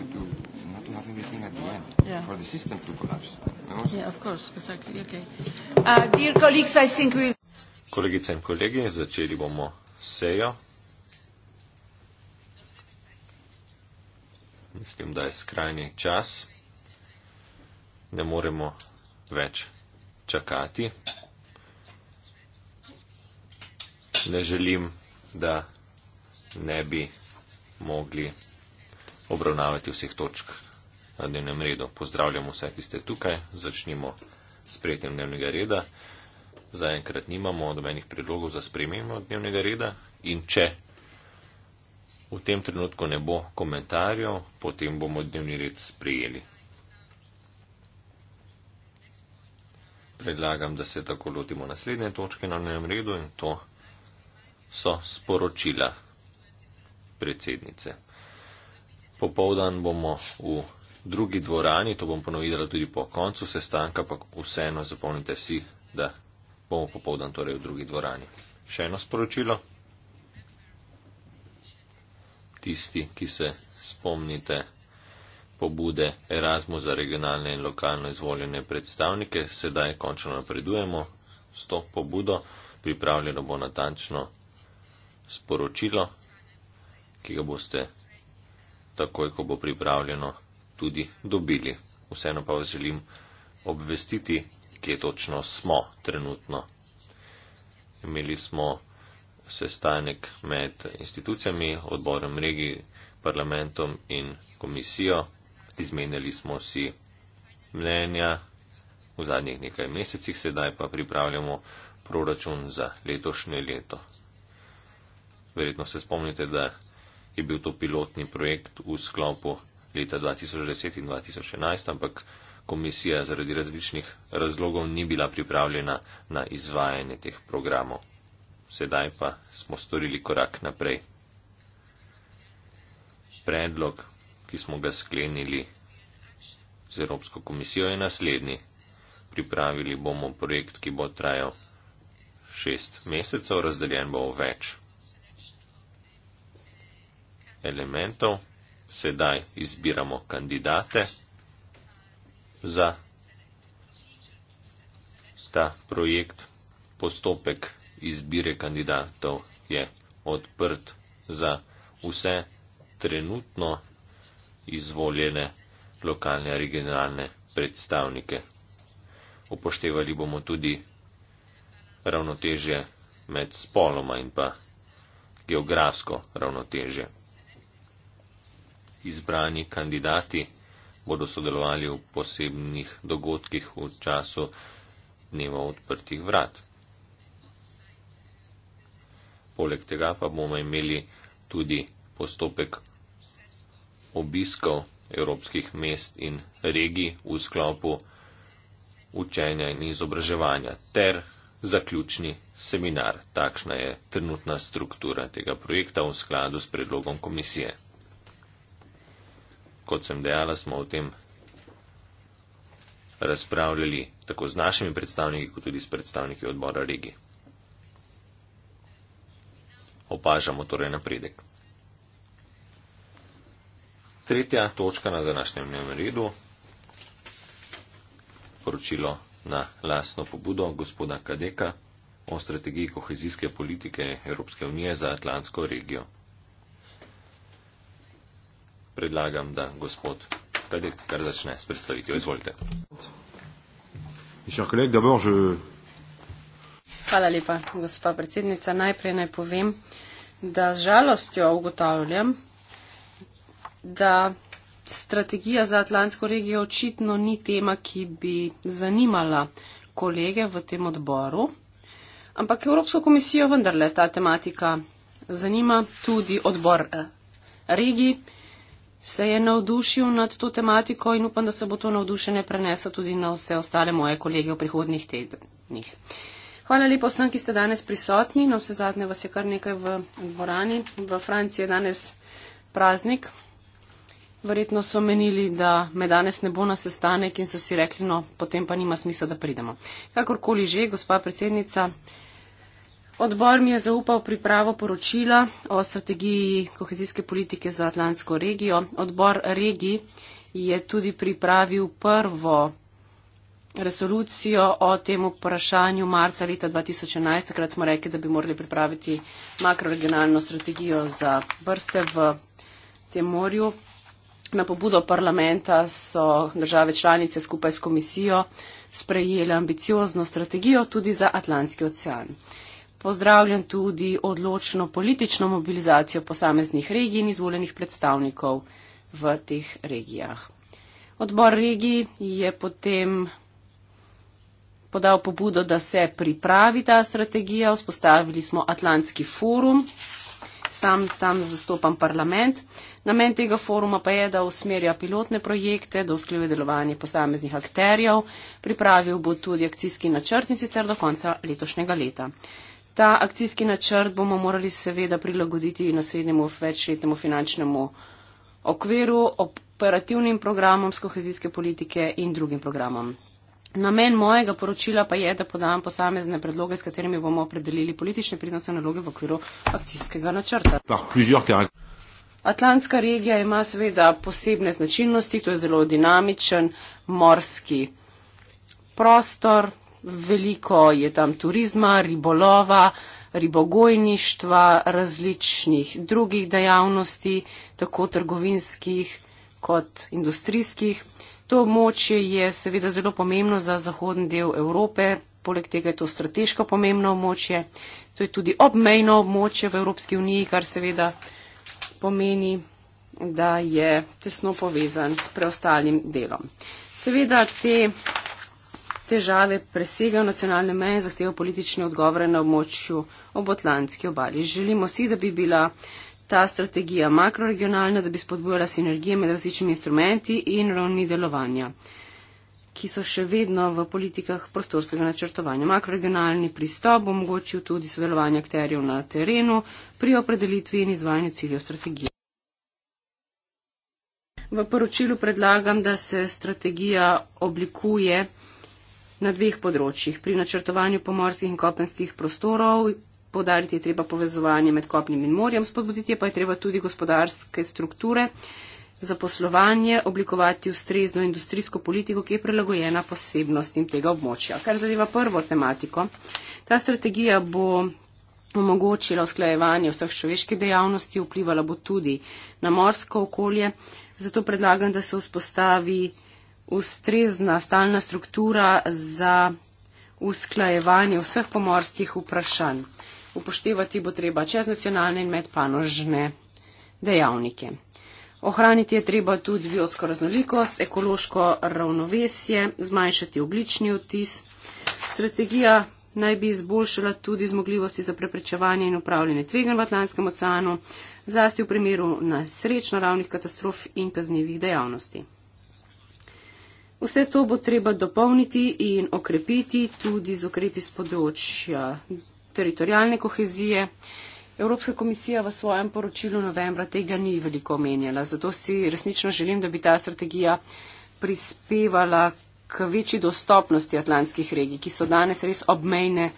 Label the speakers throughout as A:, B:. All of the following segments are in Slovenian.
A: to, to not to have everything at the end yeah. for the system to collapse. No? Yeah,
B: of course, exactly. Okay. Uh, dear colleagues, I think we.
A: Kolegice in kolegi, začeli bomo sejo. Mislim, da je skrajni čas. Ne moremo več čakati. Ne želim, da ne bi mogli obravnavati vseh točk na dnevnem redu. Pozdravljamo vse, ki ste tukaj, začnimo s prejetjem dnevnega reda. Zaenkrat nimamo dobenih predlogov za spremembo dnevnega reda in če v tem trenutku ne bo komentarjev, potem bomo dnevni red sprejeli. Predlagam, da se tako lotimo naslednje točke na dnevnem redu in to so sporočila predsednice. Popovdan bomo v drugi dvorani, to bom ponovila tudi po koncu sestanka, ampak vseeno zapomnite si, da bomo popovdan torej v drugi dvorani. Še eno sporočilo. Tisti, ki se spomnite pobude Erasmus za regionalne in lokalno izvoljene predstavnike, sedaj končno napredujemo s to pobudo. Pripravljeno bo natančno sporočilo, ki ga boste takoj, ko bo pripravljeno, tudi dobili. Vseeno pa vas želim obvestiti, kje točno smo trenutno. Imeli smo sestanek med institucijami, odborom regij, parlamentom in komisijo, izmenjali smo si mnenja v zadnjih nekaj mesecih, sedaj pa pripravljamo proračun za letošnje leto. Verjetno se spomnite, da je bil to pilotni projekt v sklopu leta 2010 in 2011, ampak komisija zaradi različnih razlogov ni bila pripravljena na izvajanje teh programov. Sedaj pa smo storili korak naprej. Predlog, ki smo ga sklenili z Evropsko komisijo, je naslednji. Pripravili bomo projekt, ki bo trajal šest mesecev, razdeljen bo v več elementov, sedaj izbiramo kandidate za ta projekt. Postopek izbire kandidatov je odprt za vse trenutno izvoljene lokalne regionalne predstavnike. Upoštevali bomo tudi ravnotežje med spoloma in pa geografsko ravnotežje izbrani kandidati bodo sodelovali v posebnih dogodkih v času dneva odprtih vrat. Poleg tega pa bomo imeli tudi postopek obiskov evropskih mest in regij v sklopu učenja in izobraževanja ter zaključni seminar. Takšna je trenutna struktura tega projekta v skladu s predlogom komisije kot sem dejala, smo o tem razpravljali tako z našimi predstavniki, kot tudi s predstavniki odbora regi. Opažamo torej napredek. Tretja točka na današnjem dnevnem redu. Poročilo na lasno pobudo gospoda Kadeka o strategiji kohezijske politike Evropske unije za Atlantsko regijo predlagam, da gospod Pedek kar začne s predstavitvijo. Izvolite.
B: Hvala lepa, gospa predsednica. Najprej naj povem, da z žalostjo ugotavljam, da strategija za Atlantsko regijo očitno ni tema, ki bi zanimala kolege v tem odboru, ampak Evropsko komisijo vendarle ta tematika zanima tudi odbor eh, regij se je navdušil nad to tematiko in upam, da se bo to navdušenje preneslo tudi na vse ostale moje kolege v prihodnih tednih. Hvala lepa vsem, ki ste danes prisotni. Na vse zadnje vas je kar nekaj v dvorani. V Franciji je danes praznik. Verjetno so menili, da me danes ne bo na sestanek in so si rekli, no, potem pa nima smisla, da pridemo. Kakorkoli že, gospa predsednica. Odbor mi je zaupal pripravo poročila o strategiji kohezijske politike za Atlantsko regijo. Odbor regij je tudi pripravil prvo resolucijo o tem vprašanju marca leta 2011. Takrat smo rekli, da bi morali pripraviti makroregionalno strategijo za vrste v tem morju. Na pobudo parlamenta so države članice skupaj s komisijo sprejeli ambiciozno strategijo tudi za Atlantski ocean pozdravljen tudi odločno politično mobilizacijo posameznih regij in izvoljenih predstavnikov v teh regijah. Odbor regij je potem podal pobudo, da se pripravi ta strategija. Vzpostavili smo Atlantski forum, sam tam zastopam parlament. Namen tega foruma pa je, da usmerja pilotne projekte, da usklajuje delovanje posameznih akterjev. Pripravil bo tudi akcijski načrt in sicer do konca letošnjega leta. Ta akcijski načrt bomo morali seveda prilagoditi naslednjemu večletnemu finančnemu okviru, operativnim programom skohezijske politike in drugim programom. Namen mojega poročila pa je, da podam posamezne predloge, s katerimi bomo opredelili politične pridnostne naloge v okviru akcijskega načrta. Atlantska regija ima seveda posebne značilnosti, to je zelo dinamičen morski prostor, veliko je tam turizma, ribolova, ribogojništva, različnih drugih dejavnosti, tako trgovinskih kot industrijskih. To območje je seveda zelo pomembno za zahodni del Evrope, poleg tega je to strateško pomembno območje. To je tudi obmejno območje v Evropski uniji, kar seveda pomeni, da je tesno povezan s preostalim delom. Seveda te težave presegajo nacionalne meje in zahtevajo politične odgovore na območju ob Atlantski obali. Želimo si, da bi bila ta strategija makroregionalna, da bi spodbujala sinergije med različnimi instrumenti in ravni delovanja, ki so še vedno v politikah prostorskega načrtovanja. Makroregionalni pristop bo omogočil tudi sodelovanje akterjev na terenu pri opredelitvi in izvajanju ciljev strategije. V poročilu predlagam, da se strategija oblikuje na dveh področjih. Pri načrtovanju pomorskih in kopenskih prostorov podariti je treba povezovanje med kopnim in morjem, spodbuditi je pa je treba tudi gospodarske strukture za poslovanje, oblikovati ustrezno industrijsko politiko, ki je prilagojena posebnostim tega območja. Kar zadeva prvo tematiko, ta strategija bo omogočila usklajevanje vseh človeških dejavnosti, vplivala bo tudi na morsko okolje, zato predlagam, da se vzpostavi ustrezna stalna struktura za usklajevanje vseh pomorskih vprašanj. Upoštevati bo treba čez nacionalne in medpanožne dejavnike. Ohraniti je treba tudi biotsko raznolikost, ekološko ravnovesje, zmanjšati oglični vtis. Strategija naj bi izboljšala tudi zmogljivosti za preprečevanje in upravljanje tvegan v Atlantskem oceanu, zlasti v primeru nesreč naravnih katastrof in kaznjivih dejavnosti. Vse to bo treba dopolniti in okrepiti tudi z ukrepi z področja teritorijalne kohezije. Evropska komisija v svojem poročilu novembra tega ni veliko omenjala, zato si resnično želim, da bi ta strategija prispevala k večji dostopnosti atlantskih regij, ki so danes res obmejne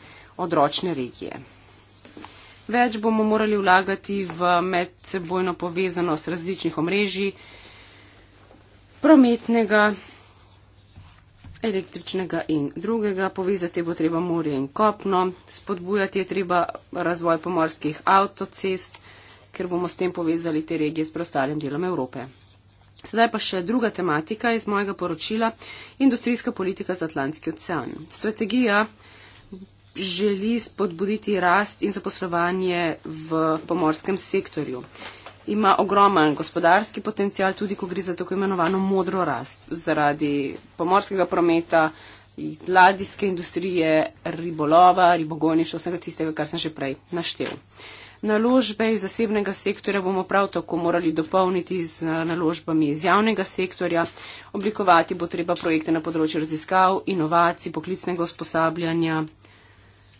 B: odročne regije. Več bomo morali vlagati v medsebojno povezanost različnih omrežij prometnega električnega in drugega, povezati bo treba morje in kopno, spodbujati je treba razvoj pomorskih avtocest, ker bomo s tem povezali te regije s prostarjem delom Evrope. Sedaj pa še druga tematika iz mojega poročila, industrijska politika za Atlantski ocean. Strategija želi spodbuditi rast in zaposlovanje v pomorskem sektorju ima ogromen gospodarski potencial, tudi ko gre za tako imenovano modro rast zaradi pomorskega prometa, ladijske industrije, ribolova, ribogonišča, vsega tistega, kar sem že prej naštel. Naložbe iz zasebnega sektorja bomo prav tako morali dopolniti z naložbami iz javnega sektorja. Oblikovati bo treba projekte na področju raziskav, inovacij, poklicnega usposabljanja,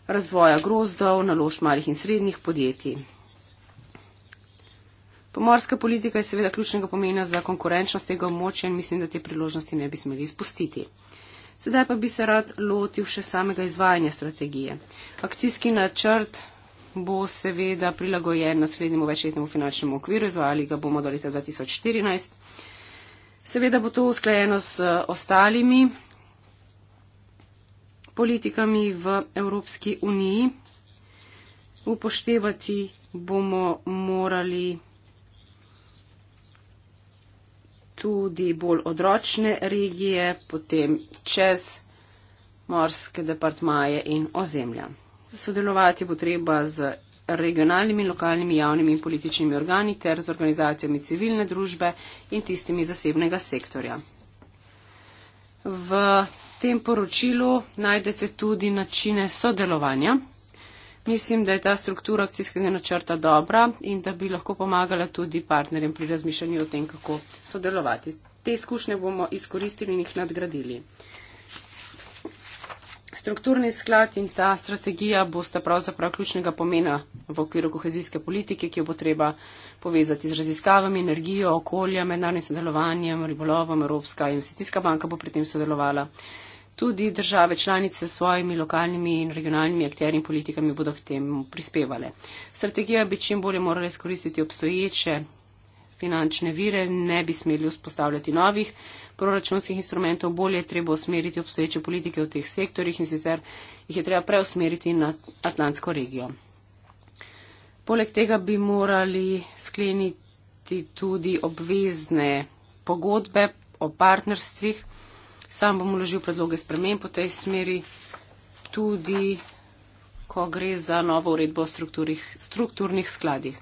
B: razvoja grozdov, naložb malih in srednjih podjetij. Pomorska politika je seveda ključnega pomena za konkurenčnost tega območja in mislim, da te priložnosti ne bi smeli izpustiti. Sedaj pa bi se rad lotil še samega izvajanja strategije. Akcijski načrt bo seveda prilagojen naslednjemu večletnemu finančnemu okviru, izvajali ga bomo do leta 2014. Seveda bo to usklajeno s eh, ostalimi politikami v Evropski uniji. Upoštevati bomo morali tudi bolj odročne regije, potem čez morske departmaje in ozemlja. Sodelovati bo treba z regionalnimi, lokalnimi, javnimi in političnimi organi ter z organizacijami civilne družbe in tistimi zasebnega sektorja. V tem poročilu najdete tudi načine sodelovanja. Mislim, da je ta struktura akcijskega načrta dobra in da bi lahko pomagala tudi partnerjem pri razmišljanju o tem, kako sodelovati. Te izkušnje bomo izkoristili in jih nadgradili. Strukturni sklad in ta strategija bosta pravzaprav ključnega pomena v okviru kohezijske politike, ki jo bo treba povezati z raziskavami, energijo, okolje, mednarodnim sodelovanjem, ribolovom. Evropska investicijska banka bo pri tem sodelovala. Uh, tudi države članice s svojimi lokalnimi in regionalnimi akterji in politikami bodo k temu prispevale. Strategija bi čim bolje morala izkoristiti obstoječe finančne vire, ne bi smeli vzpostavljati novih proračunskih instrumentov, bolje je treba usmeriti obstoječe politike v teh sektorjih in sicer jih je treba preusmeriti na Atlantsko regijo. Poleg tega bi morali skleniti tudi obvezne pogodbe o partnerstvih. Sam bom vložil predloge spremen po tej smeri, tudi ko gre za novo uredbo o strukturnih skladih.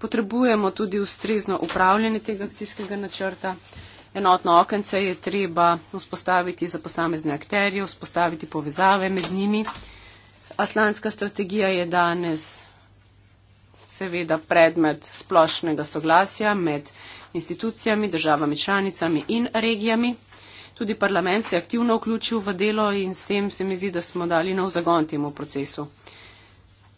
B: Potrebujemo tudi ustrezno upravljanje tega akcijskega načrta. Enotno okence je treba vzpostaviti za posamezne akterje, vzpostaviti povezave med njimi. Atlantska strategija je danes seveda predmet splošnega soglasja med institucijami, državami članicami in regijami. Tudi parlament se je aktivno vključil v delo in s tem se mi zdi, da smo dali nov zagon temu procesu.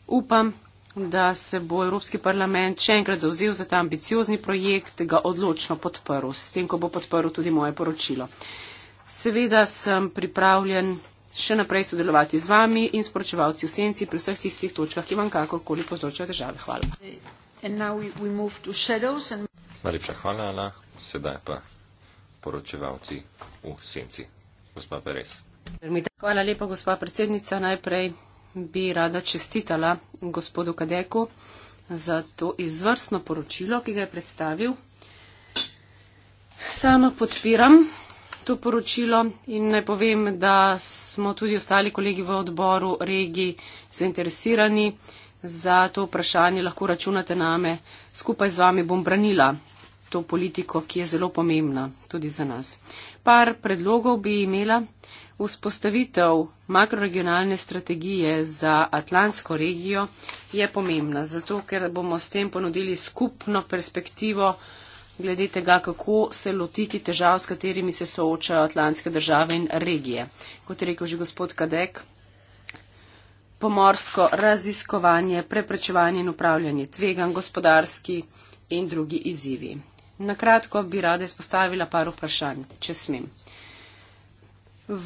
B: Upam, da se bo Evropski parlament še enkrat zauzel za ta ambiciozni projekt, ga odločno podprl, s tem, ko bo podprl tudi moje poročilo. Seveda sem pripravljen še naprej sodelovati z vami in sporočevalci
A: v senci pri vseh tistih točkah, ki vam kakorkoli povzročajo države. Hvala. Najlepša hvala, Ana. Sedaj pa poročevalci v senci. Gospa Perez.
B: Hvala lepa, gospa predsednica. Najprej bi rada čestitala gospodu Kadeku za to izvrstno poročilo, ki ga je predstavil. Sama podpiram to poročilo in naj povem, da smo tudi ostali kolegi v odboru regiji zainteresirani za to vprašanje. Lahko računate name, skupaj z vami bom branila to politiko, ki je zelo pomembna tudi za nas. Par predlogov bi imela vzpostavitev makroregionalne strategije za Atlantsko regijo je pomembna, zato ker bomo s tem ponudili skupno perspektivo glede tega, kako se lotiti težav, s katerimi se soočajo atlantske države in regije. Kot je rekel že gospod Kadek, pomorsko raziskovanje, preprečevanje in upravljanje tvegan, gospodarski in drugi izzivi. Na kratko bi rada izpostavila par vprašanj, če smem.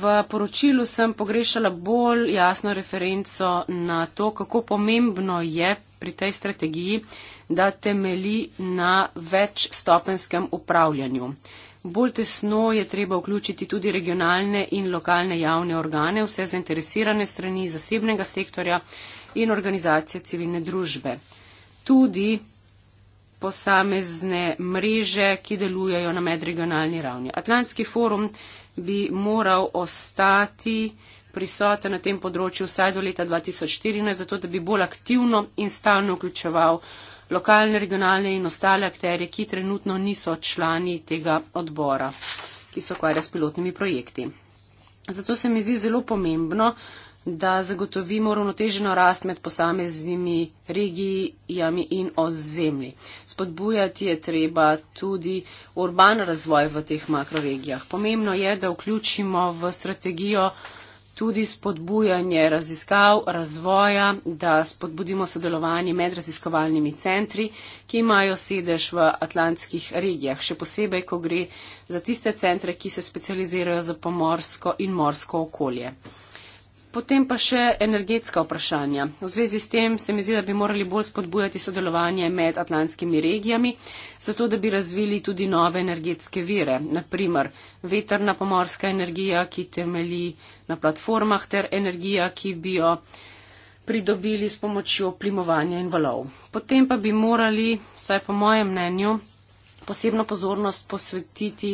B: V poročilu sem pogrešala bolj jasno referenco na to, kako pomembno je pri tej strategiji, da temeli na večstopenskem upravljanju. Bolj tesno je treba vključiti tudi regionalne in lokalne javne organe, vse zainteresirane strani zasebnega sektorja in organizacije civilne družbe. Tudi posamezne mreže, ki delujejo na medregionalni ravni. Atlantski forum bi moral ostati prisoten na tem področju vsaj do leta 2014, zato da bi bolj aktivno in stalno vključeval lokalne, regionalne in ostale akterje, ki trenutno niso člani tega odbora, ki se ukvarja s pilotnimi projekti. Zato se mi zdi zelo pomembno, da zagotovimo ravnoteženo rast med posameznimi regijami in ozemlji. Spodbujati je treba tudi urban razvoj v teh makroregijah. Pomembno je, da vključimo v strategijo tudi spodbujanje raziskav, razvoja, da spodbudimo sodelovanje med raziskovalnimi centri, ki imajo sedež v atlantskih regijah, še posebej, ko gre za tiste centre, ki se specializirajo za pomorsko in morsko okolje. Potem pa še energetska vprašanja. V zvezi s tem se mi zdi, da bi morali bolj spodbujati sodelovanje med atlantskimi regijami, zato da bi razvili tudi nove energetske vire, naprimer veterna pomorska energija, ki temeli na platformah, ter energija, ki bi jo pridobili s pomočjo plimovanja in valov. Potem pa bi morali, vsaj po mojem mnenju, posebno pozornost posvetiti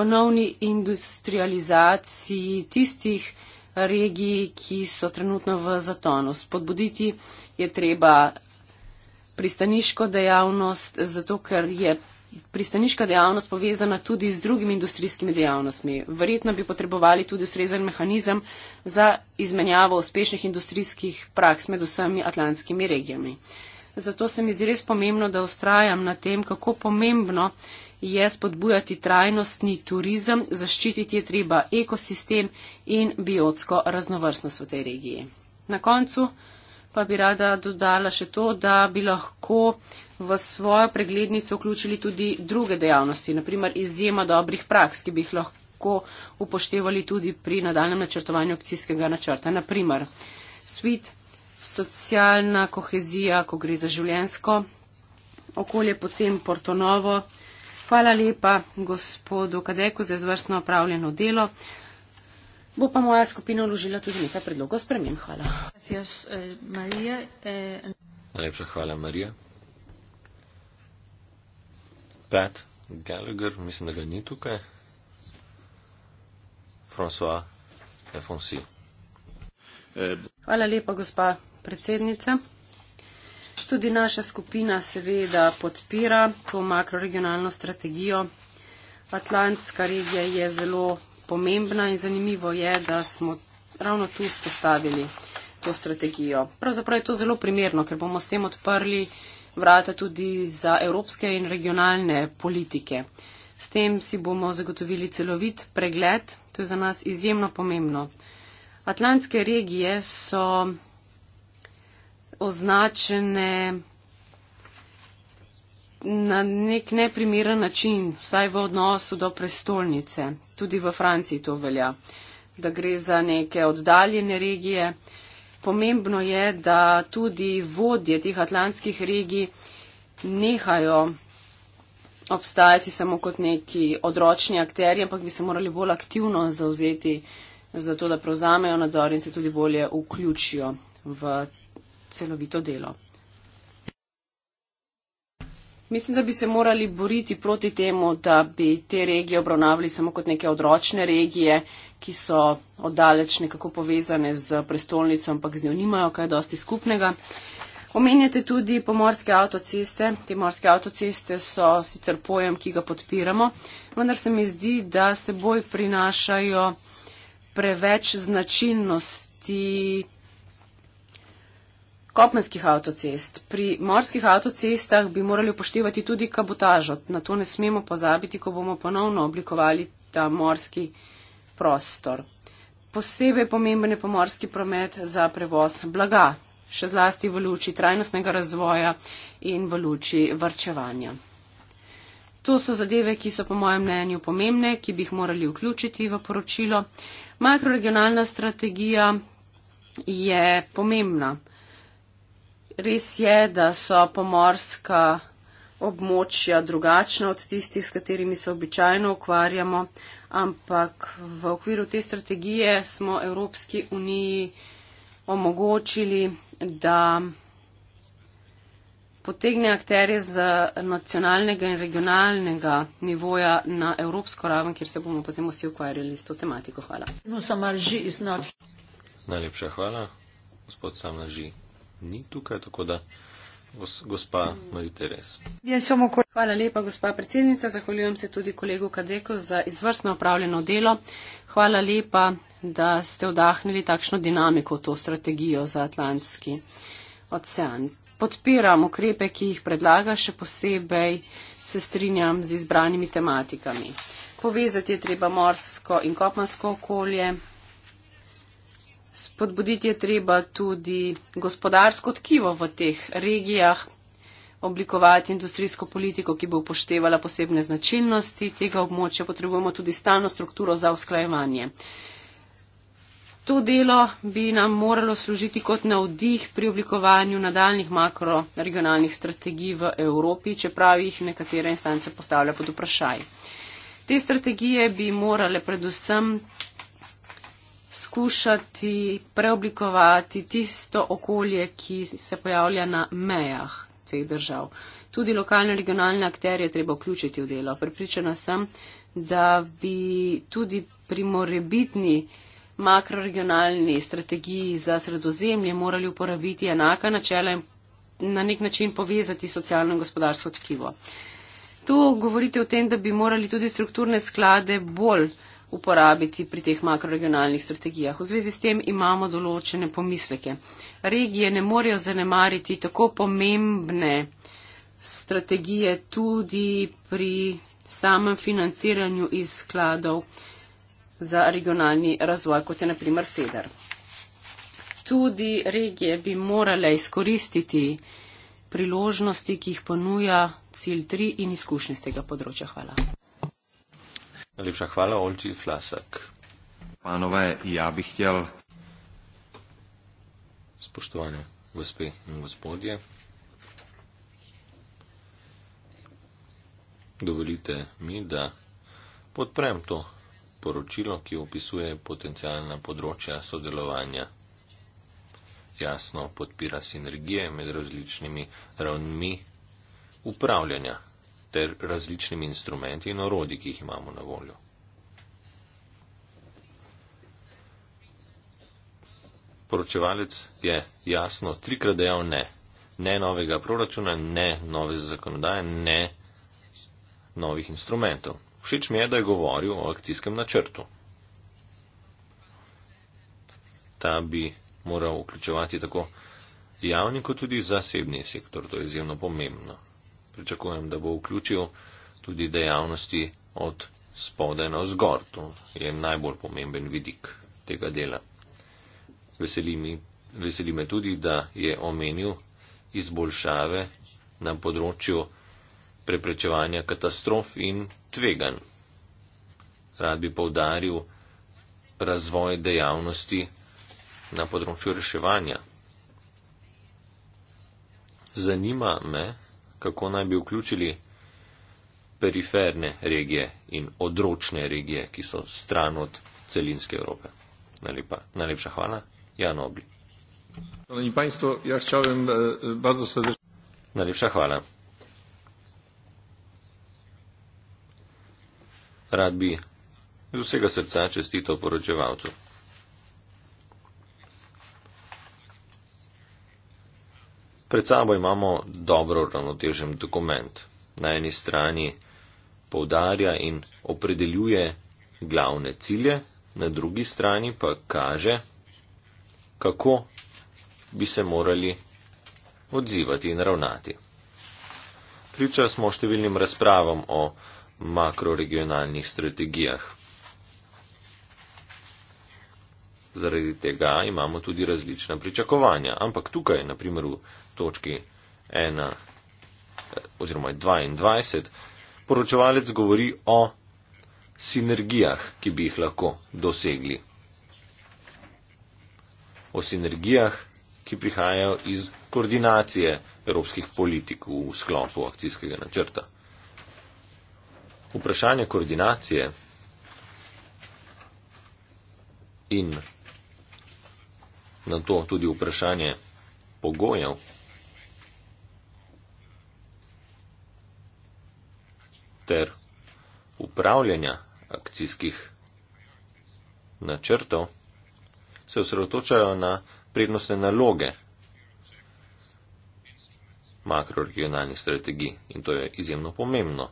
B: ponovni industrializaciji tistih, regiji, ki so trenutno v zatonu. Spodbuditi je treba pristaniško dejavnost, zato ker je pristaniška dejavnost povezana tudi z drugimi industrijskimi dejavnostmi. Verjetno bi potrebovali tudi ustrezen mehanizem za izmenjavo uspešnih industrijskih praks med vsemi atlantskimi regijami. Zato se mi zdi res pomembno, da ustrajam na tem, kako pomembno je spodbujati trajnostni turizem, zaščititi je treba ekosistem in biotsko raznovrstnost v tej regiji. Na koncu pa bi rada dodala še to, da bi lahko v svojo preglednico vključili tudi druge dejavnosti, naprimer izjema dobrih praks, ki bi jih lahko upoštevali tudi pri nadaljem načrtovanju akcijskega načrta. Naprimer, svit, socialna kohezija, ko gre za življensko okolje, potem Porto Novo, Hvala lepa gospodu Kadeku za izvrstno opravljeno delo. Bo pa moja skupina vložila tudi nekaj predlogov spremen. Hvala. Eh, eh,
A: Najlepša hvala, Marija. Pat Gallagher, mislim, da ga ni tukaj. François Fonsi.
B: Hvala lepa, gospa predsednica. Tudi naša skupina seveda podpira to makroregionalno strategijo. Atlantska regija je zelo pomembna in zanimivo je, da smo ravno tu spostavili to strategijo. Pravzaprav je to zelo primerno, ker bomo s tem odprli vrata tudi za evropske in regionalne politike. S tem si bomo zagotovili celovit pregled, to je za nas izjemno pomembno. Atlantske regije so označene na nek neprimeren način, vsaj v odnosu do prestolnice. Tudi v Franciji to velja, da gre za neke oddaljene regije. Pomembno je, da tudi vodje teh atlantskih regij nehajo obstajati samo kot neki odročni akteri, ampak bi se morali bolj aktivno zauzeti za to, da prevzamejo nadzor in se tudi bolje vključijo v celovito delo. Mislim, da bi se morali boriti proti temu, da bi te regije obravnavali samo kot neke odročne regije, ki so oddaleč nekako povezane z prestolnico, ampak z njo nimajo kaj dosti skupnega. Omenjate tudi pomorske avtoceste. Te morske avtoceste so sicer pojem, ki ga podpiramo, vendar se mi zdi, da seboj prinašajo preveč značilnosti kopenskih avtocest. Pri morskih avtocestah bi morali upoštevati tudi kabotažo. Na to ne smemo pozabiti, ko bomo ponovno oblikovali ta morski prostor. Posebej pomemben je pomorski promet za prevoz blaga, še zlasti v luči trajnostnega razvoja in v luči varčevanja. To so zadeve, ki so po mojem mnenju pomembne, ki bi jih morali vključiti v poročilo. Makroregionalna strategija je pomembna res je, da so pomorska območja drugačna od tistih, s katerimi se običajno ukvarjamo, ampak v okviru te strategije smo Evropski uniji omogočili, da potegne akterje z nacionalnega in regionalnega nivoja na evropsko raven, kjer se bomo potem vsi ukvarjali s to tematiko. Hvala. No,
A: Najlepša hvala, gospod Samarži ni tukaj, tako da gos, gospa Marija Teres.
B: Hvala lepa, gospa predsednica. Zahvaljujem se tudi kolegu Kadeku za izvrstno opravljeno delo. Hvala lepa, da ste vdahnili takšno dinamiko v to strategijo za Atlantski ocean. Podpiram ukrepe, ki jih predlaga, še posebej se strinjam z izbranimi tematikami. Povezati je treba morsko in kopansko okolje, spodbuditi je treba tudi gospodarsko tkivo v teh regijah, oblikovati industrijsko politiko, ki bo upoštevala posebne značilnosti tega območja, potrebujemo tudi stalno strukturo za usklajevanje. To delo bi nam moralo služiti kot navdih pri oblikovanju nadaljnih makroregionalnih strategij v Evropi, čeprav jih nekatere instance postavlja pod vprašaj. Te strategije bi morale predvsem poskušati preoblikovati tisto okolje, ki se pojavlja na mejah dveh držav. Tudi lokalne in regionalne akterje treba vključiti v delo. Pripričana sem, da bi tudi pri morebitni makroregionalni strategiji za sredozemlje morali uporabiti enaka načela in na nek način povezati socialno in gospodarsko tkivo. Tu govorite o tem, da bi morali tudi strukturne sklade bolj uporabiti pri teh makroregionalnih strategijah. V zvezi s tem imamo določene pomisleke. Regije ne morejo zanemariti tako pomembne strategije tudi pri samem financiranju iz skladov za regionalni razvoj, kot je naprimer FEDER. Tudi regije bi morale izkoristiti priložnosti, ki jih ponuja cilj 3 in izkušnje z tega področja. Hvala.
A: Najlepša hvala, Olči Flasak. Panove, ja bi htjel. Spoštovane gospe in gospodje, dovolite mi, da podprem to poročilo, ki opisuje potencijalna področja sodelovanja. Jasno podpira sinergije med različnimi ravnmi upravljanja ter različnimi instrumenti in orodji, ki jih imamo na voljo. Poročevalec je jasno trikrat dejal ne. Ne novega proračuna, ne nove zakonodaje, ne novih instrumentov. Všeč mi je, da je govoril o akcijskem načrtu. Ta bi moral vključevati tako javni kot tudi zasebni sektor. To je izjemno pomembno pričakujem, da bo vključil tudi dejavnosti od spode na vzgor. To je najbolj pomemben vidik tega dela. Veseli, mi, veseli me tudi, da je omenil izboljšave na področju preprečevanja katastrof in tvegan. Rad bi povdaril razvoj dejavnosti na področju reševanja. Zanima me, kako naj bi vključili periferne regije in odročne regije, ki so stran od celinske Evrope. Najlepa, najlepša hvala, Jan Obli. Państwo, ja chciałem e, e, bardzo serdecznie. Najlepša hvala. Rad bi z vsega srca čestitev poročevalcu. Pred sabo imamo dobro ravnotežen dokument. Na eni strani povdarja in opredeljuje glavne cilje, na drugi strani pa kaže, kako bi se morali odzivati in ravnati. Priča smo številnim razpravam o makroregionalnih strategijah. zaradi tega imamo tudi različna pričakovanja. Ampak tukaj, naprimer v točki 1 eh, oziroma 22, poročevalec govori o sinergijah, ki bi jih lahko dosegli. O sinergijah, ki prihajajo iz koordinacije evropskih politik v sklopu akcijskega načrta. Vprašanje koordinacije in na to tudi vprašanje pogojev. Ter upravljanja akcijskih načrtov se osredotočajo na prednostne naloge makroregionalnih strategij in to je izjemno pomembno.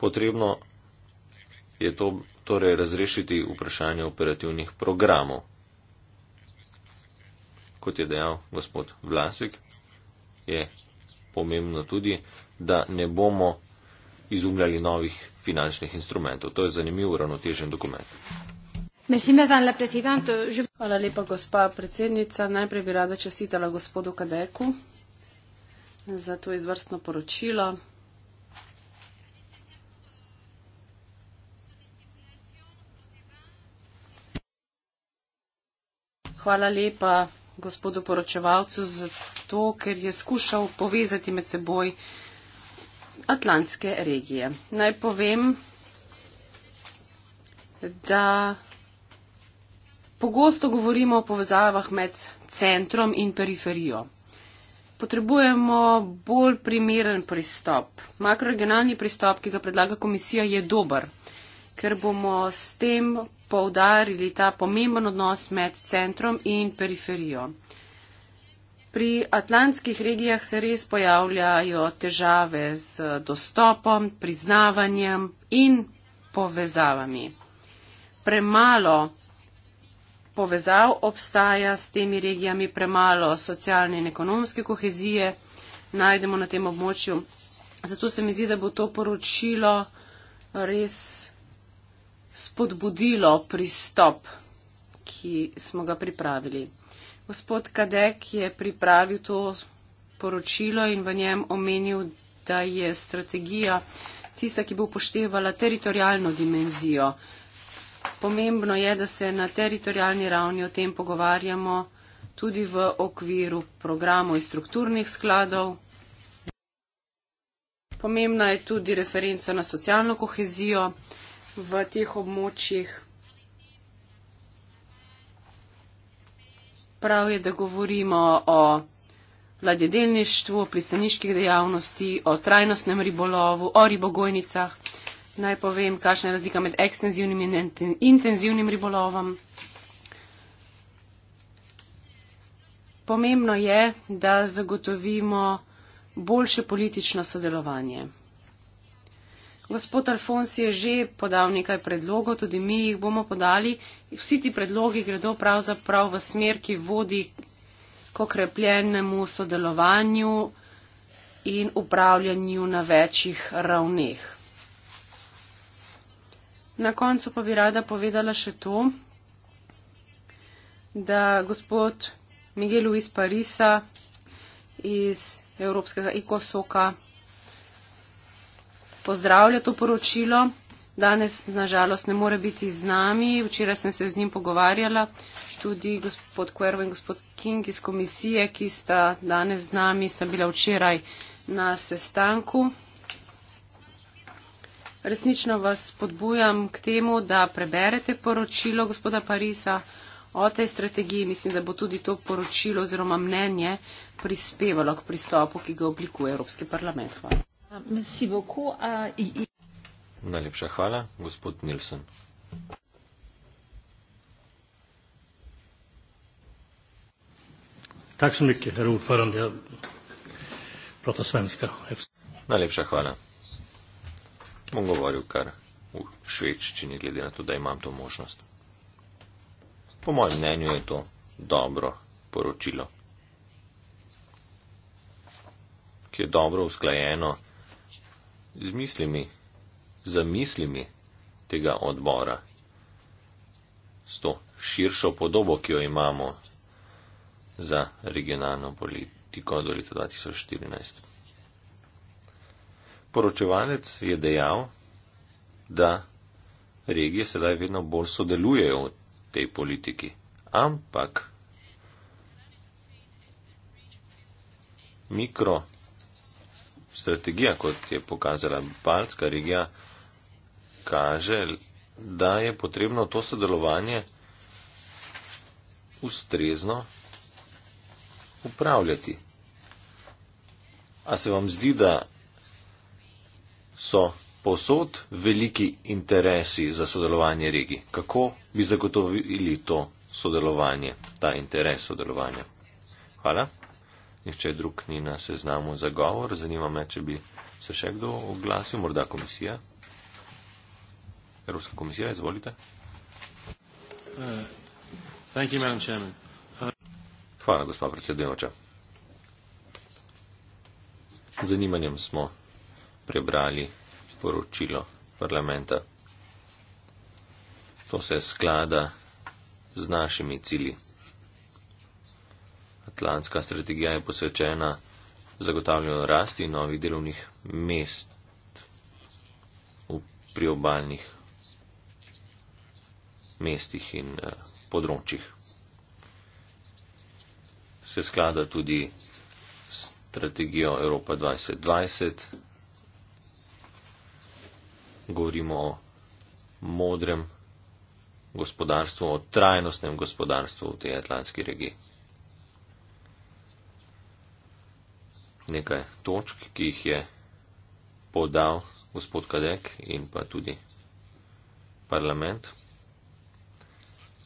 A: Potrebno je to torej razrešiti vprašanje operativnih programov. Kot je dejal gospod Vlasik, je pomembno tudi, da ne bomo izumljali novih finančnih instrumentov. To je zanimiv uravnotežen dokument.
B: Hvala lepa, gospa predsednica. Najprej bi rada čestitala gospodu Kadeku za to izvrstno poročilo. Hvala lepa gospodu poročevalcu za to, ker je skušal povezati med seboj Atlantske regije. Naj povem, da pogosto govorimo o povezavah med centrom in periferijo. Potrebujemo bolj primeren pristop. Makroregionalni pristop, ki ga predlaga komisija, je dober, ker bomo s tem poudarili ta pomemben odnos med centrom in periferijo. Pri atlantskih regijah se res pojavljajo težave z dostopom, priznavanjem in povezavami. Premalo povezav obstaja s temi regijami, premalo socialne in ekonomske kohezije najdemo na tem območju. Zato se mi zdi, da bo to poročilo res spodbudilo pristop, ki smo ga pripravili. Gospod Kadek je pripravil to poročilo in v njem omenil, da je strategija tista, ki bo upoštevala teritorijalno dimenzijo. Pomembno je, da se na teritorijalni ravni o tem pogovarjamo tudi v okviru programov in strukturnih skladov. Pomembna je tudi referenca na socialno kohezijo v teh območjih. Prav je, da govorimo o ladjedelništvu, pristaniških dejavnosti, o trajnostnem ribolovu, o ribogojnicah. Naj povem, kakšna je razlika med ekstenzivnim in intenzivnim ribolovom. Pomembno je, da zagotovimo boljše politično sodelovanje. Gospod Alfons je že podal nekaj predlogov, tudi mi jih bomo podali. Vsi ti predlogi gredo pravzaprav v smer, ki vodi k okrepljenemu sodelovanju in upravljanju na večjih ravneh. Na koncu pa bi rada povedala še to, da gospod Miguel Luis Parisa iz Evropskega ekosoka pozdravlja to poročilo. Danes, nažalost, ne more biti z nami. Včeraj sem se z njim pogovarjala, tudi gospod Kuervo in gospod King iz komisije, ki sta danes z nami, sta bila včeraj na sestanku. Resnično vas podbujam k temu, da preberete poročilo gospoda Parisa o tej strategiji. Mislim, da bo tudi to poročilo oziroma mnenje prispevalo k pristopu, ki ga oblikuje Evropski parlament. Hvala. Ah,
A: Najlepša hvala, gospod Nilsen. Najlepša hvala. Bom govoril kar v švedščini, glede na to, da imam to možnost. Po mojem mnenju je to dobro poročilo, ki je dobro usklajeno z mislimi, z mislimi tega odbora, s to širšo podobo, ki jo imamo za regionalno politiko do leta 2014. Poročevalec je dejal, da regije sedaj vedno bolj sodelujejo v tej politiki, ampak mikro strategija, kot je pokazala Balska regija, kaže, da je potrebno to sodelovanje ustrezno upravljati. A se vam zdi, da so posod veliki interesi za sodelovanje regij? Kako bi zagotovili to sodelovanje, ta interes sodelovanja? Hvala nihče drug ni na seznamu za govor. Zanima me, če bi se še kdo oglasil, morda komisija. Evropska komisija, izvolite. Uh, uh, Hvala, gospa predsedujoča. Zanimanjem smo prebrali poročilo parlamenta. To se sklada z našimi cili. Atlantska strategija je posvečena zagotavljanju rasti novih delovnih mest v priobalnih mestih in eh, področjih. Se sklada tudi strategijo Evropa 2020. Govorimo o modrem gospodarstvu, o trajnostnem gospodarstvu v tej atlantski regiji. nekaj točk, ki jih je podal gospod Kadek in pa tudi parlament.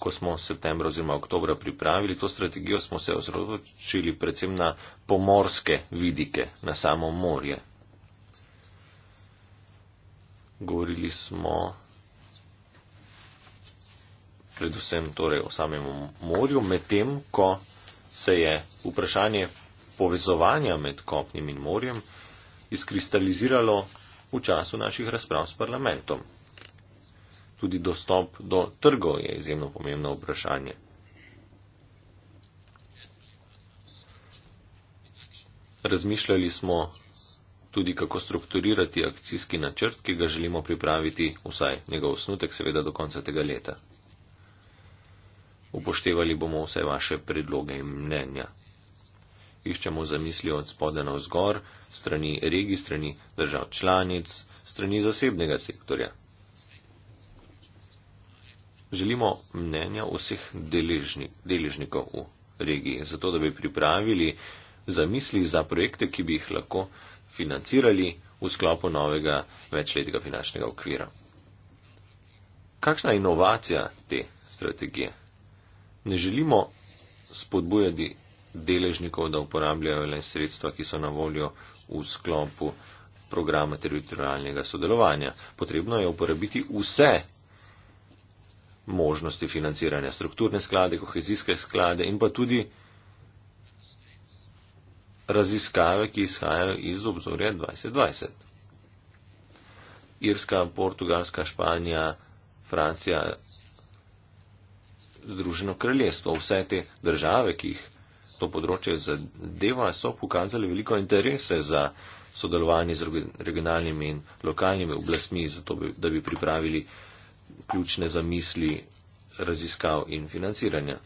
A: Ko smo v septembru oziroma oktobra pripravili to strategijo, smo se osredotočili predvsem na pomorske vidike, na samo morje. Govorili smo predvsem torej o samem morju, medtem ko se je vprašanje povezovanja med kopnim in morjem izkristaliziralo v času naših razprav s parlamentom. Tudi dostop do trgov je izjemno pomembno vprašanje. Razmišljali smo tudi, kako strukturirati akcijski načrt, ki ga želimo pripraviti, vsaj njegov osnutek, seveda do konca tega leta. Upoštevali bomo vse vaše predloge in mnenja iščemo zamisli od spodne na vzgor, strani regi, strani držav članic, strani zasebnega sektorja. Želimo mnenja vseh deležni, deležnikov v regiji, zato da bi pripravili zamisli za projekte, ki bi jih lahko financirali v sklopu novega večletnega finančnega okvira. Kakšna je inovacija te strategije? Ne želimo spodbujati deležnikov, da uporabljajo le sredstva, ki so na voljo v sklopu programa teritorijalnega sodelovanja. Potrebno je uporabiti vse možnosti financiranja, strukturne sklade, kohezijske sklade in pa tudi raziskave, ki izhajajo iz obzorja 2020. Irska, Portugalska, Španija, Francija, Združeno kraljestvo, vse te države, ki jih to področje zadeva, so pokazali veliko interese za sodelovanje z regionalnimi in lokalnimi oblastmi, zato bi, da bi pripravili ključne zamisli raziskav in financiranja.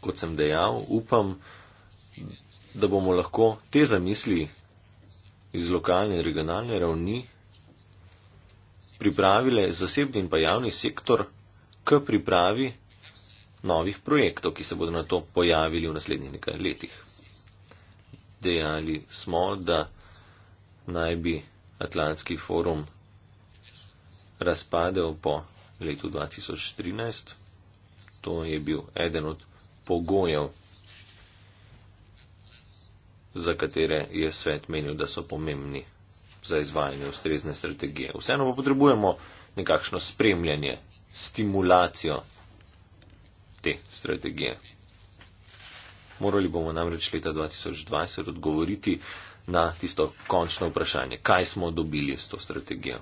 A: Kot sem dejal, upam, da bomo lahko te zamisli iz lokalne in regionalne ravni pripravile zasebni in pa javni sektor k pripravi novih projektov, ki se bodo na to pojavili v naslednjih nekaj letih. Dejali smo, da naj bi Atlantski forum razpadel po letu 2013. To je bil eden od pogojev, za katere je svet menil, da so pomembni za izvajanje ustrezne strategije. Vseeno pa potrebujemo nekakšno spremljanje, stimulacijo te strategije. Morali bomo namreč leta 2020 odgovoriti na tisto končno vprašanje, kaj smo dobili s to strategijo.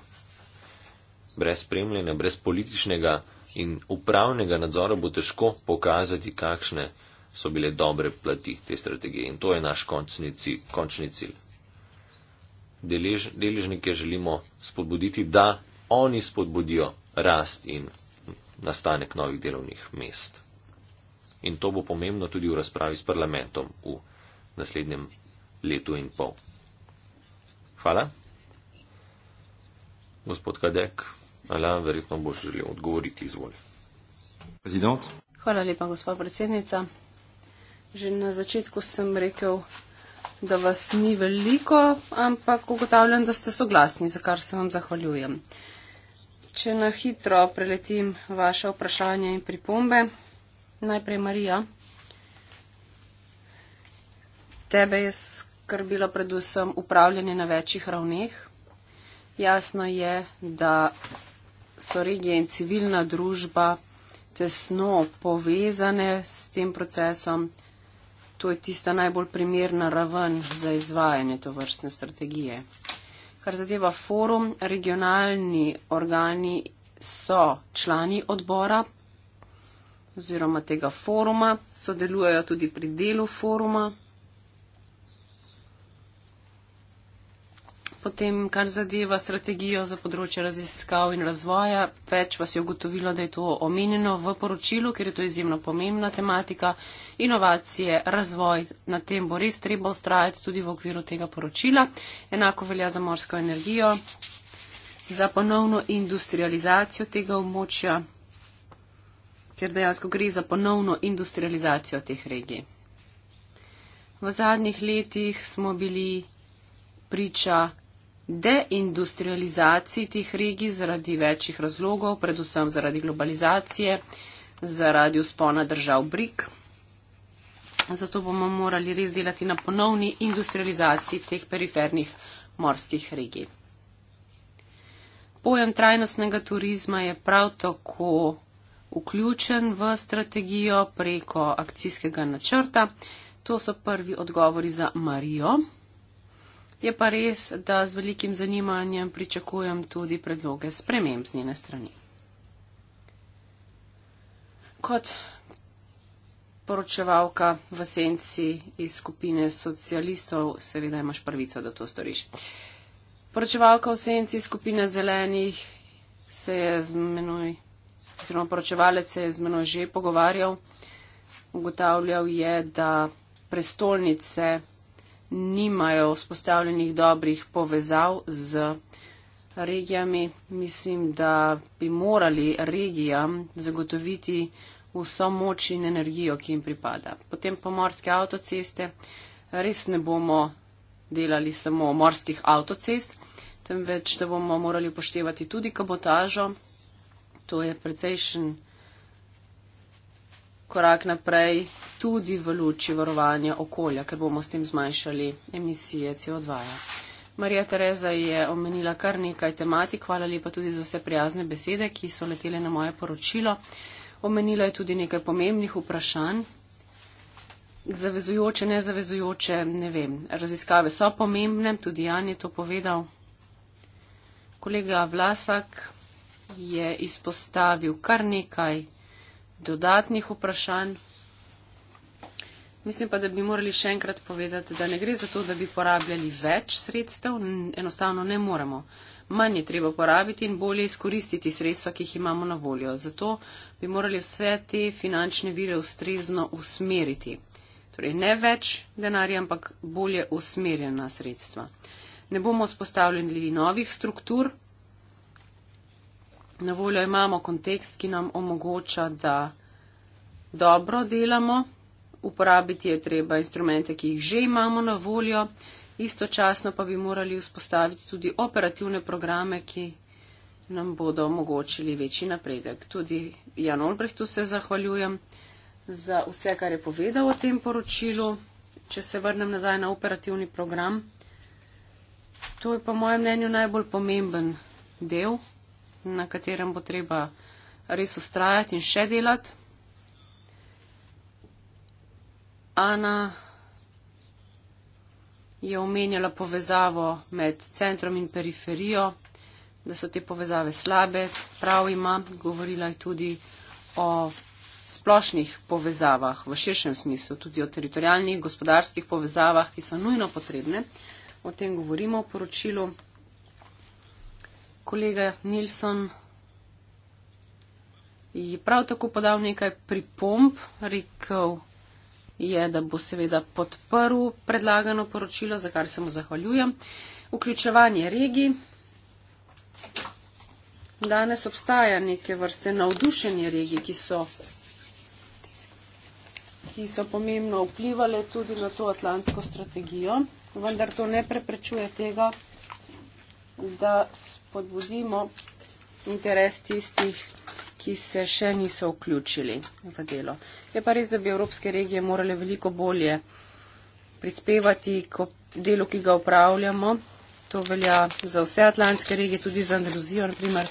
A: Brez spremljanja, brez političnega in upravnega nadzora bo težko pokazati, kakšne so bile dobre plati te strategije. In to je naš končni, cilj, končni cilj. Delež, deležnike želimo spodbuditi, da oni spodbudijo rast in nastanek novih delovnih mest in to bo pomembno tudi v razpravi s parlamentom v naslednjem letu in pol. Hvala. Gospod Kadek, Alan, verjetno boš želel odgovoriti, izvoli.
B: Hvala lepa, gospa predsednica. Že na začetku sem rekel, da vas ni veliko, ampak ugotavljam, da ste soglasni, za kar se vam zahvaljujem. Če na hitro preletim vaše vprašanje in pripombe. Najprej Marija. Tebe je skrbilo predvsem upravljanje na večjih ravneh. Jasno je, da so regije in civilna družba tesno povezane s tem procesom. To je tista najbolj primerna raven za izvajanje to vrstne strategije. Kar zadeva forum, regionalni organi so člani odbora oziroma tega foruma, sodelujejo tudi pri delu foruma. Potem, kar zadeva strategijo za področje raziskav in razvoja, več vas je ugotovilo, da je to omenjeno v poročilu, ker je to izjemno pomembna tematika. Inovacije, razvoj, na tem bo res treba ustrajati tudi v okviru tega poročila. Enako velja za morsko energijo, za ponovno industrializacijo tega območja, kjer dejansko gre za ponovno industrializacijo teh regij. V zadnjih letih smo bili priča deindustrializaciji teh regij zaradi večjih razlogov, predvsem zaradi globalizacije, zaradi uspona držav BRIK. Zato bomo morali res delati na ponovni industrializaciji teh perifernih morskih regij. Pojem trajnostnega turizma je prav tako vključen v strategijo preko akcijskega načrta. To so prvi odgovori za Marijo. Je pa res, da z velikim zanimanjem pričakujem tudi predloge sprememb z njene strani. Kot poročevalka v senci iz skupine socialistov, seveda imaš pravico, da to storiš. Poročevalka v senci skupine zelenih se je z menoj oziroma poročevalec se je z menoj že pogovarjal. Ugotavljal je, da prestolnice nimajo vzpostavljenih dobrih povezav z regijami. Mislim, da bi morali regijam zagotoviti vso moč in energijo, ki jim pripada. Potem pomorske avtoceste. Res ne bomo delali samo morskih avtocest, temveč da bomo morali upoštevati tudi kabotažo, to je precejšen korak naprej tudi v luči varovanja okolja, ker bomo s tem zmanjšali emisije CO2. -ja. Marija Tereza je omenila kar nekaj tematik, hvala lepa tudi za vse prijazne besede, ki so letele na moje poročilo. Omenila je tudi nekaj pomembnih vprašanj. Zavezujoče, nezavezujoče, ne vem. Raziskave so pomembne, tudi Jan je to povedal. Kolega Vlasak, je izpostavil kar nekaj dodatnih vprašanj. Mislim pa, da bi morali še enkrat povedati, da ne gre za to, da bi porabljali več sredstev, enostavno ne moremo. Manj je treba porabiti in bolje izkoristiti sredstva, ki jih imamo na voljo. Zato bi morali vse te finančne vire ustrezno usmeriti. Torej ne več denarja, ampak bolje usmerjena sredstva. Ne bomo spostavljali novih struktur, na voljo imamo kontekst, ki nam omogoča, da dobro delamo, uporabiti je treba instrumente, ki jih že imamo na voljo, istočasno pa bi morali vzpostaviti tudi operativne programe, ki nam bodo omogočili večji napredek. Tudi Jan Olbrehtu se zahvaljujem za vse, kar je povedal o tem poročilu. Če se vrnem nazaj na operativni program, to je po mojem mnenju najbolj pomemben del na katerem bo treba res ustrajati in še delati. Ana je omenjala povezavo med centrom in periferijo, da so te povezave slabe, prav ima, govorila je tudi o splošnih povezavah v širšem smislu, tudi o teritorijalnih, gospodarskih povezavah, ki so nujno potrebne. O tem govorimo v poročilu kolega Nilsson je prav tako podal nekaj pripomb, rekel je, da bo seveda podprl predlagano poročilo, za kar se mu zahvaljujem. Vključevanje regij. Danes obstaja neke vrste navdušenje regij, ki so, ki so pomembno vplivali tudi na to atlantsko strategijo, vendar to ne preprečuje tega, da spodbudimo interes tistih, ki se še niso vključili v delo. Je pa res, da bi evropske regije morale veliko bolje prispevati k delu, ki ga upravljamo. To velja za vse atlantske regije, tudi za Andaluzijo, naprimer.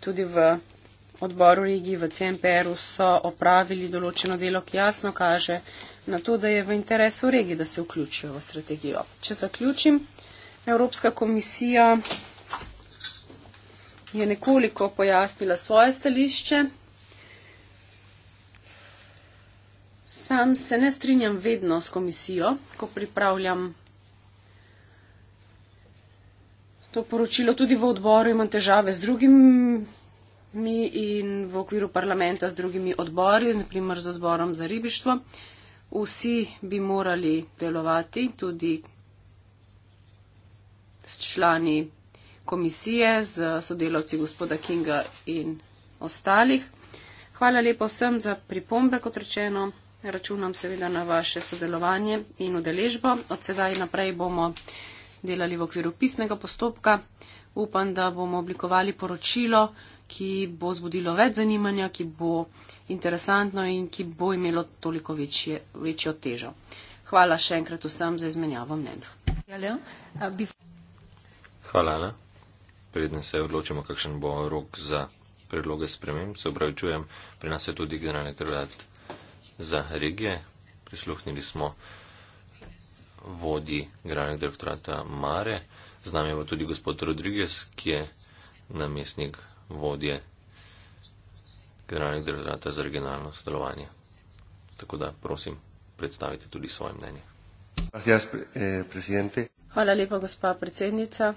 B: Tudi v odboru regij v CMPR-u so opravili določeno delo, ki jasno kaže na to, da je v interesu regij, da se vključijo v strategijo. Če zaključim. Evropska komisija je nekoliko pojasnila svoje stališče. Sam se ne strinjam vedno s komisijo, ko pripravljam to poročilo. Tudi v odboru imam težave z drugimi in v okviru parlamenta z drugimi odbori, naprimer z odborom za ribištvo. Vsi bi morali delovati, tudi s člani komisije, z sodelavci gospoda Kinga in ostalih. Hvala lepo vsem za pripombe, kot rečeno. Računam seveda na vaše sodelovanje in udeležbo. Od sedaj naprej bomo delali v okviru pisnega postopka. Upam, da bomo oblikovali poročilo, ki bo zbudilo več zanimanja, ki bo interesantno in ki bo imelo toliko večje, večjo težo. Hvala še enkrat vsem za izmenjavo mnenja.
A: Hvala, Ana. Predne se odločimo, kakšen bo rok za predloge sprememb, se obravičujem, pri nas je tudi generalni trgovat za regije. Prisluhnili smo vodi generalnega direktorata Mare, z nami je pa tudi gospod Rodriguez, ki je namestnik vodje generalnega direktorata za regionalno sodelovanje. Tako da prosim, predstavite tudi svoje mnenje. Eh, Hvala
B: lepa, gospa predsednica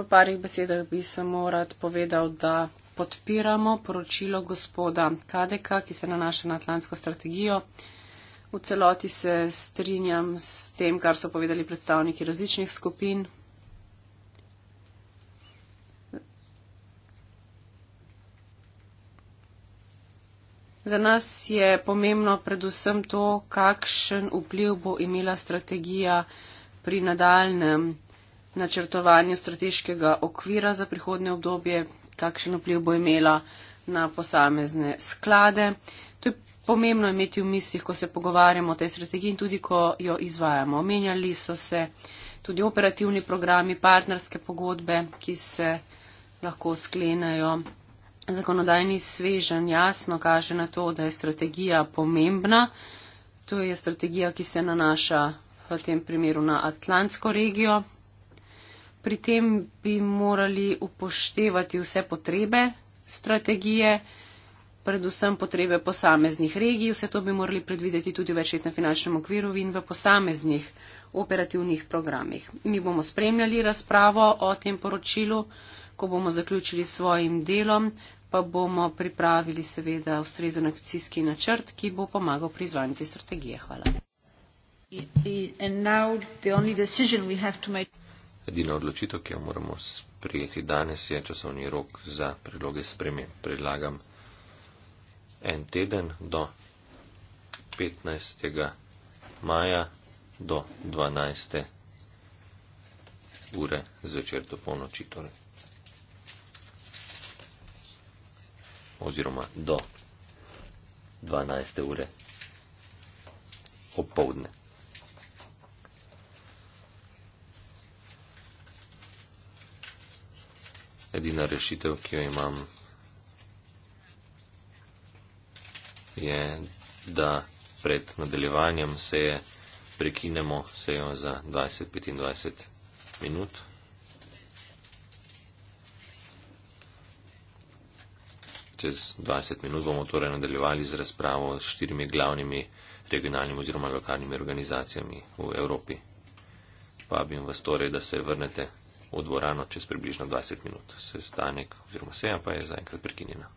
B: v parih besedah bi samo rad povedal, da podpiramo poročilo gospoda Kadeka, ki se nanaša na atlantsko strategijo. V celoti se strinjam s tem, kar so povedali predstavniki različnih skupin. Za nas je pomembno predvsem to, kakšen vpliv bo imela strategija pri nadaljem načrtovanju strateškega okvira za prihodne obdobje, kakšen vpliv bo imela na posamezne sklade. To je pomembno imeti v mislih, ko se pogovarjamo o tej strategiji in tudi, ko jo izvajamo. Omenjali so se tudi operativni programi, partnerske pogodbe, ki se lahko sklenajo. Zakonodajni svežen jasno kaže na to, da je strategija pomembna. To je strategija, ki se nanaša v tem primeru na Atlantsko regijo, pri tem bi morali upoštevati vse potrebe strategije, predvsem potrebe posameznih regij, vse to bi morali predvideti tudi v večletnem finančnem okviru in v posameznih operativnih programih. Mi bomo spremljali razpravo o tem poročilu, ko bomo zaključili s svojim delom, pa bomo pripravili seveda ustrezen akcijski načrt, ki bo pomagal pri izvajanju te strategije. Hvala. In zdaj je edina odločitev, ki jo moramo narediti.
A: Edina odločitev, ki jo moramo sprijeti danes, je časovni rok za predloge sprememb. Predlagam en teden do 15. maja do 12. ure zvečer do polnoči, torej. Oziroma do 12. ure opovdne. edina rešitev, ki jo imam, je, da pred nadaljevanjem seje prekinemo sejo za 20-25 minut. Čez 20 minut bomo torej nadaljevali z razpravo s štirimi glavnimi regionalnimi oziroma lokalnimi organizacijami v Evropi. Pabim vas torej, da se vrnete v dvorano čez približno 20 minut. Sestanek oziroma seja pa je zaenkrat prekinjena.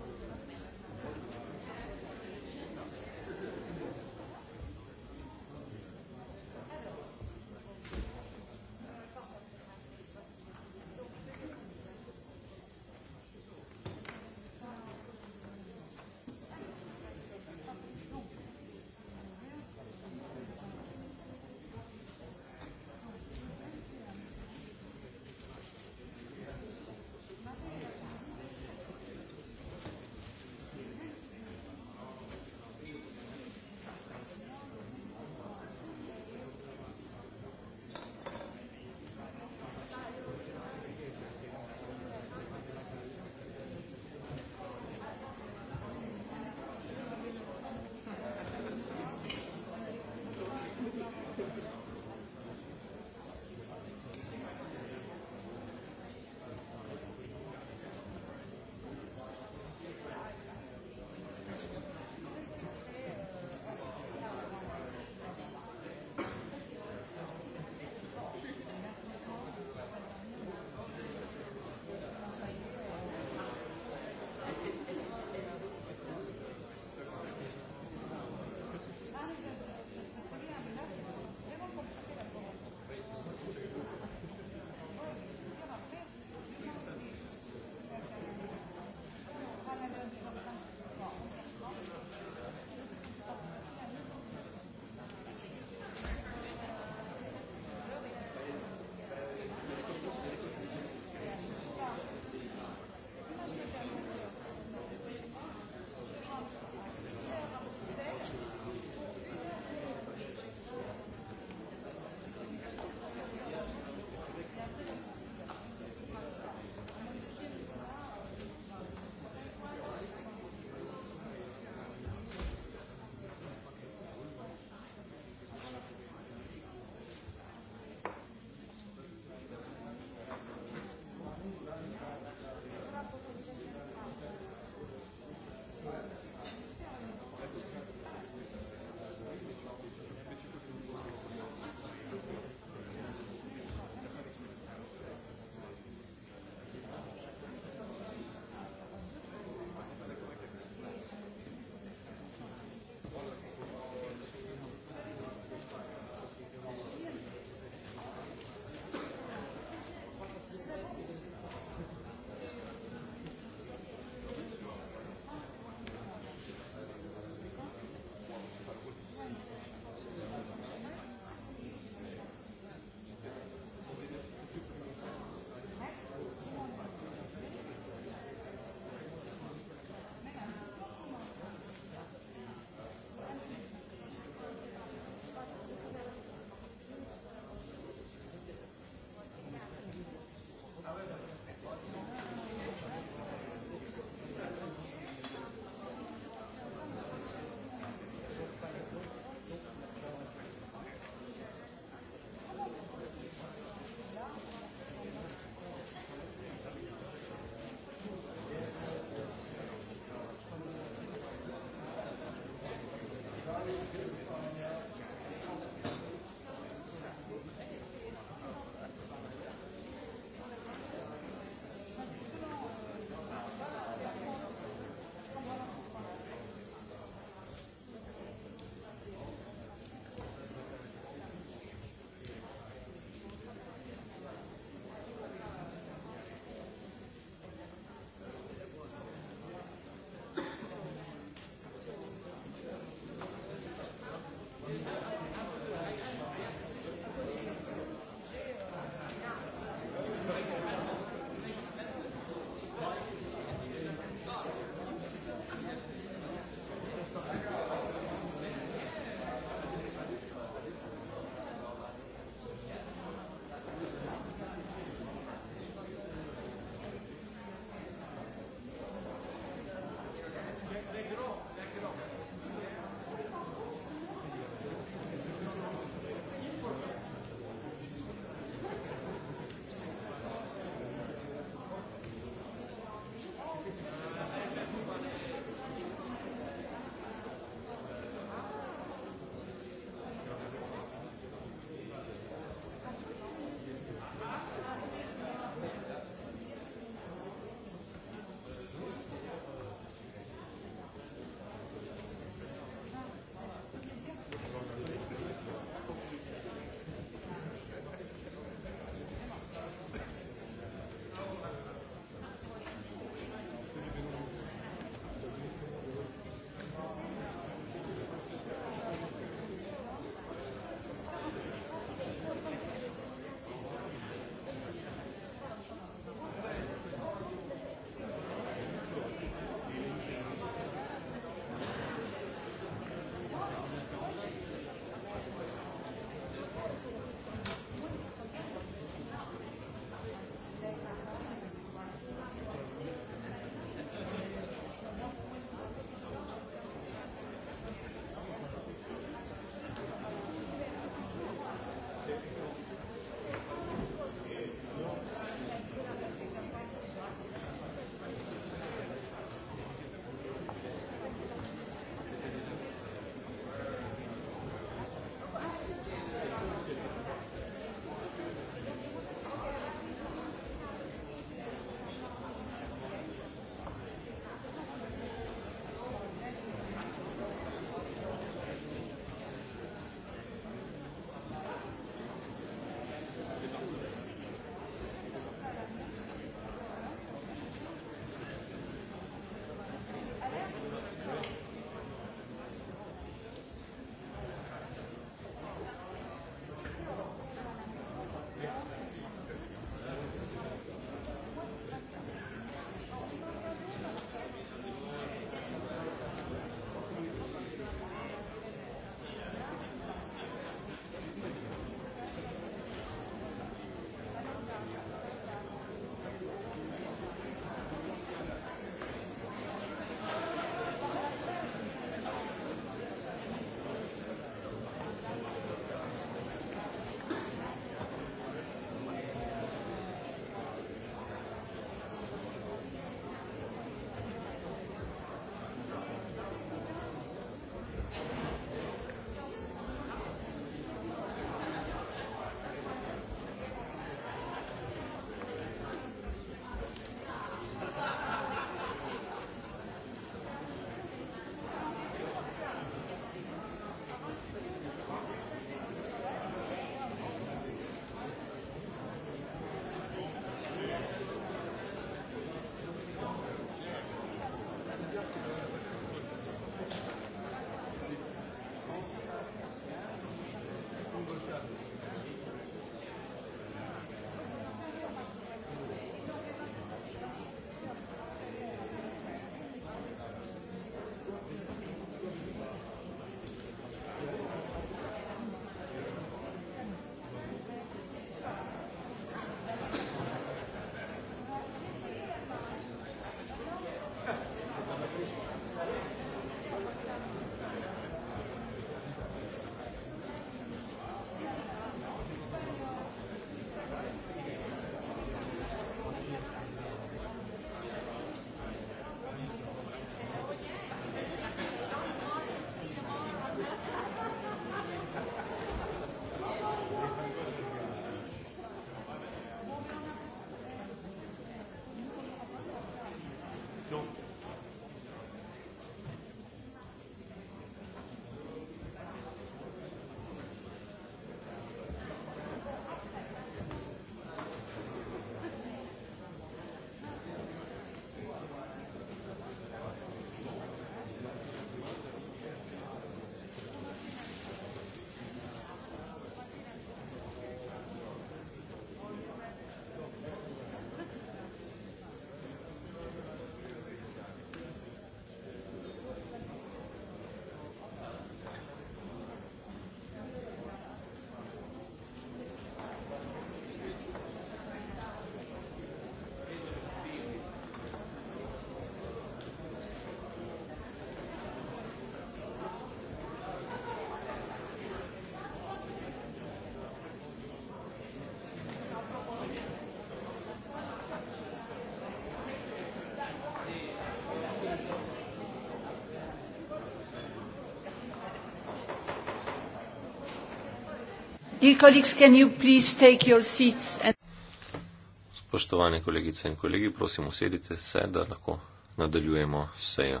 A: Spoštovane kolegice in kolegi, prosim usedite se, da lahko nadaljujemo sejo.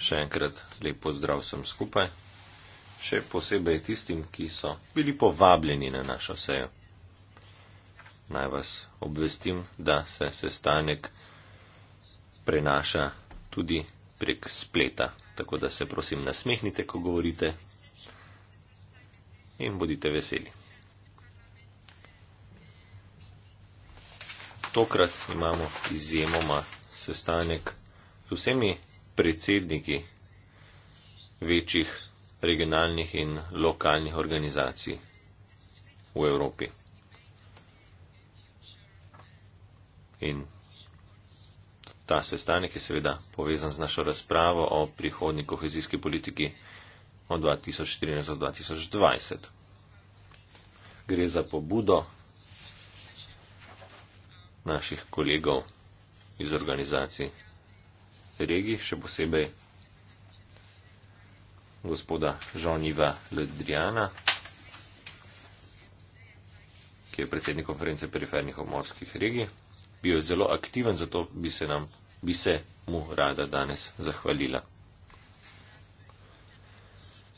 A: Še enkrat lepo zdrav sem skupaj, še posebej tistim, ki so bili povabljeni na našo sejo. Naj vas obvestim, da se sestanek prenaša tudi prek spleta, tako da se prosim nasmehnite, ko govorite in bodite veseli. Tokrat imamo izjemoma sestanek z vsemi predsedniki večjih regionalnih in lokalnih organizacij v Evropi. In ta sestanek je seveda povezan z našo razpravo o prihodni kohezijski politiki od 2014 do 2020. Gre za pobudo naših kolegov iz organizacij regiji, še posebej gospoda Žoniva Ledrijana, ki je predsednik konference perifernih obmorskih regij, bil je zelo aktiven, zato bi se, nam, bi se mu rada danes zahvalila.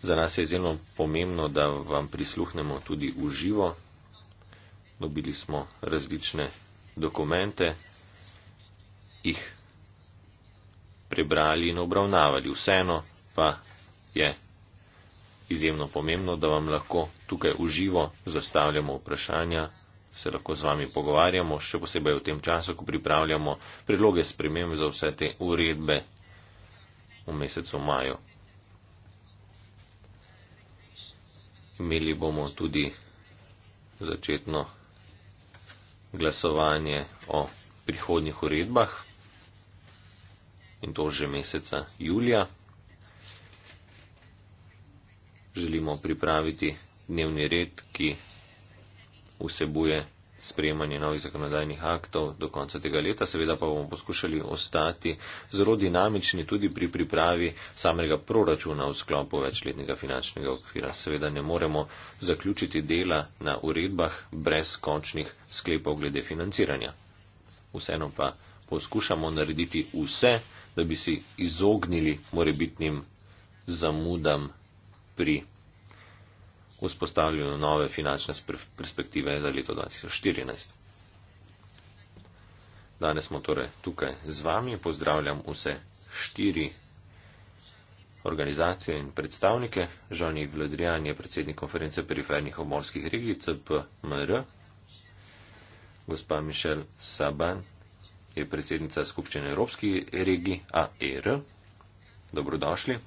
A: Za nas je zelo pomembno, da vam prisluhnemo tudi v živo. Dobili smo različne dokumente, jih prebrali in obravnavali. Vseeno pa je izjemno pomembno, da vam lahko tukaj uživo zastavljamo vprašanja, se lahko z vami pogovarjamo, še posebej v tem času, ko pripravljamo predloge spremem za vse te uredbe v mesecu maju. Imeli bomo tudi začetno glasovanje o prihodnjih uredbah in to že meseca julija. Želimo pripraviti dnevni red, ki vsebuje sprejemanje novih zakonodajnih aktov do konca tega leta. Seveda pa bomo poskušali ostati zelo dinamični tudi pri pripravi samega proračuna v sklopu večletnega finančnega okvira. Seveda ne moremo zaključiti dela na uredbah brez končnih sklepov glede financiranja. Vseeno pa poskušamo narediti vse, da bi se izognili morebitnim zamudam pri vzpostavljanju nove finančne perspektive za leto 2014. Danes smo torej tukaj z vami. Pozdravljam vse štiri organizacije in predstavnike. Žani Vladrijan je predsednik konference perifernih obmorskih regij CPMR. Gospa Mišel Saban je predsednica Skupščine Evropski regi AER. Dobrodošli.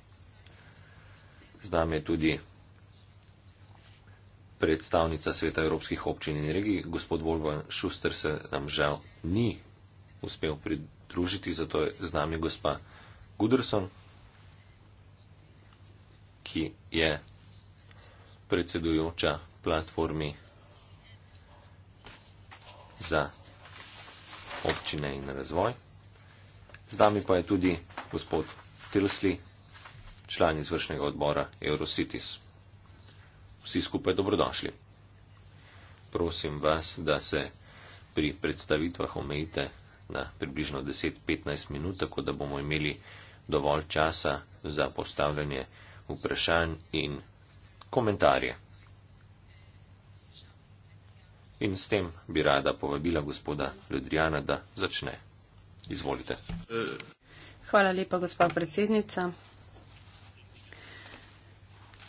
A: Z nami je tudi predstavnica Sveta Evropskih občin in regij, gospod Volvan Šuster se nam žal ni uspel pridružiti, zato je z nami gospa Guderson, ki je predsedujoča platformi za občine in razvoj. Z nami pa je tudi gospod Tilsli, član izvršnega odbora Eurocities. Vsi skupaj dobrodošli. Prosim vas, da se pri predstavitvah omejite na približno 10-15 minut, tako da bomo imeli dovolj časa za postavljanje vprašanj in komentarje. In s tem bi rada povabila gospoda Ludrijana, da začne. Izvolite.
B: Hvala lepa, gospa predsednica.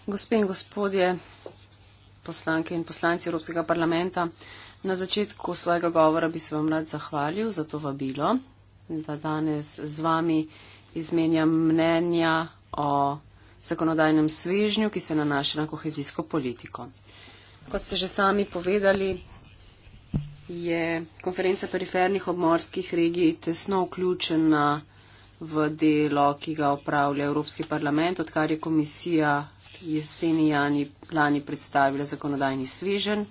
B: Gospe in gospodje, poslanke in poslanci Evropskega parlamenta, na začetku svojega govora bi se vam rad zahvalil za to vabilo, da danes z vami izmenjam mnenja o zakonodajnem svežnju, ki se nanaša na kohezijsko politiko. Kot ste že sami povedali, je konferenca perifernih obmorskih regij tesno vključena v delo, ki ga upravlja Evropski parlament, odkar je komisija jeseni jani lani predstavila zakonodajni svežen.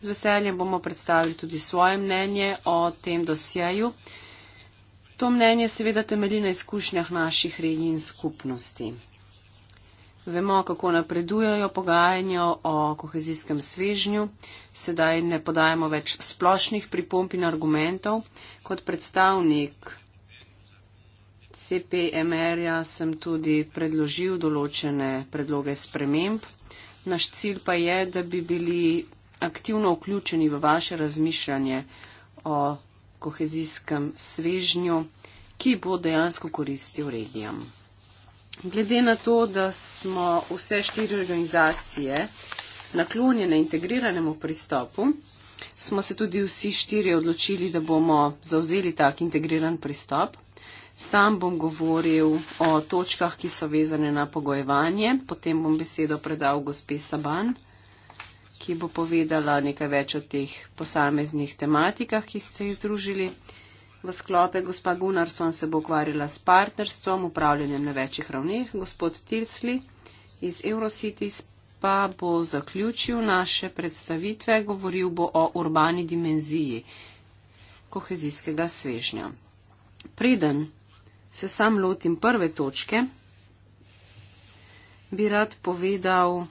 B: Z veseljem bomo predstavili tudi svoje mnenje o tem dosjeju. To mnenje seveda temelji na izkušnjah naših regij in skupnosti. Vemo, kako napredujejo pogajanja o kohezijskem svežnju. Sedaj ne podajamo več splošnih pripomp in argumentov. Kot predstavnik CPMR-ja sem tudi predložil določene predloge sprememb. Naš cilj pa je, da bi bili aktivno vključeni v vaše razmišljanje o kohezijskem svežnju, ki bo dejansko koristil regijam. Glede na to, da smo vse štiri organizacije naklonjene integriranemu pristopu, smo se tudi vsi štiri odločili, da bomo zauzeli tak integriran pristop. Sam bom govoril o točkah, ki so vezane na pogojevanje, potem bom besedo predal gospe Saban, ki bo povedala nekaj več o teh posameznih tematikah, ki ste jih združili. V sklope gospa Gunnarsson se bo ukvarjala s partnerstvom, upravljanjem na večjih ravneh. Gospod Tilsli iz Eurocities pa bo zaključil naše predstavitve, govoril bo o urbani dimenziji kohezijskega svežnja. Preden se sam lotim prve točke, bi rad povedal,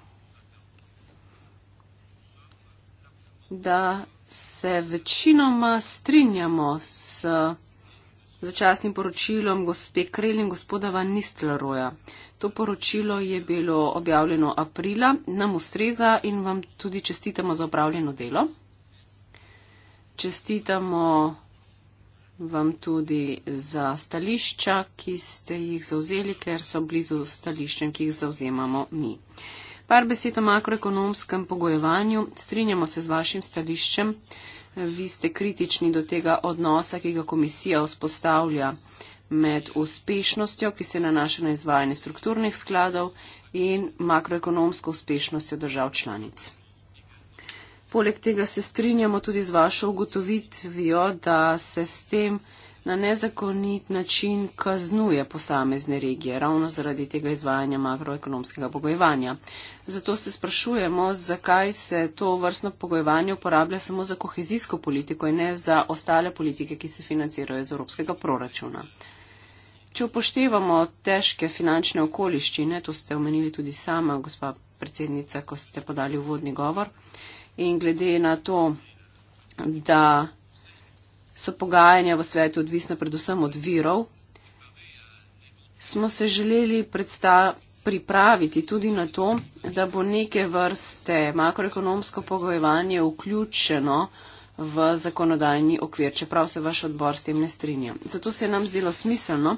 B: da se večinoma strinjamo s začasnim poročilom gospe Krel in gospoda Van Nistelroja. To poročilo je bilo objavljeno aprila, nam ustreza in vam tudi čestitamo za opravljeno delo. Čestitamo vam tudi za stališča, ki ste jih zauzeli, ker so blizu stališčem, ki jih zauzemamo mi. Par besed o makroekonomskem pogojevanju. Strinjamo se z vašim stališčem. Vi ste kritični do tega odnosa, ki ga komisija vzpostavlja med uspešnostjo, ki se nanaša na izvajanje strukturnih skladov in makroekonomsko uspešnostjo držav članic. Poleg tega se strinjamo tudi z vašo ugotovitvijo, da se s tem na nezakonit način kaznuje posamezne regije, ravno zaradi tega izvajanja makroekonomskega pogojevanja. Zato se sprašujemo, zakaj se to vrstno pogojevanje uporablja samo za kohezijsko politiko in ne za ostale politike, ki se financirajo iz evropskega proračuna. Če upoštevamo težke finančne okoliščine, to ste omenili tudi sama, gospa predsednica, ko ste podali uvodni govor, in glede na to, da so pogajanja v svetu odvisna predvsem od virov, smo se želeli pripraviti tudi na to, da bo neke vrste makroekonomsko pogojevanje vključeno v zakonodajni okvir, čeprav se vaš odbor s tem ne strinja. Zato se je nam zdelo smiselno,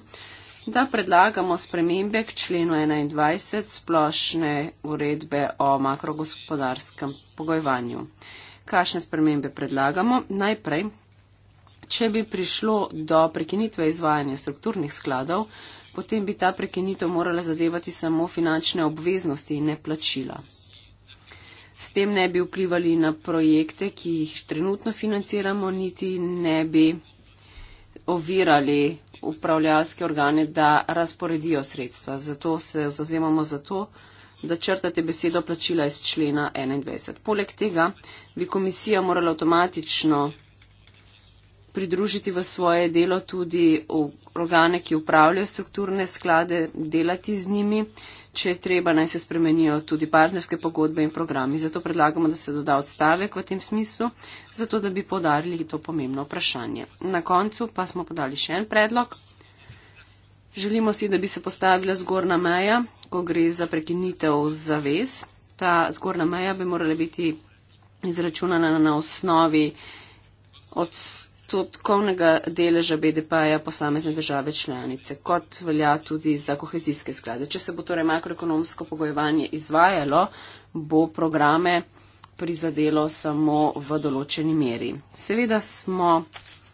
B: da predlagamo spremembe k členu 21 splošne uredbe o makrogospodarskem pogojevanju. Kakšne spremembe predlagamo? Najprej Če bi prišlo do prekinitve izvajanja strukturnih skladov, potem bi ta prekinitev morala zadevati samo finančne obveznosti in ne plačila. S tem ne bi vplivali na projekte, ki jih trenutno financiramo, niti ne bi ovirali upravljalske organe, da razporedijo sredstva. Zato se zazemamo za to, da črtate besedo plačila iz člena 21. Poleg tega bi komisija morala avtomatično pridružiti v svoje delo tudi organe, ki upravljajo strukturne sklade, delati z njimi, če treba naj se spremenijo tudi partnerske pogodbe in programi. Zato predlagamo, da se doda odstavek v tem smislu, zato da bi podarili to pomembno vprašanje. Na koncu pa smo podali še en predlog. Želimo si, da bi se postavila zgorna meja, ko gre za prekinitev zavez. Ta zgorna meja bi morala biti izračunana na osnovi odstavka odstotkovnega deleža BDP-ja posamezne države članice, kot velja tudi za kohezijske sklade. Če se bo torej makroekonomsko pogojevanje izvajalo, bo programe prizadelo samo v določeni meri. Seveda smo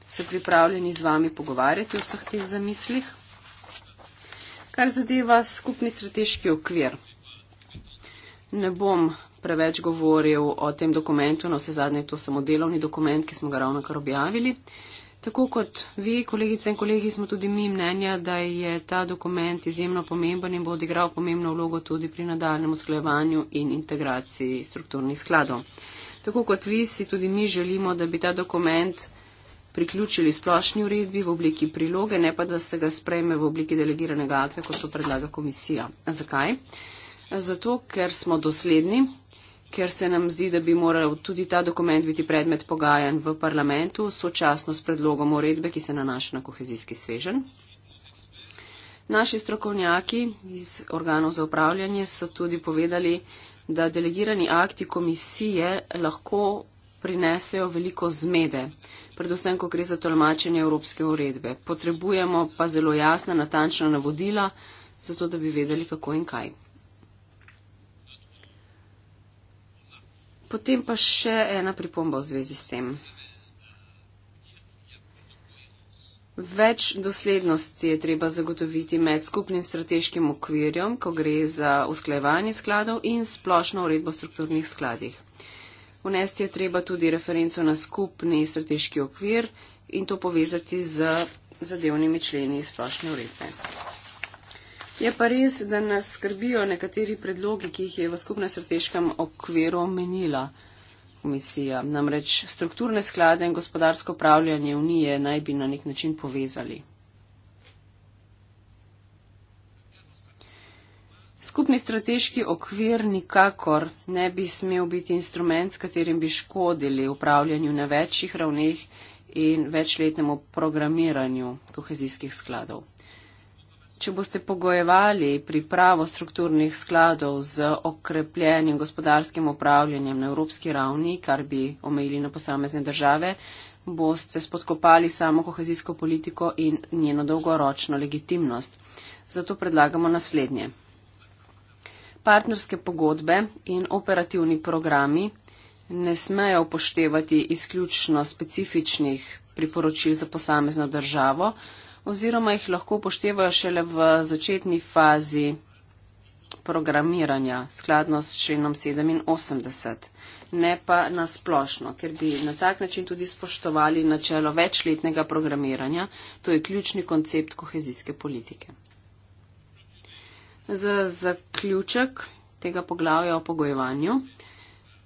B: se pripravljeni z vami pogovarjati o vseh teh zamislih. Kar zadeva skupni strateški okvir. Ne bom preveč govoril o tem dokumentu, na no, vse zadnje je to samo delovni dokument, ki smo ga ravno kar objavili. Tako kot vi, kolegice in kolegi, smo tudi mi mnenja, da je ta dokument izjemno pomemben in bo odigral pomembno vlogo tudi pri nadaljem usklejevanju in integraciji strukturnih skladov. Tako kot vi, si tudi mi želimo, da bi ta dokument priključili splošni uredbi v obliki priloge, ne pa da se ga sprejme v obliki delegiranega akta, kot to predlaga komisija. Zakaj? Zato, ker smo dosledni ker se nam zdi, da bi moral tudi ta dokument biti predmet pogajanj v parlamentu, sočasno s predlogom uredbe, ki se nanaša na kohezijski svežen. Naši strokovnjaki iz organov za upravljanje so tudi povedali, da delegirani akti komisije lahko prinesejo veliko zmede, predvsem, ko gre za tolmačenje evropske uredbe. Potrebujemo pa zelo jasna, natančna navodila, zato da bi vedeli, kako in kaj. Potem pa še ena pripomba v zvezi s tem. Več doslednosti je treba zagotoviti med skupnim strateškim okvirjem, ko gre za usklajevanje skladov in splošno uredbo strukturnih skladih. Vnesti je treba tudi referenco na skupni strateški okvir in to povezati z zadevnimi členi splošne uredbe. Je pa res, da nas skrbijo nekateri predlogi, ki jih je v skupnem strateškem okviru omenila komisija. Namreč strukturne sklade in gospodarsko upravljanje unije naj bi na nek način povezali. Skupni strateški okvir nikakor ne bi smel biti instrument, s katerim bi škodili upravljanju na večjih ravneh in večletnemu programiranju kohezijskih skladov. Če boste pogojevali pripravo strukturnih skladov z okrepljenim gospodarskim upravljanjem na evropski ravni, kar bi omejili na posamezne države, boste spodkopali samo kohezijsko politiko in njeno dolgoročno legitimnost. Zato predlagamo naslednje. Partnerske pogodbe in operativni programi ne smejo upoštevati izključno specifičnih priporočil za posamezno državo, oziroma jih lahko upoštevajo šele v začetni fazi programiranja, skladno s členom 87, ne pa na splošno, ker bi na tak način tudi spoštovali načelo večletnega programiranja, to je ključni koncept kohezijske politike. Za zaključek tega poglavja o pogojevanju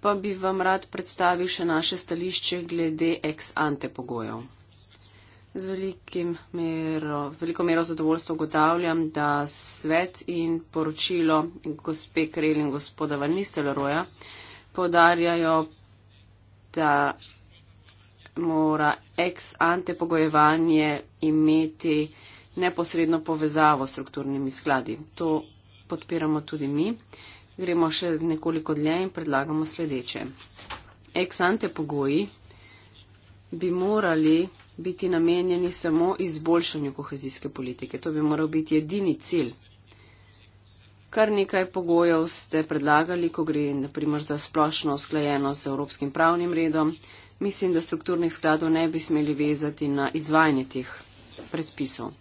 B: pa bi vam rad predstavil še naše stališče glede ex ante pogojev. Z velikim mero, veliko mero zadovoljstva ugotavljam, da svet in poročilo gospe Krel in gospoda Valnistelroja podarjajo, da mora ex ante pogojevanje imeti neposredno povezavo s strukturnimi skladi. To podpiramo tudi mi. Gremo še nekoliko dlje in predlagamo sledeče. Ex ante pogoji bi morali biti namenjeni samo izboljšanju kohezijske politike. To bi moral biti edini cilj. Kar nekaj pogojev ste predlagali, ko gre naprimer za splošno usklajeno s evropskim pravnim redom. Mislim, da strukturnih skladov ne bi smeli vezati na izvajanje teh predpisov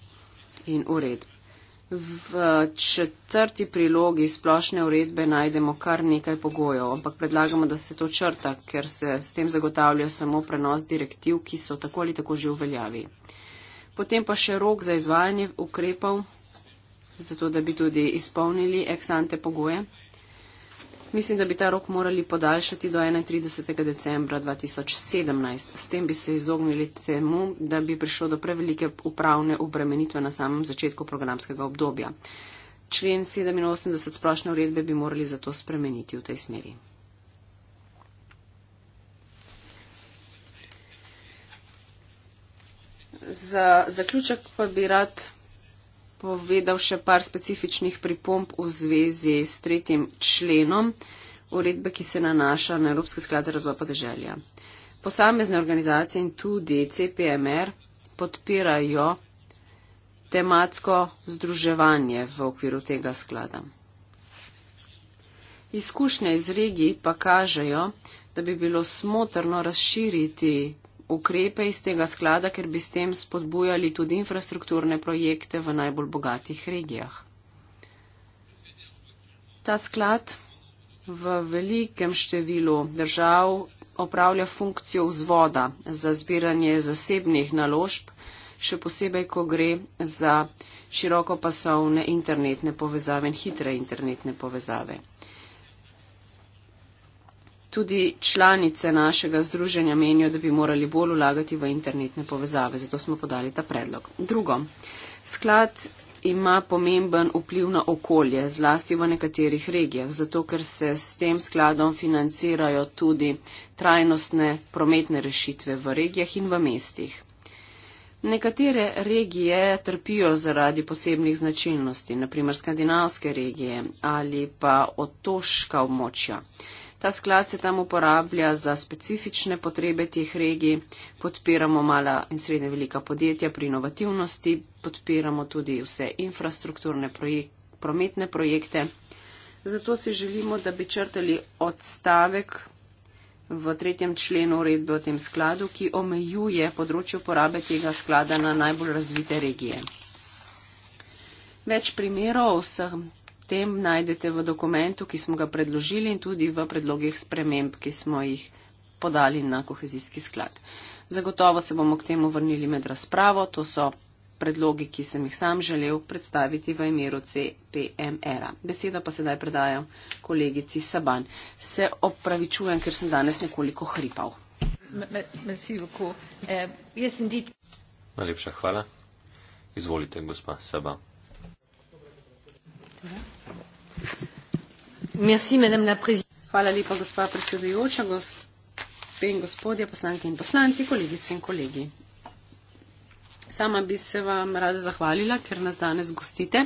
B: in uredb. V četrti prilogi splošne uredbe najdemo kar nekaj pogojev, ampak predlagamo, da se to črta, ker se s tem zagotavlja samo prenos direktiv, ki so tako ali tako že uveljavi. Potem pa še rok za izvajanje ukrepov, zato da bi tudi izpolnili eksante pogoje. Mislim, da bi ta rok morali podaljšati do 31. decembra 2017. S tem bi se izognili temu, da bi prišlo do prevelike upravne obremenitve na samem začetku programskega obdobja. Člen 87 splošne uredbe bi morali zato spremeniti v tej smeri. Za zaključek pa bi rad povedal še par specifičnih pripomp v zvezi s tretjim členom uredbe, ki se nanaša na Evropski sklad za razvoj podeželja. Posamezne organizacije in tudi CPMR podpirajo tematsko združevanje v okviru tega sklada. Izkušnje iz regij pa kažejo, da bi bilo smotrno razširiti ukrepe iz tega sklada, ker bi s tem spodbujali tudi infrastrukturne projekte v najbolj bogatih regijah. Ta sklad v velikem številu držav opravlja funkcijo vzvoda za zbiranje zasebnih naložb, še posebej, ko gre za širokopasovne internetne povezave in hitre internetne povezave tudi članice našega združenja menijo, da bi morali bolj ulagati v internetne povezave, zato smo podali ta predlog. Drugo, sklad ima pomemben vpliv na okolje, zlasti v nekaterih regijah, zato ker se s tem skladom financirajo tudi trajnostne prometne rešitve v regijah in v mestih. Nekatere regije trpijo zaradi posebnih značilnosti, naprimer skandinavske regije ali pa otoška območja. Ta sklad se tam uporablja za specifične potrebe teh regij. Podpiramo mala in srednje velika podjetja pri inovativnosti, podpiramo tudi vse infrastrukturne projekte, prometne projekte. Zato si želimo, da bi črtali odstavek v tretjem členu uredbe o tem skladu, ki omejuje področje uporabe tega sklada na najbolj razvite regije. Več primerov vsem tem najdete v dokumentu, ki smo ga predložili in tudi v predlogih sprememb, ki smo jih podali na kohezijski sklad. Zagotovo se bomo k temu vrnili med razpravo. To so predlogi, ki sem jih sam želel predstaviti v imeru CPMR-a. Besedo pa sedaj predajam kolegici Saban. Se opravičujem, ker sem danes nekoliko hripal. Eh,
A: Najlepša hvala. Izvolite, gospa Saban.
B: Hvala lepa, gospa predsedujoča, gospe in gospodje, poslanke in poslanci, kolegice in kolegi. Sama bi se vam rada zahvalila, ker nas danes gostite.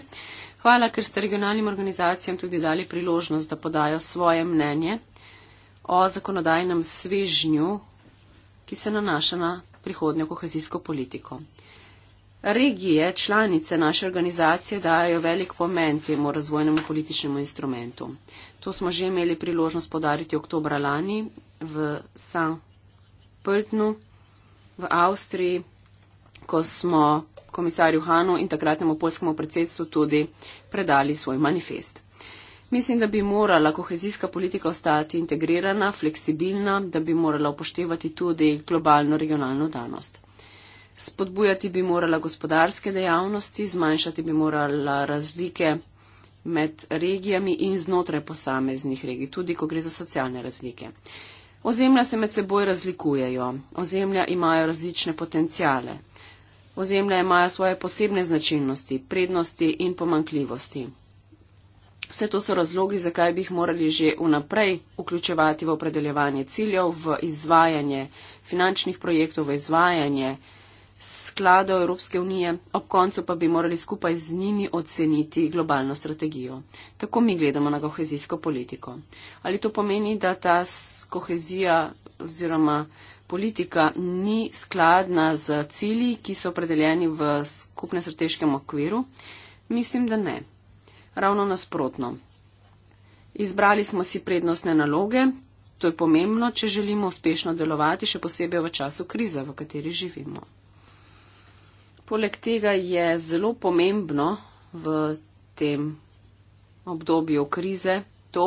B: Hvala, ker ste regionalnim organizacijam tudi dali priložnost, da podajo svoje mnenje o zakonodajnem svežnju, ki se nanaša na prihodnjo kohezijsko politiko. Regije, članice naše organizacije dajo velik pomen temu razvojnemu političnemu instrumentu. To smo že imeli priložnost podariti oktobra lani v San Pöltnu v Avstriji, ko smo komisarju Hanu in takratnemu polskemu predsedstvu tudi predali svoj manifest. Mislim, da bi morala kohezijska politika ostati integrirana, fleksibilna, da bi morala upoštevati tudi globalno regionalno danost spodbujati bi morala gospodarske dejavnosti, zmanjšati bi morala razlike med regijami in znotraj posameznih regij, tudi ko gre za socialne razlike. Ozemlja se med seboj razlikujejo, ozemlja imajo različne potencijale, ozemlja imajo svoje posebne značilnosti, prednosti in pomankljivosti. Vse to so razlogi, zakaj bi jih morali že vnaprej vključevati v opredeljevanje ciljev, v izvajanje finančnih projektov, v izvajanje eh, skladov Evropske unije, ob koncu pa bi morali skupaj z njimi oceniti globalno strategijo. Tako mi gledamo na kohezijsko politiko. Ali to pomeni, da ta kohezija oziroma politika ni skladna z cilji, ki so opredeljeni v skupnem strateškem okviru? Mislim, da ne. Ravno nasprotno. Izbrali smo si prednostne naloge, to je pomembno, če želimo uspešno delovati, še posebej v času krize, v kateri živimo. Poleg tega je zelo pomembno v tem obdobju krize to,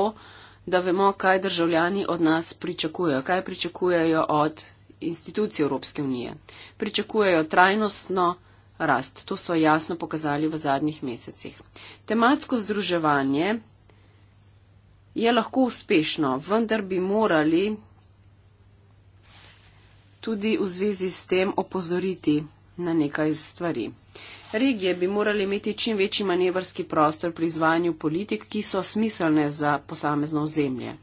B: da vemo, kaj državljani od nas pričakujejo, kaj pričakujejo od institucij Evropske unije. Pričakujejo trajnostno rast. To so jasno pokazali v zadnjih mesecih. Tematsko združevanje je lahko uspešno, vendar bi morali tudi v zvezi s tem opozoriti na nekaj stvari. Regije bi morali imeti čim večji manevrski prostor pri izvajanju politik, ki so smiselne za posamezno ozemlje.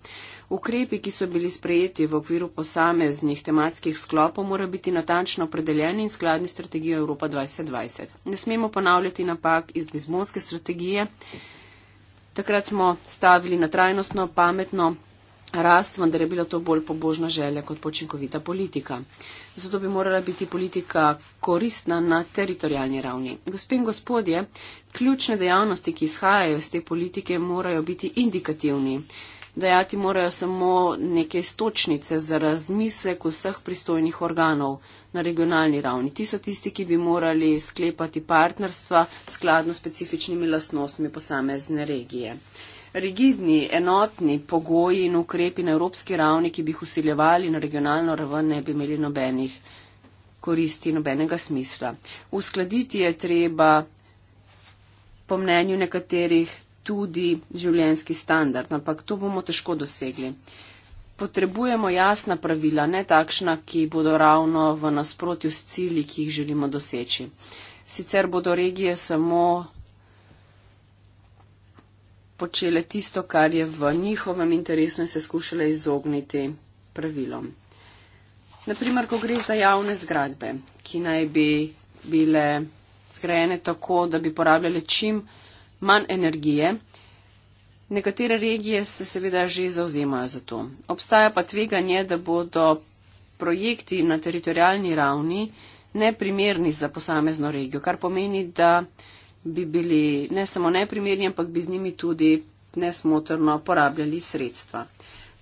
B: Ukrepi, ki so bili sprejeti v okviru posameznih tematskih sklopov, morajo biti natančno opredeljeni in skladni strategijo Evropa 2020. Ne smemo ponavljati napak iz Lizbonske strategije. Takrat smo stavili na trajnostno, pametno rast, vendar je bila to bolj pobožna želja kot počinkovita politika zato bi morala biti politika koristna na teritorijalni ravni. Gospe in gospodje, ključne dejavnosti, ki izhajajo iz te politike, morajo biti indikativni. Dajati morajo samo neke stočnice za razmislek vseh pristojnih organov na regionalni ravni. Ti so tisti, ki bi morali sklepati partnerstva skladno s specifičnimi lasnostmi posamezne regije rigidni, enotni pogoji in ukrepi na evropski ravni, ki bi jih usiljevali na regionalno raven, ne bi imeli nobenih koristi, nobenega smisla. Uskladiti je treba, po mnenju nekaterih, tudi življenski standard, ampak to bomo težko dosegli. Potrebujemo jasna pravila, ne takšna, ki bodo ravno v nasprotju s cilji, ki jih želimo doseči. Sicer bodo regije samo počele tisto, kar je v njihovem interesu in se skušale izogniti pravilom. Naprimer, ko gre za javne zgradbe, ki naj bi bile zgrajene tako, da bi porabljale čim manj energije, nekatere regije se seveda že zauzemajo za to. Obstaja pa tveganje, da bodo projekti na teritorijalni ravni neprimerni za posamezno regijo, kar pomeni, da bi bili ne samo neprimerni, ampak bi z njimi tudi nesmotrno porabljali sredstva.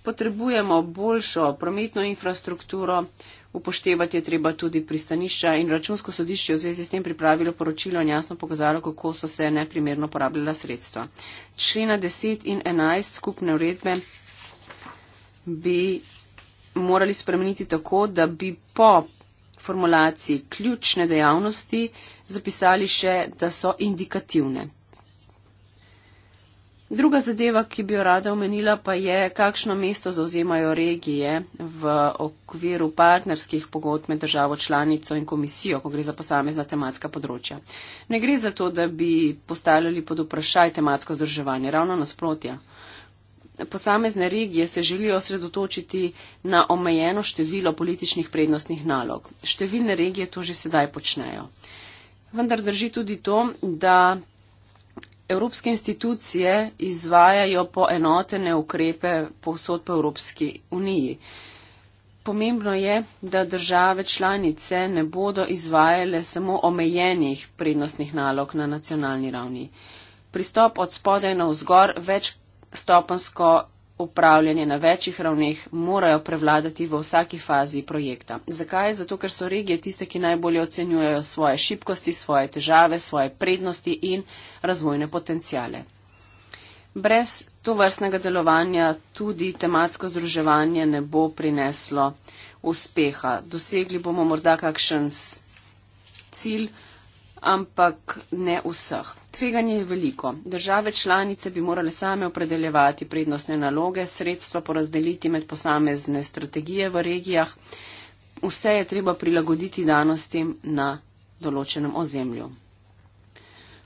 B: Potrebujemo boljšo prometno infrastrukturo, upoštevati je treba tudi pristanišča in računsko sodišče v zvezi s tem pripravilo poročilo in jasno pokazalo, kako so se neprimerno porabljala sredstva. Člena 10 in 11 skupne uredbe bi morali spremeniti tako, da bi po formulaciji ključne dejavnosti zapisali še, da so indikativne. Druga zadeva, ki bi jo rada omenila, pa je, kakšno mesto zauzemajo regije v okviru partnerskih pogodb med državo članico in komisijo, ko gre za posamezna tematska področja. Ne gre za to, da bi postavljali pod vprašaj tematsko združevanje, ravno nasprotja. Posamezne regije se želijo osredotočiti na omejeno število političnih prednostnih nalog. Številne regije to že sedaj počnejo. Vendar drži tudi to, da evropske institucije izvajajo poenotene ukrepe povsod po Evropski uniji. Pomembno je, da države članice ne bodo izvajale samo omejenih prednostnih nalog na nacionalni ravni. Pristop od spodaj na vzgor večstopensko upravljanje na večjih ravneh morajo prevladati v vsaki fazi projekta. Zakaj? Zato, ker so regije tiste, ki najbolje ocenjujejo svoje šibkosti, svoje težave, svoje prednosti in razvojne potencijale. Brez to vrstnega delovanja tudi tematsko združevanje ne bo prineslo uspeha. Dosegli bomo morda kakšen cilj, ampak ne vseh. Tveganje je veliko. Države članice bi morale same opredeljevati prednostne naloge, sredstva porazdeliti med posamezne strategije v regijah. Vse je treba prilagoditi danostim na določenem ozemlju.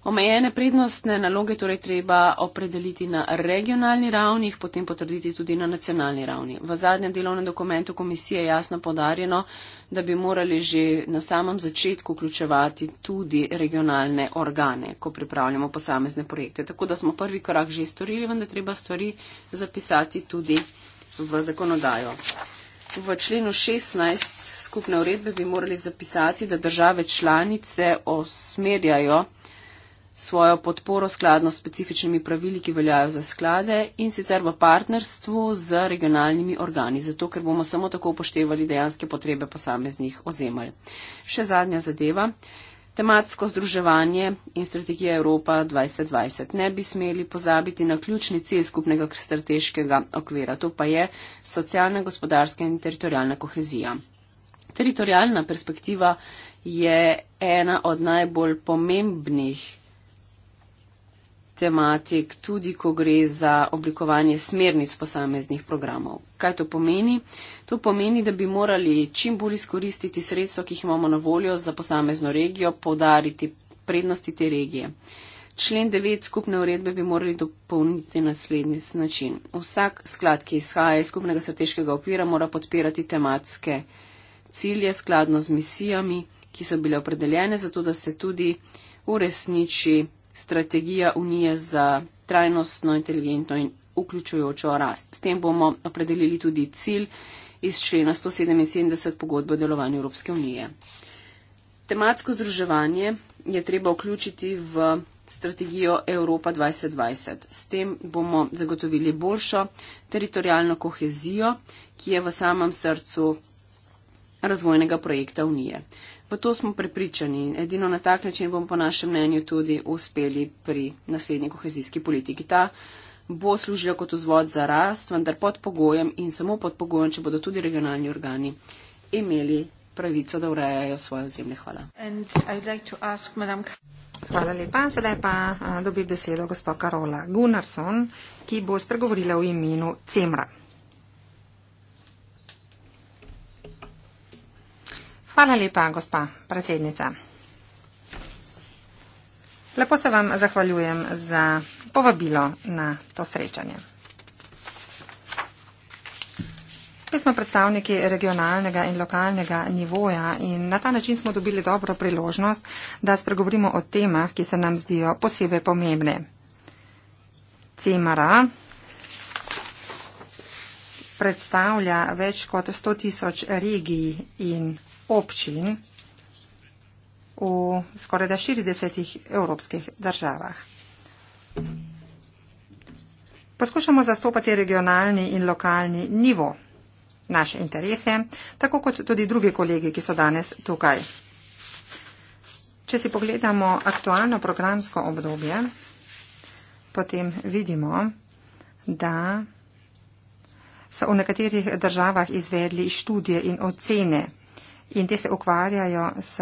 B: Omejene prednostne naloge torej treba opredeliti na regionalni ravni, potem potrditi tudi na nacionalni ravni. V zadnjem delovnem dokumentu komisije je jasno podarjeno, da bi morali že na samem začetku vključevati tudi regionalne organe, ko pripravljamo posamezne projekte. Tako da smo prvi korak že storili, vendar treba stvari zapisati tudi v zakonodajo. V členu 16 skupne uredbe bi morali zapisati, da države članice osmerjajo, svojo podporo skladno s specifičnimi pravili, ki veljajo za sklade in sicer v partnerstvu z regionalnimi organi, zato ker bomo samo tako upoštevali dejanske potrebe posameznih ozemelj. Še zadnja zadeva. Tematsko združevanje in strategija Evropa 2020. Ne bi smeli pozabiti na ključni cilj skupnega strateškega okvira, to pa je socialna, gospodarska in teritorijalna kohezija. Teritorijalna perspektiva je ena od najbolj pomembnih tematik, tudi ko gre za oblikovanje smernic posameznih programov. Kaj to pomeni? To pomeni, da bi morali čim bolj izkoristiti sredstva, ki jih imamo na voljo za posamezno regijo, podariti prednosti te regije. Člen 9 skupne uredbe bi morali dopolniti naslednji način. Vsak sklad, ki izhaja iz skupnega strateškega okvira, mora podpirati tematske cilje skladno z misijami, ki so bile opredeljene, zato da se tudi uresniči strategija unije za trajnostno, inteligentno in vključujočo rast. S tem bomo opredelili tudi cilj iz člena 177 pogodbe o delovanju Evropske unije. Tematsko združevanje je treba vključiti v strategijo Evropa 2020. S tem bomo zagotovili boljšo teritorijalno kohezijo, ki je v samem srcu razvojnega projekta Unije. V to smo prepričani in edino na tak način bomo po našem mnenju tudi uspeli pri naslednji kohezijski politiki. Ta bo služila kot vzvod za rast, vendar pod pogojem in samo pod pogojem, če bodo tudi regionalni organi imeli
C: pravico, da urejajo
B: svoje ozemlje. Hvala.
C: Like madam... Hvala lepa. Sedaj pa eh, dobi besedo gospod Karola Gunnarsson, ki bo spregovorila v imenu Cemra. Hvala lepa, gospa predsednica. Lepo se vam zahvaljujem za povabilo na to srečanje. Mi smo predstavniki regionalnega in lokalnega nivoja in na ta način smo dobili dobro priložnost, da spregovorimo o temah, ki se nam zdijo posebej pomembne. CEMARA predstavlja več kot 100 tisoč regij in regij občin v skoraj da 40 evropskih državah. Poskušamo zastopati regionalni in lokalni nivo naše interese, tako kot tudi drugi kolegi, ki so danes tukaj. Če si pogledamo aktualno programsko obdobje, potem vidimo, da so v nekaterih državah izvedli študije in ocene in ti se ukvarjajo s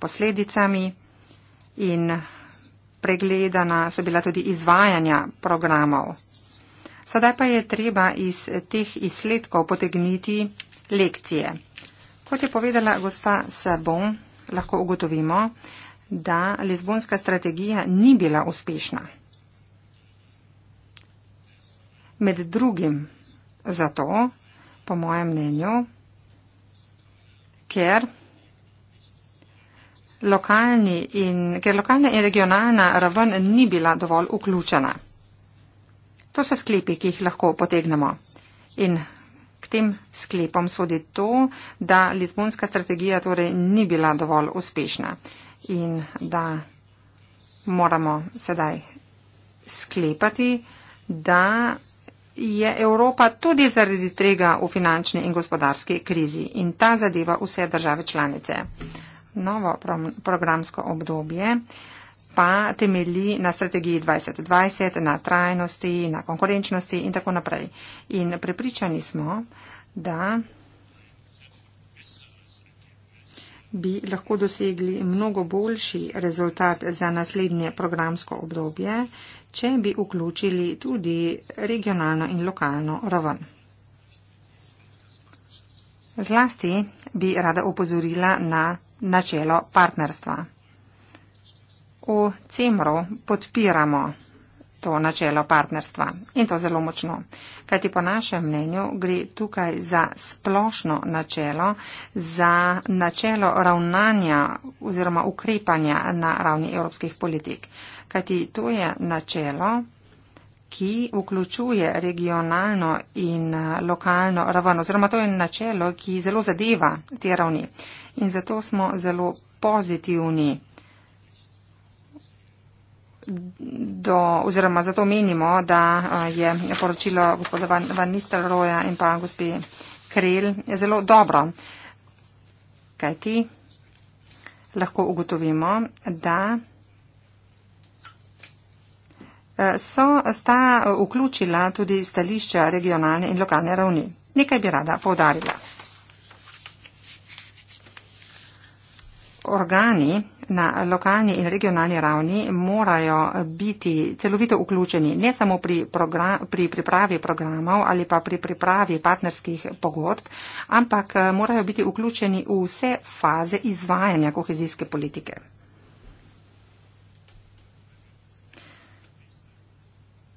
C: posledicami in pregledana so bila tudi izvajanja programov. Sedaj pa je treba iz teh izsledkov potegniti lekcije. Kot je povedala gospa Sabon, lahko ugotovimo, da lizbonska strategija ni bila uspešna. Med drugim zato, po mojem mnenju, kjer lokalni in, ker lokalna in regionalna raven ni bila dovolj vključena. To so sklepi, ki jih lahko potegnemo. In k tem sklepom sodi to, da Lizbonska strategija torej ni bila dovolj uspešna in da moramo sedaj sklepati, da je Evropa tudi zaradi trega v finančni in gospodarski krizi in ta zadeva vse države članice. Novo pro programsko obdobje pa temelji na strategiji 2020, na trajnosti, na konkurenčnosti in tako naprej. In prepričani smo, da bi lahko dosegli mnogo boljši rezultat za naslednje programsko obdobje, če bi vključili tudi regionalno in lokalno raven. Zlasti bi rada opozorila na načelo partnerstva. V CEMRO podpiramo to načelo partnerstva in to zelo močno, kajti po našem mnenju gre tukaj za splošno načelo, za načelo ravnanja oziroma ukrepanja na ravni evropskih politik kajti to je načelo, ki vključuje regionalno in eh, lokalno raven, oziroma to je načelo, ki zelo zadeva te ravni. In zato smo zelo pozitivni. Do, oziroma zato menimo, da eh, je poročilo gospoda Van, Van Nistelrooja in pa gospe Krel zelo dobro. Kajti lahko ugotovimo, da so, sta eh, vključila tudi stališča regionalne in lokalne ravni. Nekaj bi rada povdarila. Organi na lokalni in regionalni ravni morajo biti celovito vključeni ne samo pri, pri pripravi programov ali pa pri pripravi partnerskih pogodb, ampak eh, morajo biti vključeni v vse faze izvajanja kohezijske politike.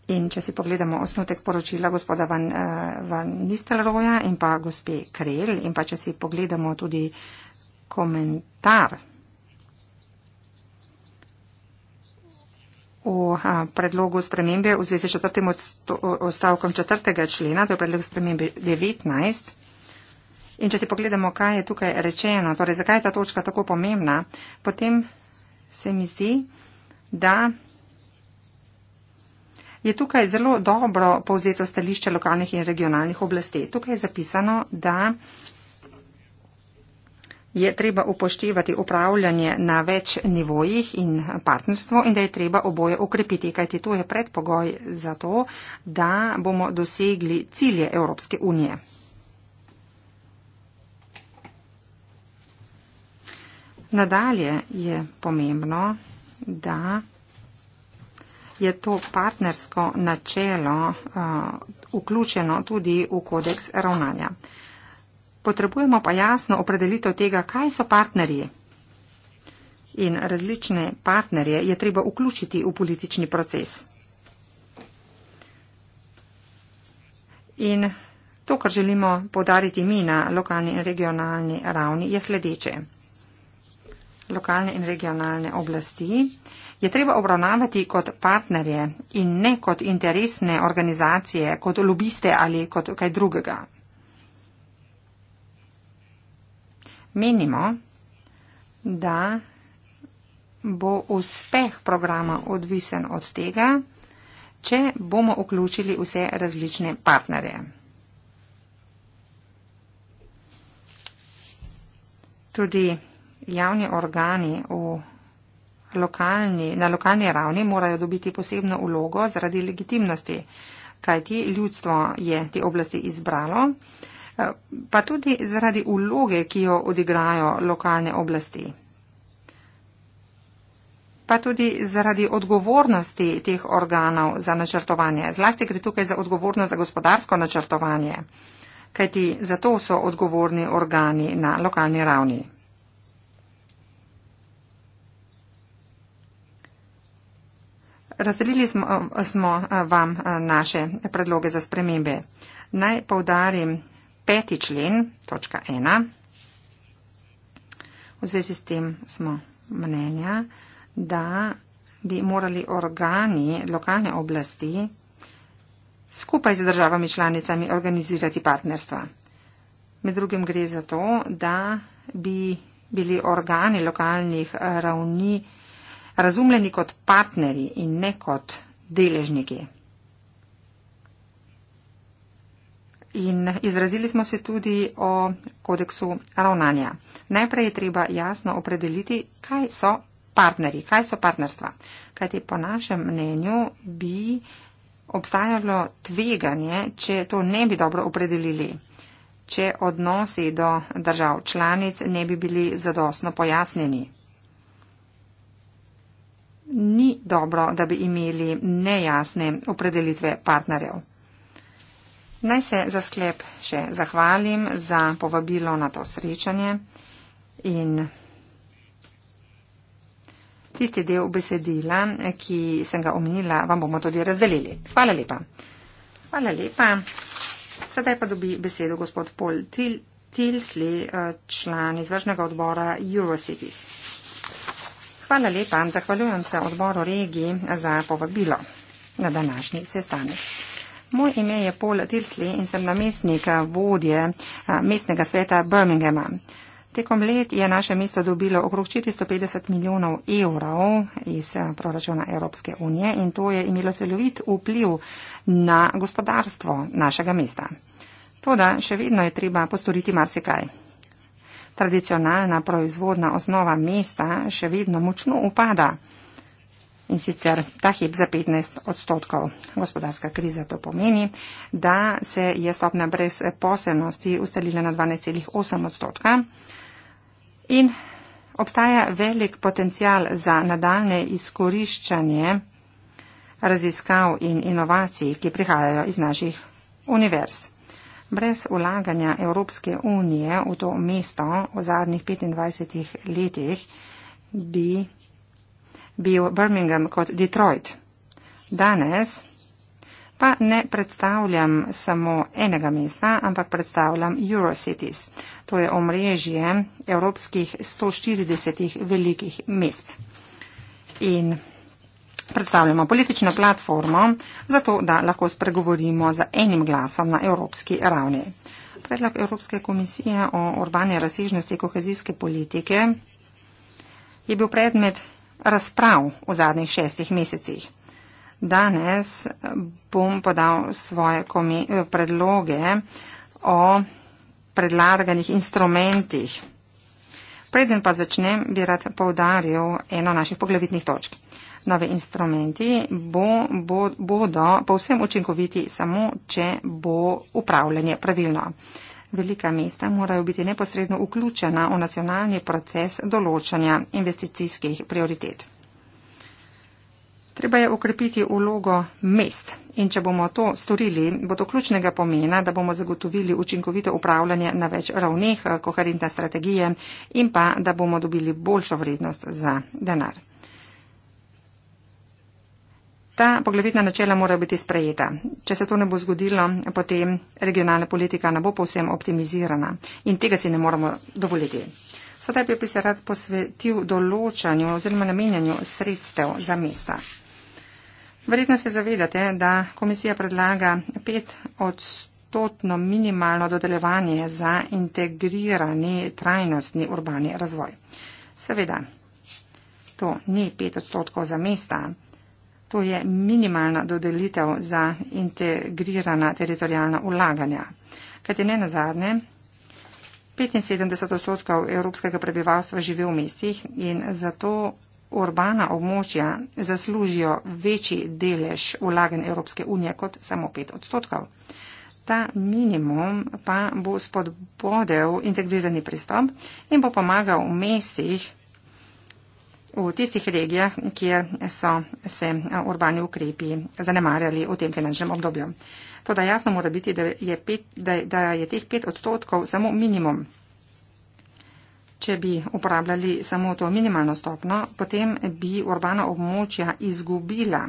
C: In če si pogledamo osnutek poročila gospoda Van, eh, Van Nistelrooja in pa gospe Krel in pa če si pogledamo tudi komentar o predlogu spremembe v zvezi s četrtim odstavkom četrtega člena, to je predlog spremembe 19. In če si pogledamo, kaj je tukaj rečeno, torej zakaj je ta točka tako pomembna, potem se mi zdi, da je tukaj zelo dobro povzeto stališče lokalnih in regionalnih oblasti. Tukaj je zapisano, da je treba upoštevati upravljanje na več nivojih in partnerstvo in da je treba oboje ukrepiti, kajti to je predpogoj za to, da bomo dosegli cilje Evropske unije. Nadalje je pomembno, da je to partnersko načelo uh, vključeno tudi v kodeks ravnanja. Potrebujemo pa jasno opredelitev tega, kaj so partnerji. In različne partnerje je treba vključiti v politični proces. In to, kar želimo podariti mi na lokalni in regionalni ravni, je sledeče. Lokalne in regionalne oblasti je treba obravnavati kot partnerje in ne kot interesne organizacije, kot lobiste ali kot kaj drugega. Menimo, da bo uspeh programa odvisen od tega, če bomo vključili vse različne partnerje. Tudi javni organi v lokalni, na lokalni ravni morajo dobiti posebno ulogo zaradi legitimnosti, kajti ljudstvo je te oblasti izbralo, eh, pa tudi zaradi uloge, ki jo odigrajo lokalne oblasti pa tudi zaradi odgovornosti teh organov za načrtovanje. Zlasti gre tukaj za odgovornost za gospodarsko načrtovanje, kajti za to so odgovorni organi na lokalni ravni. Razdelili smo, smo vam naše predloge za spremembe. Naj povdarim peti člen, točka ena. V zvezi s tem smo mnenja, da bi morali organi lokalne oblasti skupaj z državami članicami organizirati partnerstva. Med drugim gre za to, da bi bili organi lokalnih ravni razumljeni kot partnerji in ne kot deležniki. In izrazili smo se tudi o kodeksu ravnanja. Najprej je treba jasno opredeliti, kaj so partnerji, kaj so partnerstva. Kajti po našem mnenju bi obstajalo tveganje, če to ne bi dobro opredelili, če odnosi do držav članic ne bi bili zadostno pojasneni ni dobro, da bi imeli nejasne opredelitve partnerjev. Naj se za sklep še zahvalim za povabilo na to srečanje in tisti del besedila, ki sem ga omenila, vam bomo tudi razdelili. Hvala lepa. Hvala lepa. Sedaj pa dobi besedo gospod Paul Tilsley, eh, član izvršnega odbora Eurocities. Hvala lepa. Zahvaljujem se odboru regiji za povabilo na današnji sestanek. Moj ime je Paul Tilsley in sem namestnik eh, vodje eh, mestnega sveta Birminghama. Tekom let je naše mesto dobilo okrog 450 milijonov evrov iz eh, proračuna Evropske unije in to je imelo celovit vpliv na gospodarstvo našega mesta. Toda še vedno je treba postoriti marsikaj tradicionalna proizvodna osnova mesta še vedno močno upada in sicer ta hip za 15 odstotkov. Gospodarska kriza to pomeni, da se je stopna brezposelnosti ustalila na 12,8 odstotka in obstaja velik potencial za nadaljne izkoriščanje raziskav in inovacij, ki prihajajo iz naših univerz. Brez ulaganja Evropske unije v to mesto v zadnjih 25 letih bi bil Birmingham kot Detroit. Danes pa ne predstavljam samo enega mesta, ampak predstavljam Eurocities. To je omrežje evropskih 140 velikih mest. In predstavljamo politično platformo, zato da lahko spregovorimo z enim glasom na evropski ravni. Predlog Evropske komisije o urbani razsežnosti kohezijske politike je bil predmet razprav v zadnjih šestih mesecih. Danes bom podal svoje predloge o predlaganih instrumentih. Preden pa začnem, bi rad povdaril eno naših poglavitnih točk nove instrumenti bo, bo, bodo povsem učinkoviti samo, če bo upravljanje pravilno. Velika mesta morajo biti neposredno vključena v nacionalni proces določanja investicijskih prioritet. Treba je ukrepiti ulogo mest in če bomo to storili, bo to ključnega pomena, da bomo zagotovili učinkovito upravljanje na več ravneh koherentne strategije in pa, da bomo dobili boljšo vrednost za denar. Ta poglavitna načela morajo biti sprejeta. Če se to ne bo zgodilo, potem regionalna politika ne bo povsem optimizirana in tega si ne moramo dovoliti. Sedaj bi se rad posvetil določanju oziroma namenjanju sredstev za mesta. Verjetno se zavedate, da komisija predlaga pet odstotno minimalno dodelevanje za integrirani trajnostni urbani razvoj. Seveda, to ni pet odstotkov za mesta, To je minimalna dodelitev za integrirana teritorijalna ulaganja. Kajti ne nazadnje, 75 odstotkov evropskega prebivalstva živi v mestih in zato urbana območja zaslužijo večji delež ulagen Evropske unije kot samo 5 odstotkov. Ta minimum pa bo spodbodel integrirani pristop in bo pomagal v mestih v tistih regijah, kjer so se urbani ukrepi zanemarjali v tem finančnem obdobju. To da jasno mora biti, da je, pet, da, da je teh pet odstotkov samo minimum. Če bi uporabljali samo to minimalno stopno, potem bi urbana območja izgubila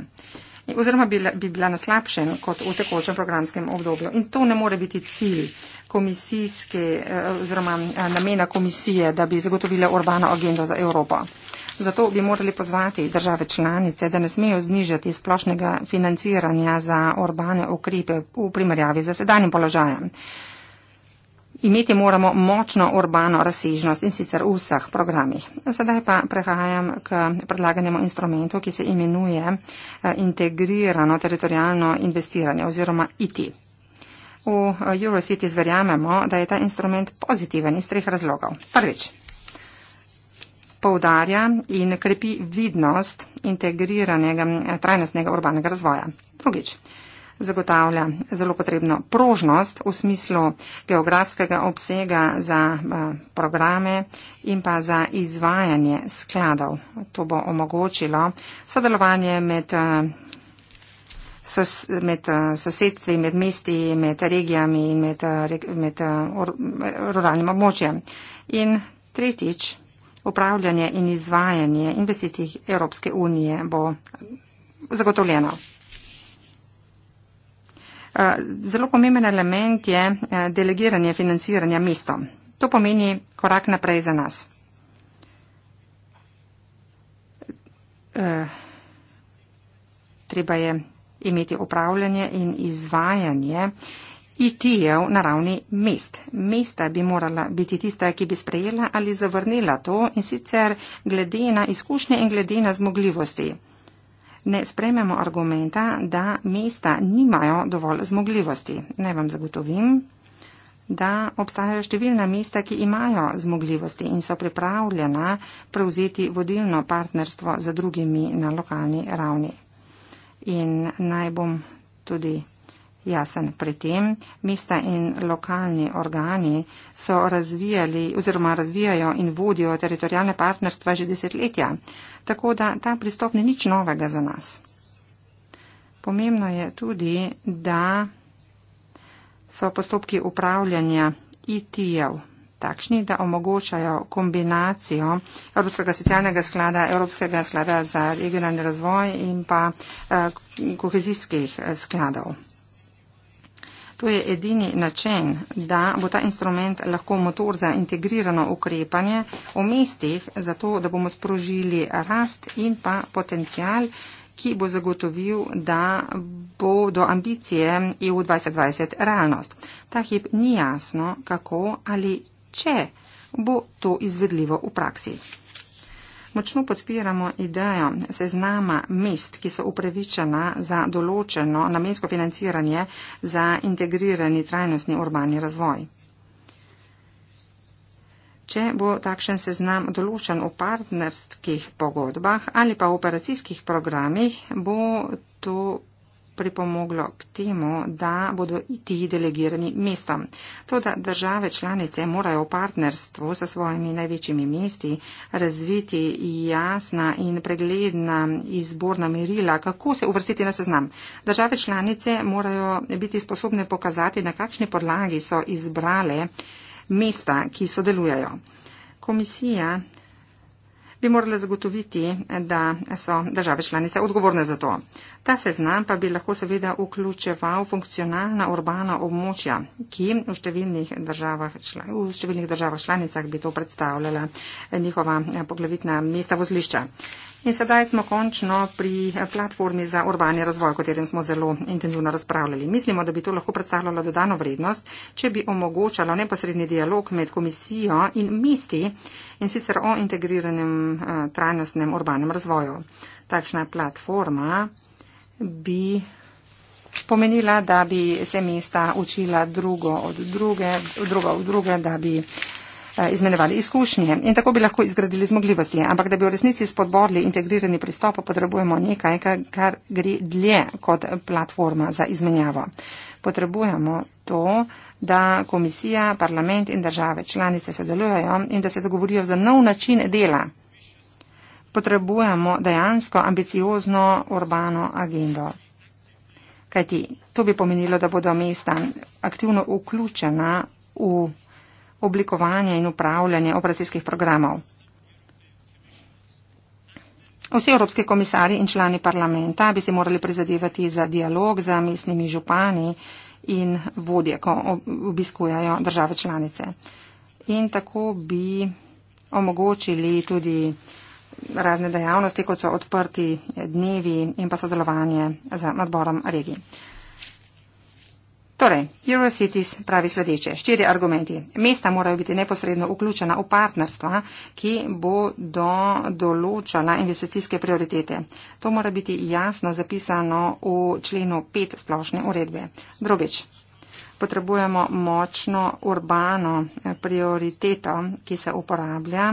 C: oziroma bi bila na slabšem kot v tekočem programskem obdobju. In to ne more biti cilj komisijske oziroma namena komisije, da bi zagotovila urbano agendo za Evropo. Zato bi morali pozvati države članice, da ne smejo znižati splošnega financiranja za urbane ukrepe v primerjavi z sedanjim položajem. Imeti moramo močno urbano razsežnost in sicer v vseh programih. Sedaj pa prehajam k predlaganemu instrumentu, ki se imenuje eh, integrirano teritorijalno investiranje oziroma IT. V eh, Eurocities verjamemo, da je ta instrument pozitiven iz treh razlogov. Prvič poudarja in krepi vidnost integriranega eh, trajnostnega urbanega razvoja. Drugič, zagotavlja zelo potrebno prožnost v smislu geografskega obsega za eh, programe in pa za izvajanje skladov. To bo omogočilo sodelovanje med, eh, sos, med sosedstvi, med mesti, med regijami in med, med ruralnim območjem. In tretjič, upravljanje in izvajanje investicij Evropske unije bo zagotovljeno. Eh, zelo pomemben element je eh, delegiranje financiranja mestom. To pomeni korak naprej za nas. Eh, treba je imeti upravljanje in izvajanje uh, IT-jev e na ravni mest. Mesta bi morala biti tista, ki bi sprejela ali zavrnila to in sicer glede na izkušnje in glede na zmogljivosti. Ne sprememo argumenta, da mesta nimajo dovolj zmogljivosti. Naj vam zagotovim, da obstajajo številna mesta, ki imajo zmogljivosti in so pripravljena prevzeti vodilno partnerstvo za drugimi na lokalni ravni. In naj bom tudi jasen. Pri tem mesta in lokalni organi so razvijali oziroma razvijajo in vodijo teritorijalne partnerstva že desetletja, tako da ta pristop ni nič novega za nas. Pomembno je tudi, da so postopki upravljanja IT-jev takšni, da omogočajo kombinacijo Evropskega socialnega sklada, Evropskega sklada za regionalni razvoj in pa eh, kohezijskih eh, skladov. To je edini način, da bo ta instrument lahko motor za integrirano ukrepanje v mestih, zato da bomo sprožili rast in pa potencial, ki bo zagotovil, da bo do ambicije EU 2020 realnost. Ta hip ni jasno, kako ali če bo to izvedljivo v praksi. Močno podpiramo idejo seznama mest, ki so upravičena za določeno namensko financiranje za integrirani trajnostni urbani razvoj. Če bo takšen seznam določen v partnerskih pogodbah ali pa v operacijskih programih, bo to pripomoglo k temu, da bodo ti delegirani mestom. Toda države članice morajo v partnerstvu sa svojimi največjimi mesti razviti jasna in pregledna izborna merila, kako se uvrstiti na seznam. Države članice morajo biti sposobne pokazati, na kakšni podlagi so izbrale mesta, ki sodelujajo. Komisija bi morale zagotoviti, da so države članice odgovorne za to. Ta seznam pa bi lahko seveda vključeval funkcionalna urbana območja, ki v številnih državah, v številnih državah članicah bi to predstavljala njihova poglavitna mesta vozlišča. In sedaj smo končno pri platformi za urbani razvoj, o katerem smo zelo intenzivno razpravljali. Mislimo, da bi to lahko predstavljalo dodano vrednost, če bi omogočalo neposredni dialog med komisijo in mesti in sicer o integriranem eh, trajnostnem urbanem razvoju. Takšna platforma bi pomenila, da bi se mesta učila drugo od druge, druga od druge, da bi. Eh, izmenjevali izkušnje in tako bi lahko izgradili zmogljivosti. Ampak da bi v resnici spodborili integrirani pristop, potrebujemo nekaj, kar gre dlje kot platforma za izmenjavo. Potrebujemo to, da komisija, parlament in države članice sodelujejo in da se dogovorijo za nov način dela. Potrebujemo dejansko ambiciozno urbano agendo. Kajti, to bi pomenilo, da bodo mesta aktivno vključena v oblikovanje in upravljanje operacijskih programov. Vsi evropski komisari in člani parlamenta bi se morali prizadevati za dialog z mestnimi župani in vodje, ko obiskujajo države članice. In tako bi omogočili tudi razne dejavnosti, kot so odprti dnevi in pa sodelovanje z nadborom regij. Torej, Eurocities pravi sledeče. Štiri argumenti. Mesta morajo biti neposredno vključena v partnerstva, ki bodo določala investicijske prioritete. To mora biti jasno zapisano v členu 5 splošne uredbe. Drugič. Potrebujemo močno urbano prioriteto, ki se uporablja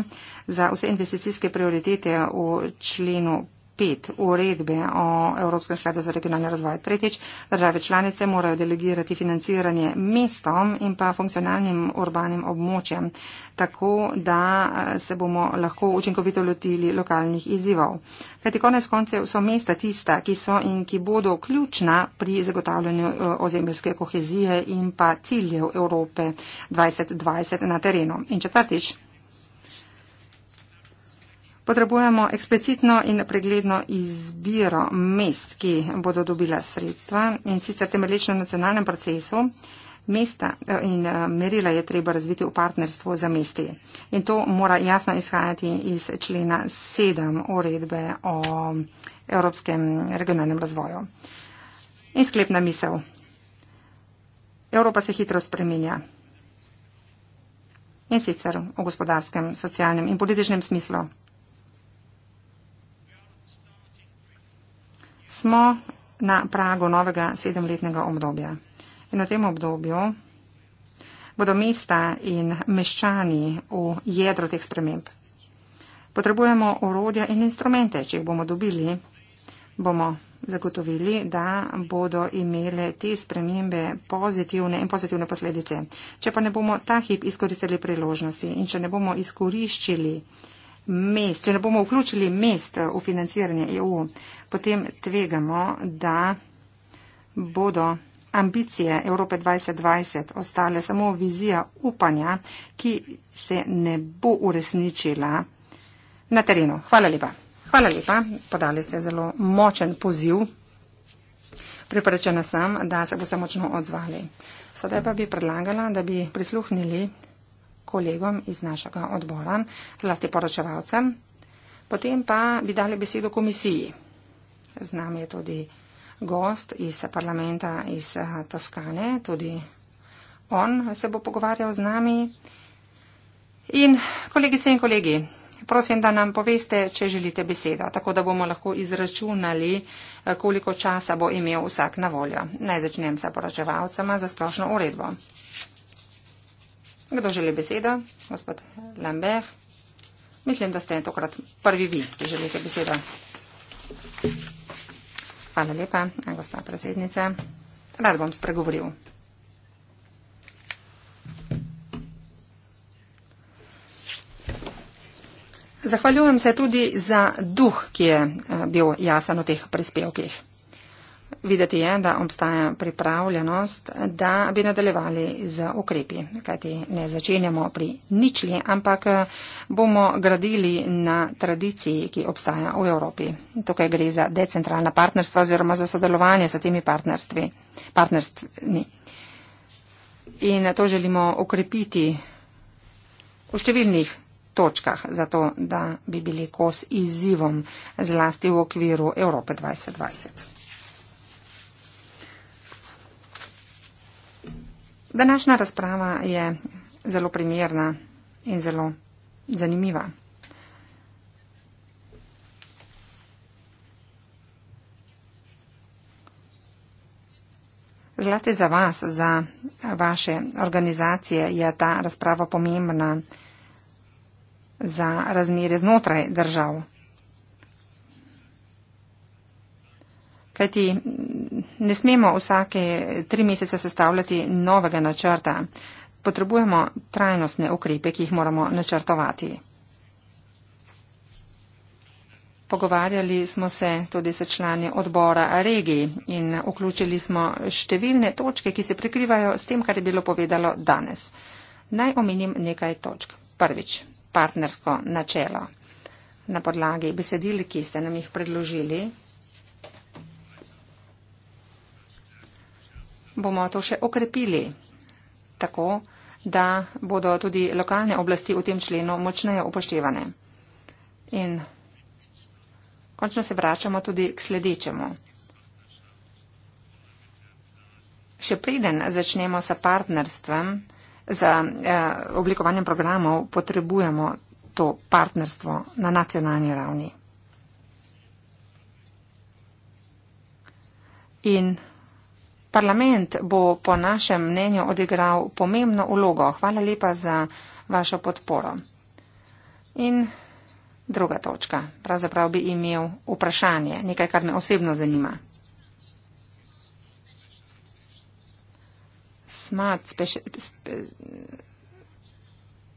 C: za vse investicijske prioritete v členu 5. 5 uredbe o Evropskem skladu za regionalni razvoj. Tretjič, države članice morajo delegirati financiranje mestom in pa funkcionalnim urbanim območjem, tako da eh, se bomo lahko učinkovito lotili lokalnih izzivov. Kajti konec koncev so mesta tista, ki so in ki bodo ključna pri zagotavljanju eh, ozemeljske kohezije in pa ciljev Evrope 2020 na terenu. In četrtič, Potrebujemo eksplicitno in pregledno izbiro mest, ki bodo dobila sredstva in sicer temelječno nacionalnem procesu. Mesta eh, in eh, merila je treba razviti v partnerstvu za mesti. In to mora jasno izhajati iz člena 7 uredbe o evropskem regionalnem razvoju. In sklepna misel. Evropa se hitro spreminja. In sicer v gospodarskem, socialnem in političnem smislu. smo na pragu novega sedemletnega obdobja. In v tem obdobju bodo mesta in meščani v jedro teh sprememb. Potrebujemo orodja in instrumente. Če jih bomo dobili, bomo zagotovili, da bodo imele te spremembe pozitivne in pozitivne posledice. Če pa ne bomo ta hip izkoristili priložnosti in če ne bomo izkoriščili mest, če ne bomo vključili mest v financiranje EU, potem tvegamo, da bodo ambicije Evrope 2020 ostale samo vizija upanja, ki se ne bo uresničila na terenu. Hvala lepa. Hvala lepa. Podali ste zelo močen poziv. Pripravečena sem, da se boste močno odzvali. Sedaj pa bi predlagala, da bi prisluhnili kolegom iz našega odbora, zlasti poročevalcem. Potem pa bi dali besedo komisiji. Z nami je tudi gost iz parlamenta iz eh, Toskane, tudi on se bo pogovarjal z nami. In kolegice in kolegi, prosim, da nam poveste, če želite besedo, tako da bomo lahko izračunali, eh, koliko časa bo imel vsak na voljo. Naj začnem sa poročevalcema za splošno uredbo. Kdo želi besedo? Gospod Lambert. Mislim, da ste tokrat prvi vi, ki želite besedo. Hvala lepa, gospa predsednica. Rad bom spregovoril. Zahvaljujem se tudi za duh, ki je eh, bil jasen v teh prispevkih. Videti je, da obstaja pripravljenost, da bi nadaljevali z ukrepi, kajti ne začenjamo pri ničli, ampak eh, bomo gradili na tradiciji, ki obstaja v Evropi. Tukaj gre za decentralna partnerstva oziroma za sodelovanje s temi partnerstvi. In to želimo ukrepiti v številnih točkah, zato da bi bili kos izzivom zlasti v okviru Evrope 2020. Današnja razprava je zelo primerna in zelo zanimiva. Zlasti za vas, za vaše organizacije je ta razprava pomembna za razmere znotraj držav. Kajti ne smemo vsake tri mesece sestavljati novega načrta. Potrebujemo trajnostne ukrepe, ki jih moramo načrtovati. Pogovarjali smo se tudi s člani odbora regij in vključili smo številne točke, ki se prikrivajo s tem, kar je bilo povedalo danes. Naj omenim nekaj točk. Prvič, partnersko načelo. Na podlagi besedil, ki ste nam jih predložili, bomo to še okrepili, tako da bodo tudi lokalne oblasti v tem členu močneje upoštevane. In končno se vračamo tudi k sledečemu. Še preden začnemo sa partnerstvom, za eh, oblikovanjem programov potrebujemo to partnerstvo na nacionalni ravni. In Parlament bo po našem mnenju odigral pomembno ulogo. Hvala lepa za vašo podporo. In druga točka. Pravzaprav bi imel vprašanje, nekaj, kar me osebno zanima. Smart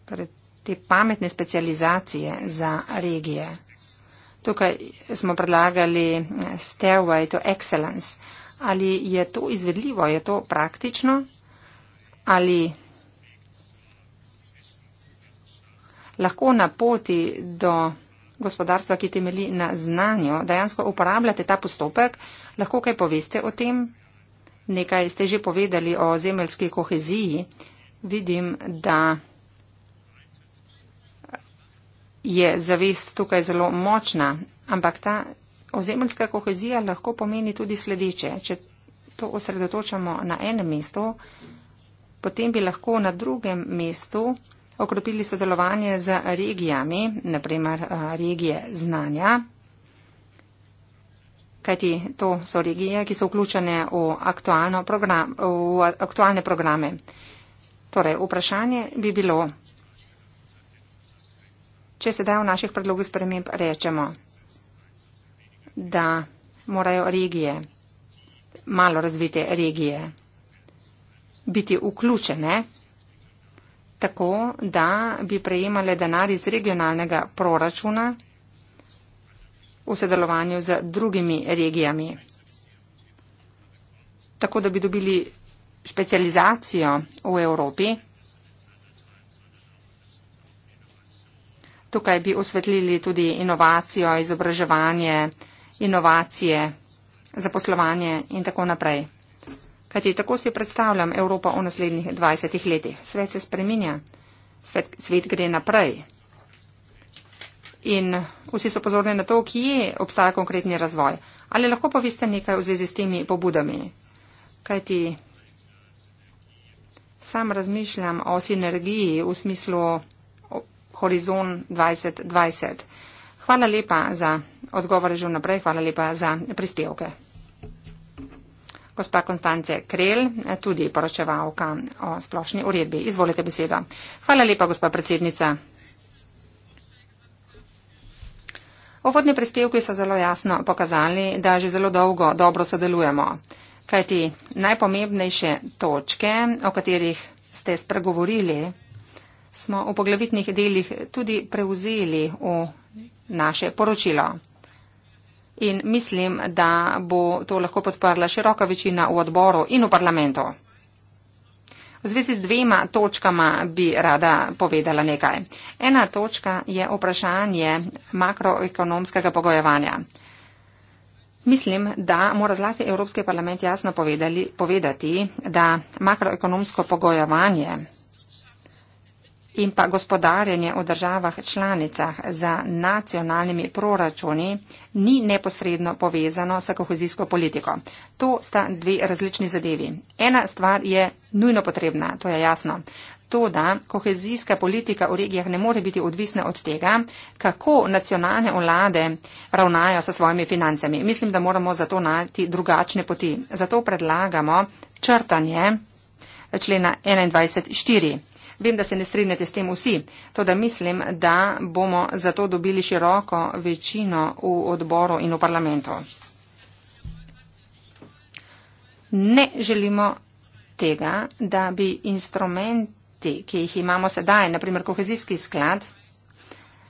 C: torej te pametne specializacije za regije. Tukaj smo predlagali Stairway to Excellence ali je to izvedljivo, je to praktično ali lahko na poti do gospodarstva, ki temeli na znanju, dejansko uporabljate ta postopek, lahko kaj poveste o tem? Nekaj ste že povedali o zemeljski koheziji. Vidim, da je zavest tukaj zelo močna, ampak ta Ozemeljska kohezija lahko pomeni tudi sledeče. Če to osredotočamo na enem mestu, potem bi lahko na drugem mestu okropili sodelovanje z regijami, naprimer eh, regije znanja, kajti to so regije, ki so vključene v, program, v aktualne programe. Torej, vprašanje bi bilo, če se da v naših predlogih sprememb rečemo da morajo regije, malo razvite regije, biti vključene tako, da bi prejemale denar iz regionalnega proračuna v sodelovanju z drugimi regijami. Tako, da bi dobili specializacijo v Evropi. Tukaj bi osvetlili tudi inovacijo, izobraževanje, inovacije, zaposlovanje in tako naprej. Kajti tako si predstavljam Evropo v naslednjih 20 letih. Svet se spreminja, svet, svet gre naprej. In vsi so pozorni na to, kje obstaja konkretni razvoj. Ali lahko poveste nekaj v zvezi s temi pobudami? Kajti sam razmišljam o sinergiji v smislu horizont 2020. Hvala lepa za odgovore že vnaprej, hvala lepa za prispevke. Gospa Konstance Krel, tudi poročevalka o splošni uredbi. Izvolite besedo. Hvala lepa, gospa predsednica. Ovodni prispevki so zelo jasno pokazali, da že zelo dolgo dobro sodelujemo, kajti najpomembnejše točke, o katerih ste spregovorili, smo v poglavitnih delih tudi prevzeli v naše poročilo. In mislim, da bo to lahko podprla široka večina v odboru in v parlamentu. V zvezi s dvema točkama bi rada povedala nekaj. Ena točka je vprašanje makroekonomskega pogojevanja. Mislim, da mora zlasti Evropski parlament jasno povedali, povedati, da makroekonomsko pogojevanje in pa gospodarjenje v državah članicah za nacionalnimi proračuni ni neposredno povezano s kohezijsko politiko. To sta dve različni zadevi. Ena stvar je nujno potrebna, to je jasno. To, da kohezijska politika v regijah ne more biti odvisna od tega, kako nacionalne vlade ravnajo sa svojimi financami. Mislim, da moramo zato najti drugačne poti. Zato predlagamo črtanje člena 21.4. Vem, da se ne strinjate s tem vsi, to da mislim, da bomo zato dobili široko večino v odboru in v parlamentu. Ne želimo tega, da bi instrumenti, ki jih imamo sedaj, naprimer kohezijski sklad,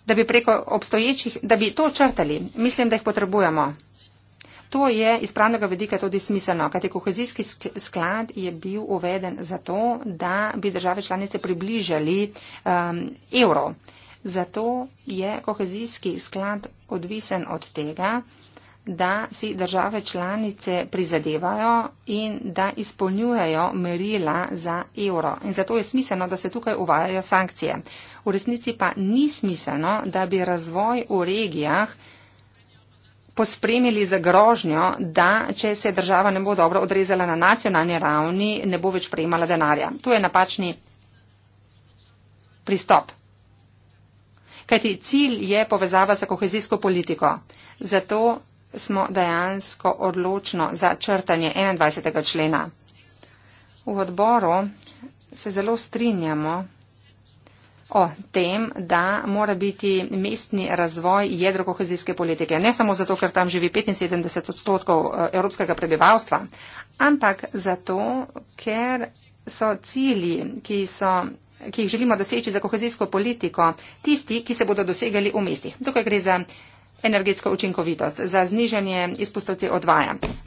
C: da bi preko obstoječih, da bi to črtali. Mislim, da jih potrebujemo. To je iz pravnega vedika tudi smiselno, kajte kohezijski sklad je bil uveden zato, da bi države članice približali um, evro. Zato je kohezijski sklad odvisen od tega, da si države članice prizadevajo in da izpolnjujejo merila za evro. In zato je smiselno, da se tukaj uvajajo sankcije. V resnici pa ni smiselno, da bi razvoj v regijah pospremili z grožnjo, da če se država ne bo dobro odrezala na nacionalni ravni, ne bo več prejemala denarja. To je napačni pristop. Kajti cilj je povezava za kohezijsko politiko. Zato smo dejansko odločno za črtanje 21. člena. V odboru se zelo strinjamo, o tem, da mora biti mestni razvoj jedro kohezijske politike. Ne samo zato, ker tam živi 75 odstotkov eh, evropskega prebivalstva, ampak zato, ker so cilji, ki, so, ki jih želimo doseči za kohezijsko politiko, tisti, ki se bodo dosegali v mestih. Tukaj gre za energetsko učinkovitost, za znižanje izpustov CO2.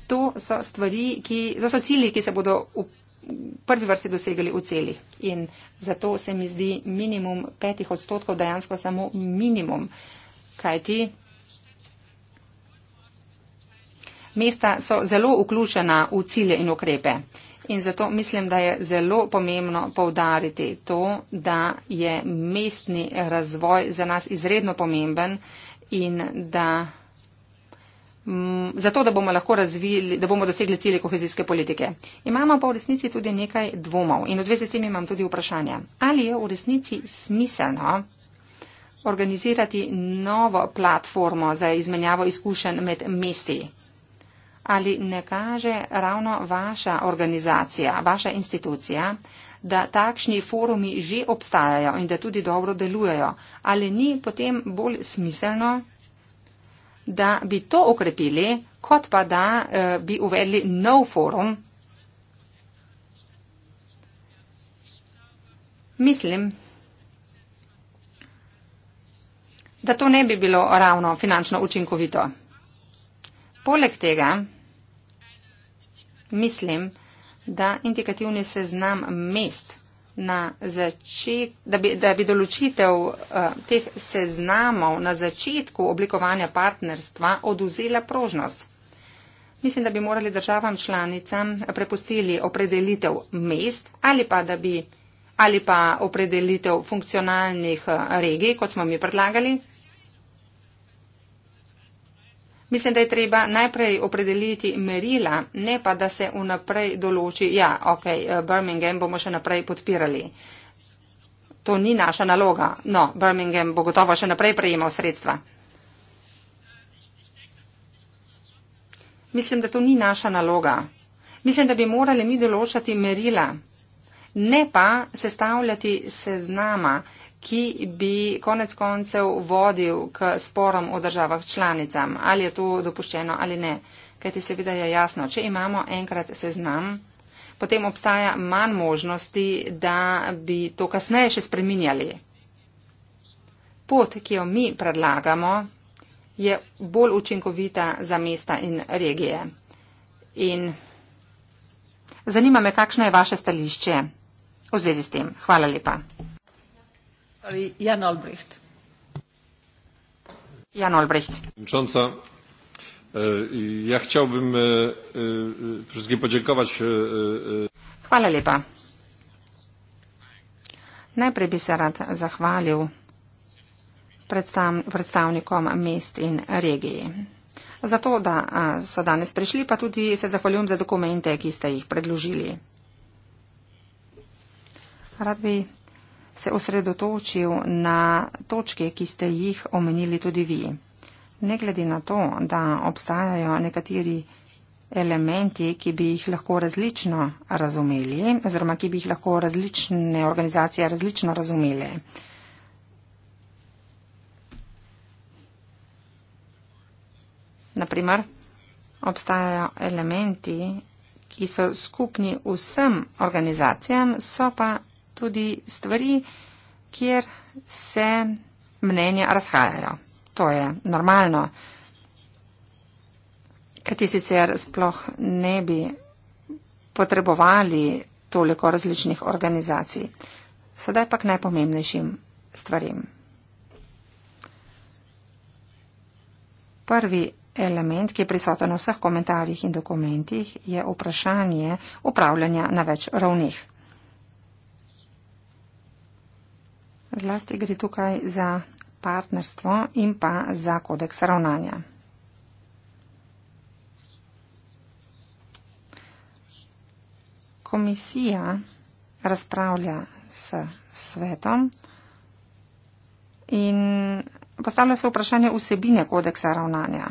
C: To so, stvari, ki, to so cilji, ki se bodo upravljali prvi vrsti dosegli v celi. In zato se mi zdi minimum petih odstotkov dejansko samo minimum, kajti mesta so zelo vključena v cilje in ukrepe. In zato mislim, da je zelo pomembno povdariti to, da je mestni razvoj za nas izredno pomemben in da zato, da bomo lahko razvili, da bomo dosegli cilje kohezijske politike. Imamo pa v resnici tudi nekaj dvomov in v zvezi s tem imam tudi vprašanje. Ali je v resnici smiselno organizirati novo platformo za izmenjavo izkušenj med mesti? Ali ne kaže ravno vaša organizacija, vaša institucija, da takšni forumi že obstajajo in da tudi dobro delujejo? Ali ni potem bolj smiselno da bi to okrepili, kot pa da eh, bi uvedli nov forum. Mislim, da to ne bi bilo ravno finančno učinkovito. Poleg tega, mislim, da indikativni seznam mest na začet, da bi, da bi določitev uh, teh seznamov na začetku oblikovanja partnerstva oduzela prožnost. Mislim, da bi morali državam članicam prepustili opredelitev mest ali pa, bi, ali pa opredelitev funkcionalnih eh, regij, kot smo mi predlagali, Mislim, da je treba najprej opredeliti merila, ne pa da se vnaprej določi, ja, ok, eh, Birmingham bomo še naprej podpirali. To ni naša naloga. No, Birmingham bo gotovo še naprej prejemal sredstva. Mislim, da to ni naša naloga. Mislim, da bi morali mi določati merila ne pa sestavljati seznama, ki bi konec koncev vodil k sporom v državah članicam, ali je to dopuščeno ali ne. Kaj ti seveda je jasno, če imamo enkrat seznam, potem obstaja manj možnosti, da bi to kasneje še spreminjali. Pot, ki jo mi predlagamo, je bolj učinkovita za mesta in regije. In zanima me, kakšno je vaše stališče v zvezi s tem. Hvala lepa. Jan Olbricht. Jan Olbricht.
A: Przewodnicząca, e, ja chciałbym e, e, przede wszystkim podziękować.
C: Hvala lepa. Najprej bi se rad zahvalil predstavnikom mest in regiji. Zato, da so danes prišli, pa tudi se zahvaljujem za dokumente, ki ste jih predložili rad bi se osredotočil na točke, ki ste jih omenili tudi vi. Ne glede na to, da obstajajo nekateri elementi, ki bi jih lahko različno razumeli oziroma ki bi jih lahko različne organizacije različno razumele. Naprimer, obstajajo elementi, ki so skupni vsem organizacijam, so pa tudi stvari, kjer se mnenja razhajajo. To je normalno, kajti sicer sploh ne bi potrebovali toliko različnih organizacij. Sedaj pa k najpomembnejšim stvarim. Prvi element, ki je prisoten v vseh komentarjih in dokumentih, je vprašanje upravljanja na več ravnih. Zlasti gre tukaj za partnerstvo in pa za kodeks ravnanja. Komisija razpravlja s svetom in postavlja se vprašanje vsebine kodeksa ravnanja.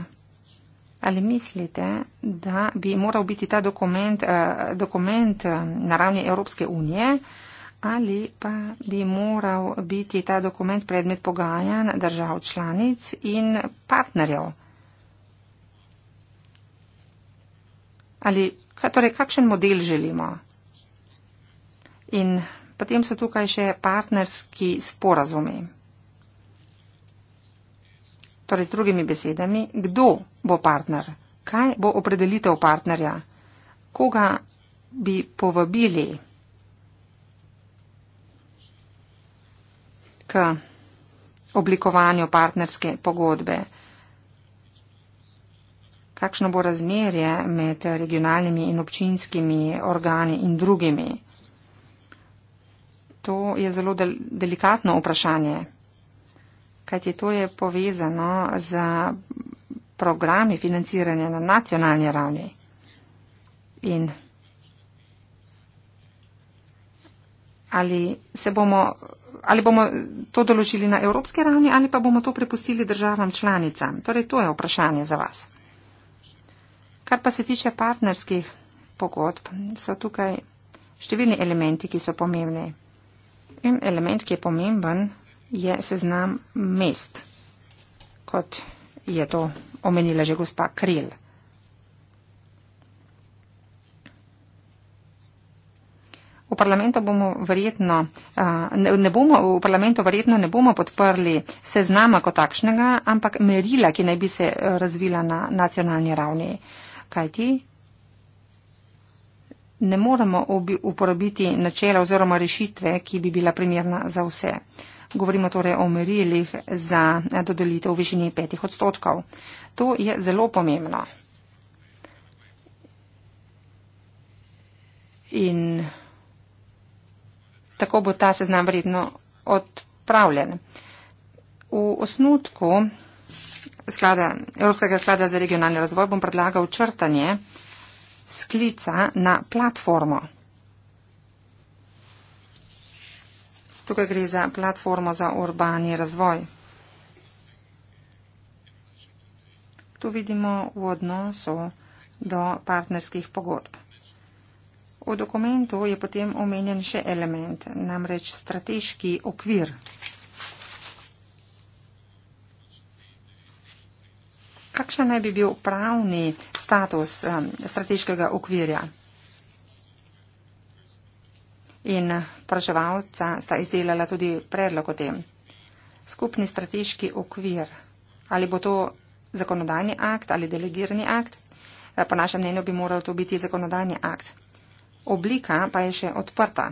C: Ali mislite, da bi moral biti ta dokument, eh, dokument eh, na ravni Evropske unije? ali pa bi moral biti ta dokument predmet pogajanj držav članic in partnerjev. Ali torej, kakšen model želimo? In potem so tukaj še partnerski sporazumi. Torej, z drugimi besedami, kdo bo partner? Kaj bo opredelitev partnerja? Koga bi povabili? k oblikovanju partnerske pogodbe? Kakšno bo razmerje med regionalnimi in občinskimi organi in drugimi? To je zelo del delikatno vprašanje, kajti to je povezano z programi financiranja na nacionalni ravni. In ali se bomo ali bomo to določili na evropski ravni ali pa bomo to prepustili državam članicam. Torej, to je vprašanje za vas. Kar pa se tiče partnerskih pogodb, so tukaj številni elementi, ki so pomembni. En element, ki je pomemben, je seznam mest, kot je to omenila že gospa Kril. V parlamentu bomo verjetno, ne bomo, v parlamentu verjetno ne bomo podprli seznama kot takšnega, ampak merila, ki naj bi se e, razvila na nacionalni ravni. Kaj ti? Ne moremo uporabiti načela oziroma rešitve, ki bi bila primerna za vse. Govorimo torej o merilih za dodelitev v višini petih odstotkov. To je zelo pomembno. In tako bo ta seznam vredno odpravljen. V osnutku sklada, Evropskega sklada za regionalni razvoj bom predlagal črtanje sklica na platformo. Tukaj gre za platformo za urbani razvoj. Tu vidimo v odnosu do partnerskih pogodb. V dokumentu je potem omenjen še element, namreč strateški okvir. Kakšen naj bi bil pravni status um, strateškega okvirja? In praževalca sta izdelala tudi predlog o tem. Skupni strateški okvir, ali bo to zakonodajni akt ali delegirani akt? Eh, po našem mnenju bi moral to biti zakonodajni akt oblika pa je še odprta.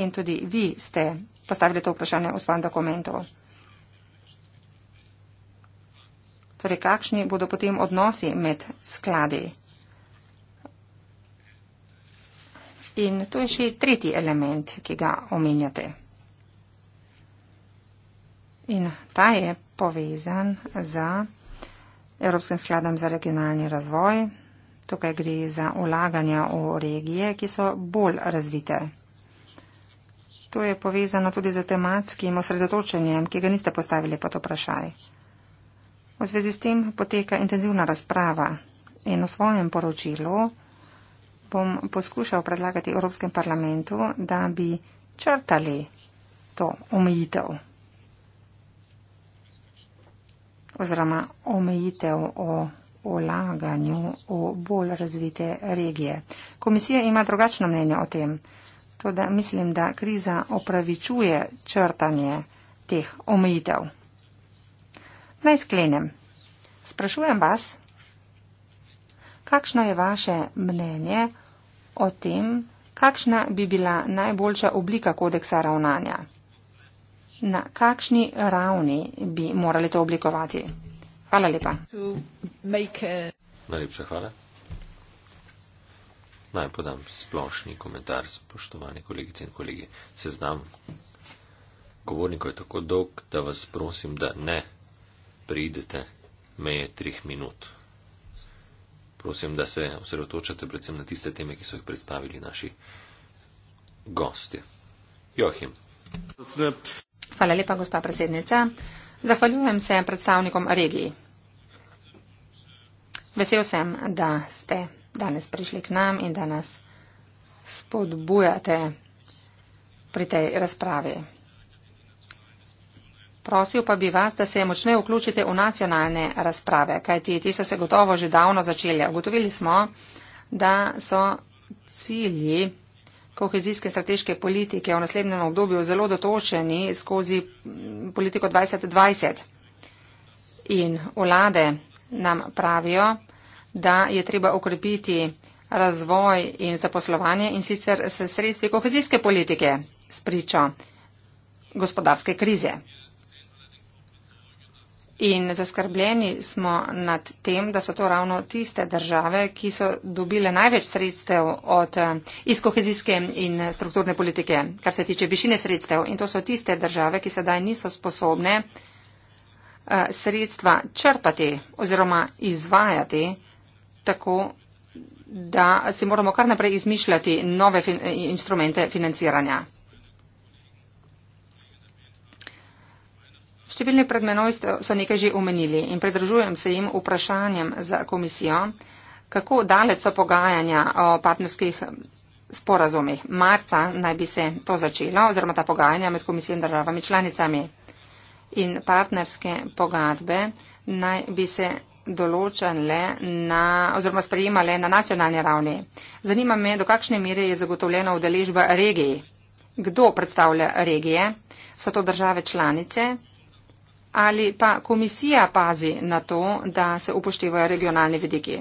C: In tudi vi ste postavili to vprašanje v svojem dokumentu. Torej, kakšni bodo potem odnosi med skladi? In to je še tretji element, ki ga omenjate. In ta je povezan z Evropskim skladom za regionalni razvoj, Tukaj gre za ulaganja v regije, ki so bolj razvite. To je povezano tudi z tematskim osredotočenjem, ki ga niste postavili pod vprašaj. V zvezi s tem poteka intenzivna razprava in v svojem poročilu bom poskušal predlagati Evropskem parlamentu, da bi črtali to omejitev oziroma omejitev o olaganju v bolj razvite regije. Komisija ima drugačno mnenje o tem, tudi mislim, da kriza opravičuje črtanje teh omejitev. Naj sklenem. Sprašujem vas, kakšno je vaše mnenje o tem, kakšna bi bila najboljša oblika kodeksa ravnanja? Na kakšni ravni bi morali to oblikovati? Hvala lepa.
A: Najlepša hvala. Naj podam splošni komentar, spoštovani kolegice in kolegi. Seznam govornikov je tako dolg, da vas prosim, da ne pridete meje trih minut. Prosim, da se osredotočate predvsem na tiste teme, ki so jih predstavili naši gosti. Johim.
C: Hvala lepa, gospa predsednica. Zahvaljujem se predstavnikom regiji. Vesel sem, da ste danes prišli k nam in da nas spodbujate pri tej razpravi. Prosil pa bi vas, da se močneje vključite v nacionalne razprave, kajti ti so se gotovo že davno začele. Ugotovili smo, da so cilji kohezijske strateške politike v naslednjem obdobju zelo dotočeni skozi politiko 2020 in vlade nam pravijo, da je treba ukrepiti razvoj in zaposlovanje in sicer s sredstvi kohezijske politike spričo gospodarske krize. In zaskrbljeni smo nad tem, da so to ravno tiste države, ki so dobile največ sredstev od, eh, iz kohezijske in strukturne politike, kar se tiče višine sredstev. In to so tiste države, ki sedaj niso sposobne Eh, sredstva črpati oziroma izvajati tako, da si moramo kar naprej izmišljati nove fin instrumente financiranja. Številni pred menoj so nekaj že omenili in predržujem se jim vprašanjem za komisijo, kako daleč so pogajanja o partnerskih sporazumih. Marca naj bi se to začelo, oziroma ta pogajanja med komisijo in državami članicami in partnerske pogadbe naj bi se določale na, oziroma sprejemale na nacionalni ravni. Zanima me, do kakšne mere je zagotovljena udeležba regij. Kdo predstavlja regije? So to države članice? Ali pa komisija pazi na to, da se upoštevajo regionalni vidiki?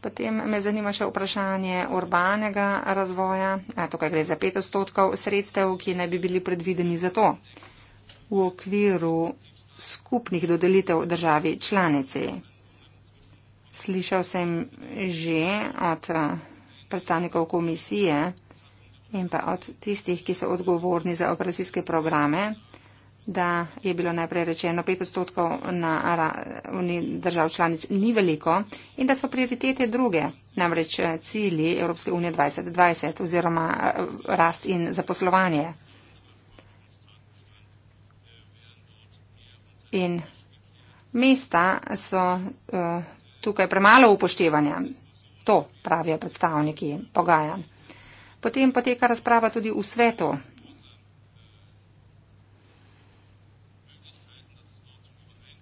C: Potem me zanima še vprašanje urbanega razvoja. A, tukaj gre za pet odstotkov sredstev, ki naj bi bili predvideni za to v okviru skupnih dodelitev državi članici. Slišal sem že od eh, predstavnikov komisije in pa od tistih, ki so odgovorni za operacijske programe, da je bilo najprej rečeno 5 odstotkov na ravni držav članic ni veliko in da so prioritete druge, namreč eh, cilji Evropske unije 2020 oziroma eh, rast in zaposlovanje. in mesta so uh, tukaj premalo upoštevanja. To pravijo predstavniki pogajanj. Potem poteka razprava tudi v svetu.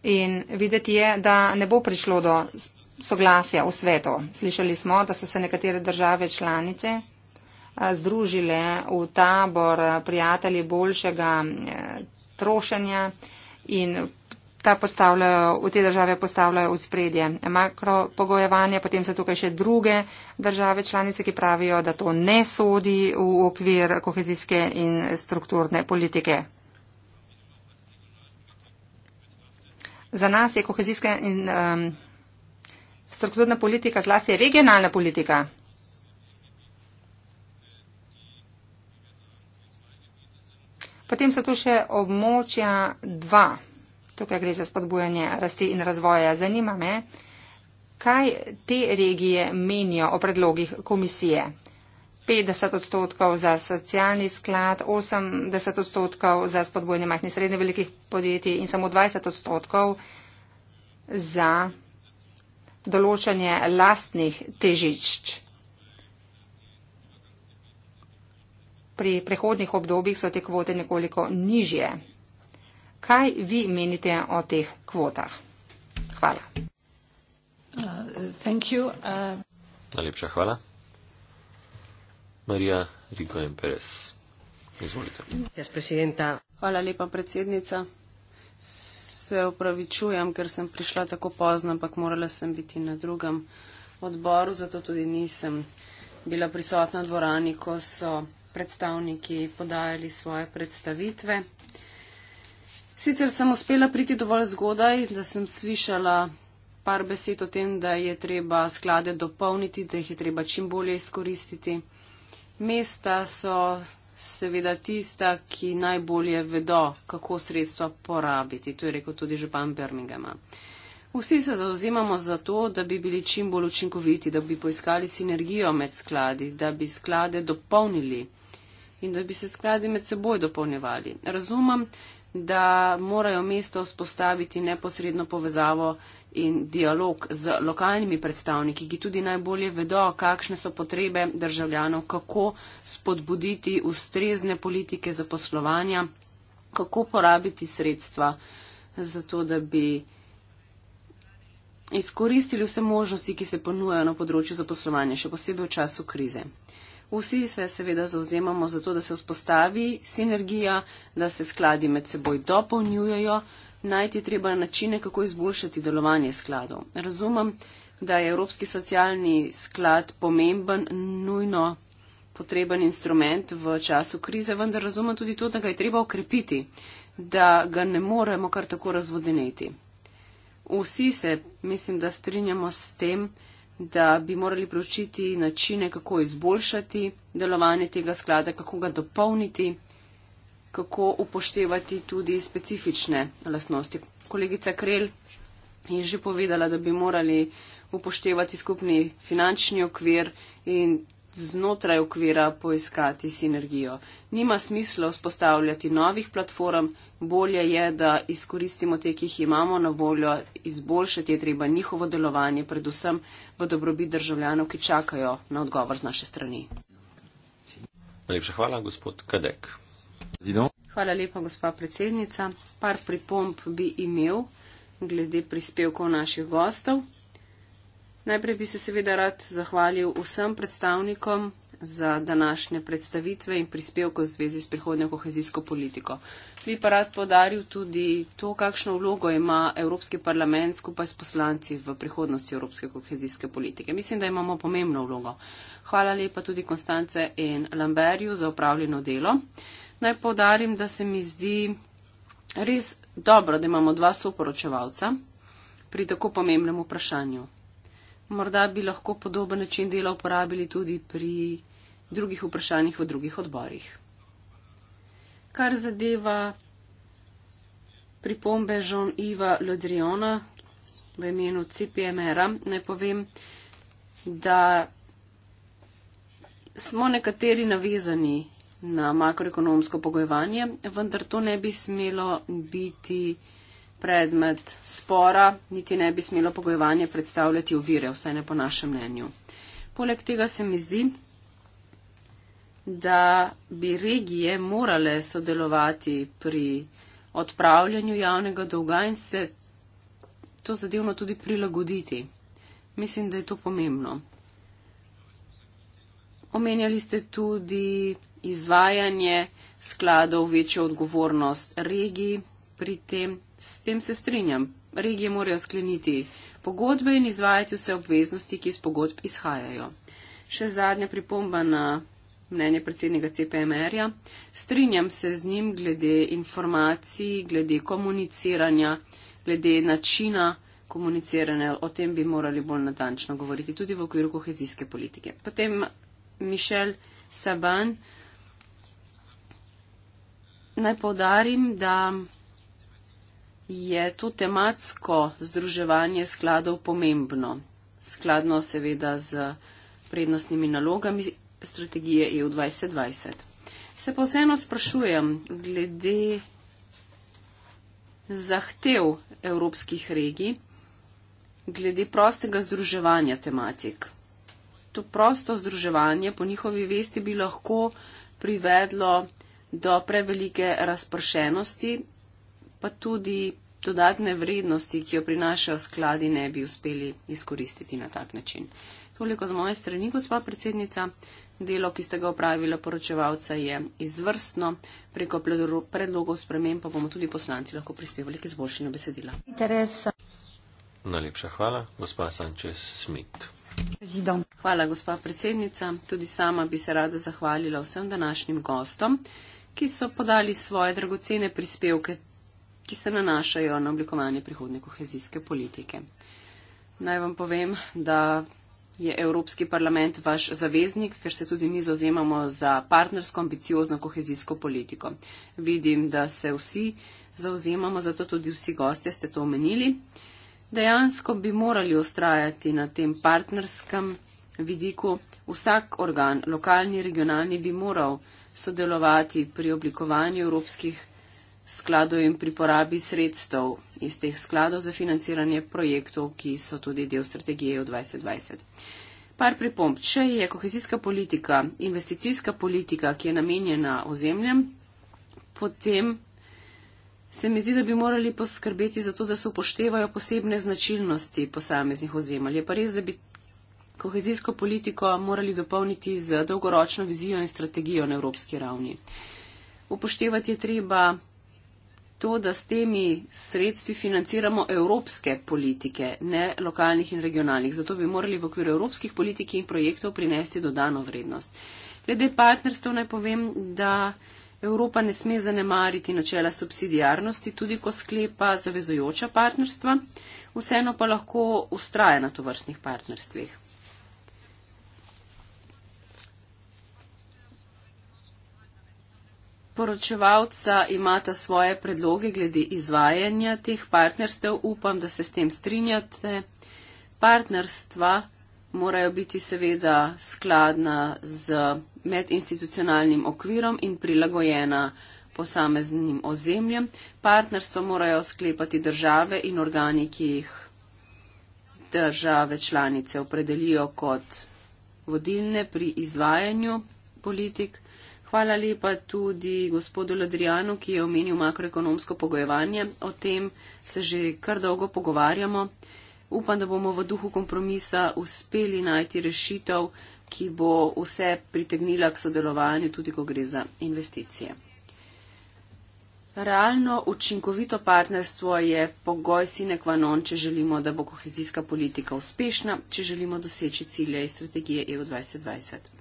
C: In videti je, da ne bo prišlo do soglasja v svetu. Slišali smo, da so se nekatere države članice eh, združile v tabor eh, prijatelji boljšega trošanja in ta postavljajo, v te države postavljajo v spredje makropogojevanje, potem so tukaj še druge države članice, ki pravijo, da to ne sodi v okvir kohezijske in strukturne politike. Za nas je kohezijska in um, strukturna politika zlasti regionalna politika. Potem so tu še območja dva tukaj gre za spodbujanje rasti in razvoja. Zanima me, kaj te regije menijo o predlogih komisije. 50 odstotkov za socialni sklad, 80 odstotkov za spodbujanje majhnih in srednje velikih podjetij in samo 20 odstotkov za določanje lastnih težišč. Pri prehodnih obdobjih so te kvote nekoliko nižje. Kaj vi menite o teh kvotah? Hvala. Uh, you, uh...
A: Najlepša hvala. Marija Rigo Emperes, izvolite.
B: Yes, hvala lepa, predsednica. Se upravičujem, ker sem prišla tako pozno, ampak morala sem biti na drugem odboru, zato tudi nisem bila prisotna v dvorani, ko so predstavniki podajali svoje predstavitve. Sicer sem uspela priti dovolj zgodaj, da sem slišala par besed o tem, da je treba sklade dopolniti, da jih je treba čim bolje izkoristiti. Mesta so seveda tista, ki najbolje vedo, kako sredstva porabiti. To je rekel tudi župan Birminghama. Vsi se zauzimamo za to, da bi bili čim bolj učinkoviti, da bi poiskali sinergijo med skladi, da bi sklade dopolnili in da bi se skladi med seboj dopolnjevali. Razumem, da morajo mesto spostaviti neposredno povezavo in dialog z lokalnimi predstavniki, ki tudi najbolje vedo, kakšne so potrebe državljanov, kako spodbuditi ustrezne politike za poslovanja, kako porabiti sredstva za to, da bi izkoristili vse možnosti, ki se ponujajo na področju zaposlovanja, še posebej v času krize. Vsi se seveda zauzemamo za to, da se vzpostavi sinergija, da se skladi med seboj dopolnjujejo, najti treba načine, kako izboljšati delovanje skladov. Razumem, da je Evropski socialni sklad pomemben, nujno potreben instrument v času krize, vendar razumem tudi to, da ga je treba okrepiti, da ga ne moremo kar tako razvodeneti. Vsi se, mislim, da strinjamo s tem, da bi morali pročiti načine, kako izboljšati delovanje tega sklada, kako ga dopolniti, kako upoštevati tudi specifične lastnosti. Kolegica Krel je že povedala, da bi morali upoštevati skupni finančni okvir in znotraj okvira poiskati sinergijo. Nima smisla vzpostavljati novih platform, bolje je, da izkoristimo te, ki jih imamo na voljo, izboljšati je treba njihovo delovanje, predvsem v dobrobi državljanov, ki čakajo na odgovor z naše strani.
A: Najlepša hvala, gospod Kadek.
B: Hvala lepa, gospa predsednica. Par pripomp bi imel glede prispevkov naših gostov. Najprej bi se seveda rad zahvalil vsem predstavnikom za današnje predstavitve in prispevko v zvezi s prihodnjo kohezijsko politiko bi pa rad podaril tudi to, kakšno vlogo ima Evropski parlament skupaj s poslanci v prihodnosti Evropske kohezijske politike. Mislim, da imamo pomembno vlogo. Hvala lepa tudi Konstance in Lamberju za upravljeno delo. Naj podarim, da se mi zdi res dobro, da imamo dva soporočevalca pri tako pomembnem vprašanju. Morda bi lahko podoben način dela uporabili tudi pri drugih vprašanjih v drugih odborih kar zadeva pripombe Jean-Yves Lodriona v imenu CPMR-a, naj povem, da smo nekateri navezani na makroekonomsko pogojevanje, vendar to ne bi smelo biti predmet spora, niti ne bi smelo pogojevanje predstavljati ovire, vsaj ne po našem mnenju. Poleg tega se mi zdi, da bi regije morale sodelovati pri odpravljanju javnega dolga in se to zadevno tudi prilagoditi. Mislim, da je to pomembno. Omenjali ste tudi izvajanje skladov večjo odgovornost regij pri tem. S tem se strinjam. Regije morajo skleniti pogodbe in izvajati vse obveznosti, ki iz pogodb izhajajo. Še zadnja pripomba na mnenje predsednika CPMR-ja. Strinjam se z njim glede informacij, glede komuniciranja, glede načina komuniciranja. O tem bi morali bolj natančno govoriti tudi v okviru kohezijske politike. Potem Mišel Saban. Naj povdarim, da je to tematsko združevanje skladov pomembno, skladno seveda z prednostnimi nalogami strategije EU 2020. Se pa vseeno sprašujem glede zahtev evropskih regij, glede prostega združevanja tematik. To prosto združevanje po njihovi vesti bi lahko privedlo do prevelike razpršenosti, pa tudi dodatne vrednosti, ki jo prinašajo skladi, ne bi uspeli izkoristiti na tak način. Toliko z moje strani, gospod predsednica. Delo, ki ste ga upravila poročevalca, je izvrstno. Preko predlogov sprememb pa bomo tudi poslanci lahko prispevali k izboljšanju besedila. Interesa.
A: Najlepša hvala, gospa Sančez Smit.
B: Hvala, gospa predsednica. Tudi sama bi se rada zahvalila vsem današnjim gostom, ki so podali svoje dragocene prispevke, ki se nanašajo na oblikovanje prihodne kohezijske politike. Naj vam povem, da Je Evropski parlament vaš zaveznik, ker se tudi mi zauzemamo za partnersko ambiciozno kohezijsko politiko. Vidim, da se vsi zauzemamo, zato tudi vsi gostje ste to omenili. Dejansko bi morali ustrajati na tem partnerskem vidiku. Vsak organ, lokalni, regionalni, bi moral sodelovati pri oblikovanju evropskih skladov in pri porabi sredstev iz teh skladov za financiranje projektov, ki so tudi del strategije v 2020. Par pripomp. Če je kohezijska politika investicijska politika, ki je namenjena ozemljem, potem se mi zdi, da bi morali poskrbeti za to, da se upoštevajo posebne značilnosti posameznih ozemelj. Je pa res, da bi kohezijsko politiko morali dopolniti z dolgoročno vizijo in strategijo na evropski ravni. Upoštevati je treba to, da s temi sredstvi financiramo evropske politike, ne lokalnih in regionalnih. Zato bi morali v okviru evropskih politik in projektov prinesti dodano vrednost. Glede partnerstva naj povem, da Evropa ne sme zanemariti načela subsidijarnosti, tudi ko sklepa zavezojoča partnerstva, vseeno pa lahko ustraja na tovrstnih partnerstvih. poročevalca imata svoje predloge glede izvajanja teh partnerstev, upam, da se s tem strinjate. Partnerstva morajo biti seveda skladna z medinstitucionalnim okvirom in prilagojena posameznim ozemljem. Partnerstva morajo sklepati države in organi, ki jih države članice opredelijo kot vodilne pri izvajanju politik. Hvala lepa tudi gospodu Ladrijanu, ki je omenil makroekonomsko pogojevanje. O tem se že kar dolgo pogovarjamo. Upam, da bomo v duhu kompromisa uspeli najti rešitev, ki bo vse pritegnila k sodelovanju, tudi ko gre za investicije. Realno učinkovito partnerstvo je pogoj sine qua non, če želimo, da bo kohezijska politika uspešna, če želimo doseči cilje iz strategije EU 2020.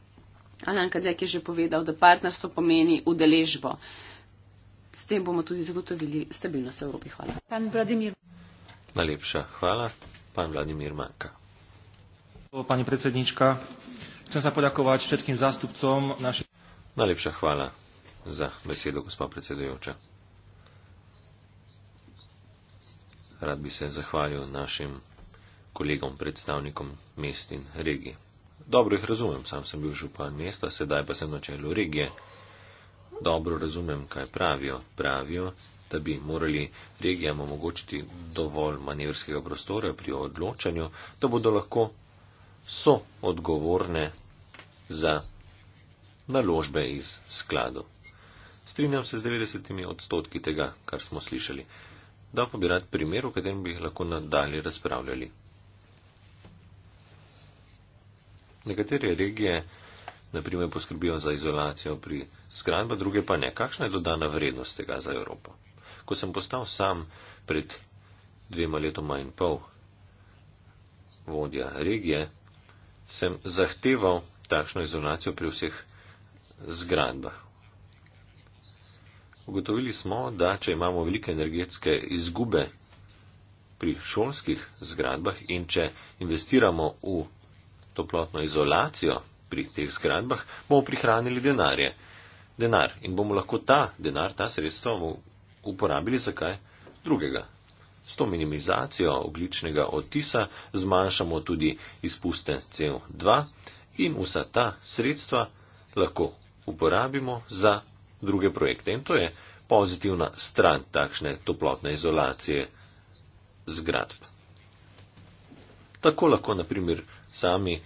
B: Alan Kadek je že povedal, da partnerstvo pomeni udeležbo. S tem bomo tudi zagotovili stabilnost v Evropi. Hvala. Pan Vladimir.
A: Najlepša hvala. Pan Vladimir Manka. Pani predsednička, chcem se podakovati všetkim zastupcom naše. Najlepša hvala za besedo, gospod predsedujoča. Rad bi se zahvalil našim kolegom, predstavnikom mest in regije. Dobro jih razumem, sam sem bil župan mesta, sedaj pa sem na čelu regije. Dobro razumem, kaj pravijo. Pravijo, da bi morali regijam omogočiti dovolj manevrskega prostora pri odločanju, da bodo lahko so odgovorne za naložbe iz skladu. Strinjam se z 90 odstotki tega, kar smo slišali. Da pa bi rad primer, v katerem bi lahko nadalje razpravljali. Nekatere regije, naprimer, poskrbijo za izolacijo pri zgradbah, druge pa ne. Kakšna je dodana vrednost tega za Evropo? Ko sem postal sam pred dvema letoma in pol vodja regije, sem zahteval takšno izolacijo pri vseh zgradbah. Ugotovili smo, da če imamo velike energetske izgube pri šolskih zgradbah in če investiramo v toplotno izolacijo pri teh zgradbah, bomo prihranili denarje. Denar. In bomo lahko ta denar, ta sredstva uporabili za kaj drugega. S to minimizacijo ogličnega otisa zmanjšamo tudi izpuste CO2 in vsa ta sredstva lahko uporabimo za druge projekte. In to je pozitivna stran takšne toplotne izolacije zgradb. Tako lahko, na primer, sami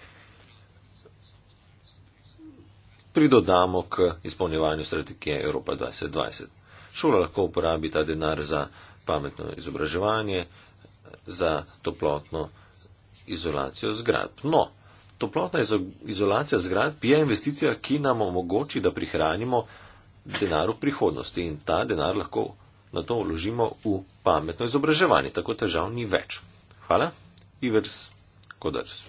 A: pridodamo k izpolnjevanju strategije Evropa 2020. Šola lahko uporabi ta denar za pametno izobraževanje, za toplotno izolacijo zgradb. No, toplotna izolacija zgradb je investicija, ki nam omogoči, da prihranimo denar v prihodnosti in ta denar lahko na to vložimo v pametno izobraževanje. Tako težav ni več. Hvala. Ivers Kodars.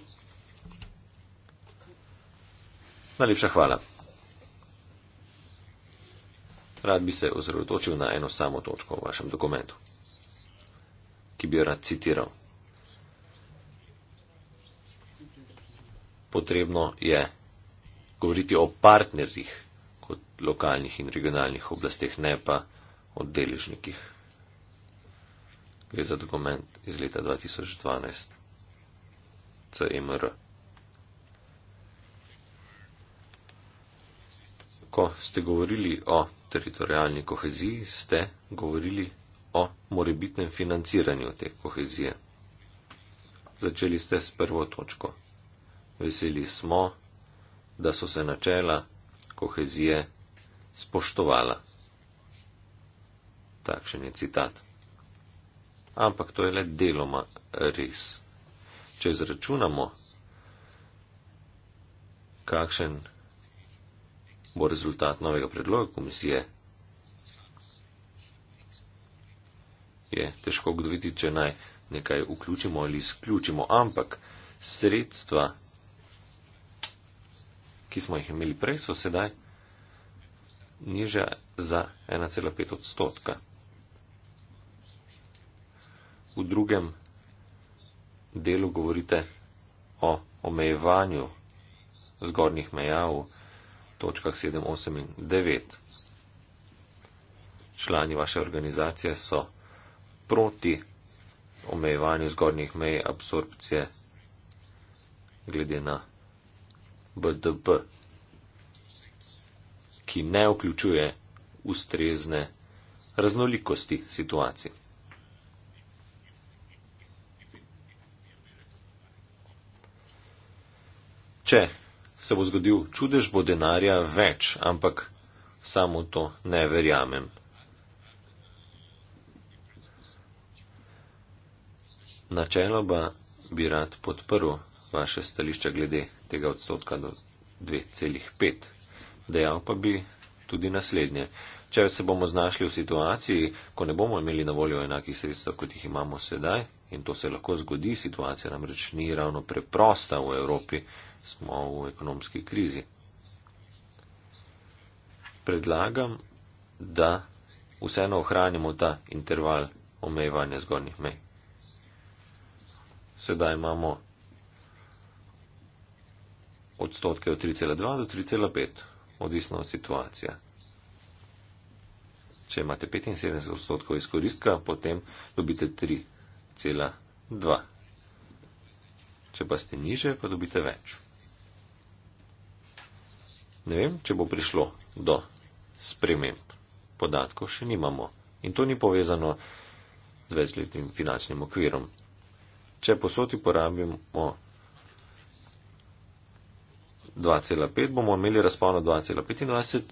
A: Najlepša hvala. Rad bi se ozredotočil na eno samo točko v vašem dokumentu, ki bi jo rad citiral. Potrebno je govoriti o partnerjih kot lokalnih in regionalnih oblasteh, ne pa o deležnikih. Gre za dokument iz leta 2012 CMR. ko ste govorili o teritorijalni koheziji, ste govorili o morebitnem financiranju te kohezije. Začeli ste s prvo točko. Veseli smo, da so se načela kohezije spoštovala. Takšen je citat. Ampak to je le deloma res. Če izračunamo, kakšen bo rezultat novega predloga komisije. Je težko ugotoviti, če naj nekaj vključimo ali izključimo, ampak sredstva, ki smo jih imeli prej, so sedaj nižja za 1,5 odstotka. V drugem delu govorite o omejevanju zgornjih meja v točkah 7, 8 in 9. Člani vaše organizacije so proti omejevanju zgornjih mej absorpcije glede na BDP, ki ne vključuje ustrezne raznolikosti situacij. Če se bo zgodil čudež, bo denarja več, ampak samo to ne verjamem. Načelo pa bi rad podprl vaše stališča glede tega odstotka do 2,5. Dejal pa bi tudi naslednje. Če se bomo znašli v situaciji, ko ne bomo imeli na voljo enakih sredstev, kot jih imamo sedaj, in to se lahko zgodi, situacija namreč ni ravno preprosta v Evropi, smo v ekonomski krizi. Predlagam, da vseeno ohranimo ta interval omejevanja zgornjih mej. Sedaj imamo odstotke od 3,2 do 3,5, odvisno od situacije. Če imate 75 odstotkov izkoristka, potem dobite 3,2. Če pa ste niže, pa dobite več. Ne vem, če bo prišlo do sprememb. Podatkov še nimamo in to ni povezano z večletnim finančnim okvirom. Če posoti porabimo 2,5, bomo imeli razpon od 2,25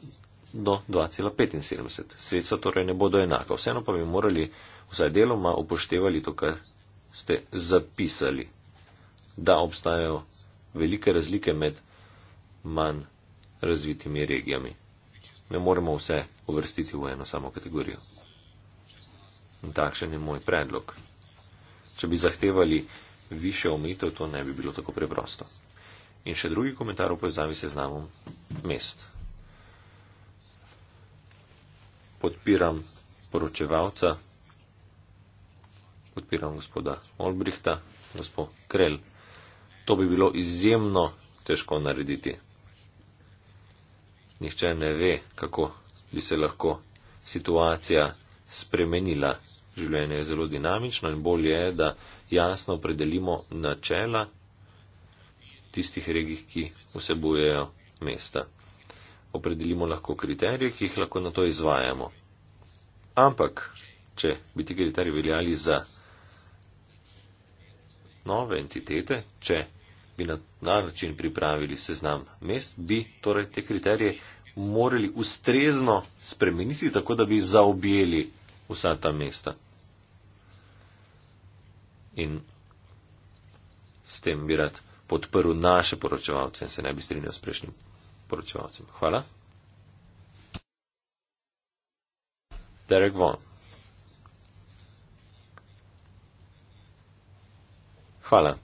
A: do 2,75. Sredstva torej ne bodo enaka. Vseeno pa bi morali vsaj deloma upoštevali to, kar ste zapisali, da obstajajo velike razlike med manj razvitimi regijami. Ne moremo vse uvrstiti v eno samo kategorijo. In takšen je moj predlog. Če bi zahtevali više omitev, to ne bi bilo tako preprosto. In še drugi komentar v povezavi se znamom mest. Podpiram poročevalca, podpiram gospoda Olbrihta, gospod Krel. To bi bilo izjemno težko narediti nihče ne ve, kako bi se lahko situacija spremenila. Življenje je zelo dinamično in bolje je, da jasno opredelimo načela tistih regij, ki vsebujejo mesta. Opredelimo lahko kriterije, ki jih lahko na to izvajamo. Ampak, če bi ti kriteriji veljali za nove entitete, če bi na ta način pripravili seznam mest, bi torej te kriterije morali ustrezno spremeniti, tako da bi zaobjeli vsa ta mesta. In s tem bi rad podprl naše poročevalce in se ne bi strinjal s prejšnjim poročevalcem. Hvala. Derek Von. Hvala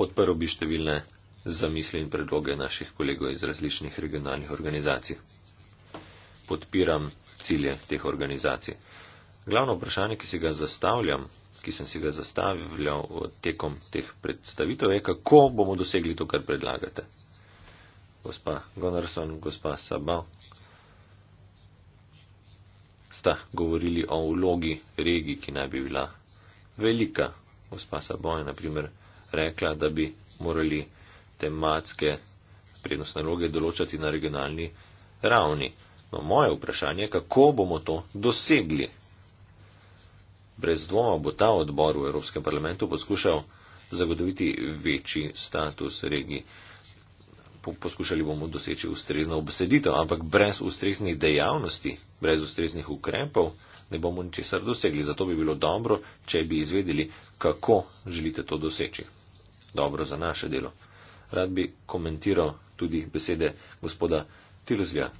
A: podprl bi številne zamisli in predloge naših kolegov iz različnih regionalnih organizacij. Podpiram cilje teh organizacij. Glavno vprašanje, ki si ga zastavljam, ki sem si ga zastavljal tekom teh predstavitev, je, kako bomo dosegli to, kar predlagate. Gospa Gonarson, gospa Sabal, sta govorili o vlogi regij, ki naj bi bila velika. Gospa Sabal je, na primer, rekla, da bi morali tematske prednostne naloge določati na regionalni ravni. No, moje vprašanje je, kako bomo to dosegli. Brez dvoma bo ta odbor v Evropskem parlamentu poskušal zagotoviti večji status regiji. Poskušali bomo doseči ustrezno obseditev, ampak brez ustreznih dejavnosti, brez ustreznih ukrepov ne bomo ničesar dosegli. Zato bi bilo dobro, če bi izvedeli, kako želite to doseči dobro za naše delo. Rad bi komentiral tudi besede gospoda Tilzvija,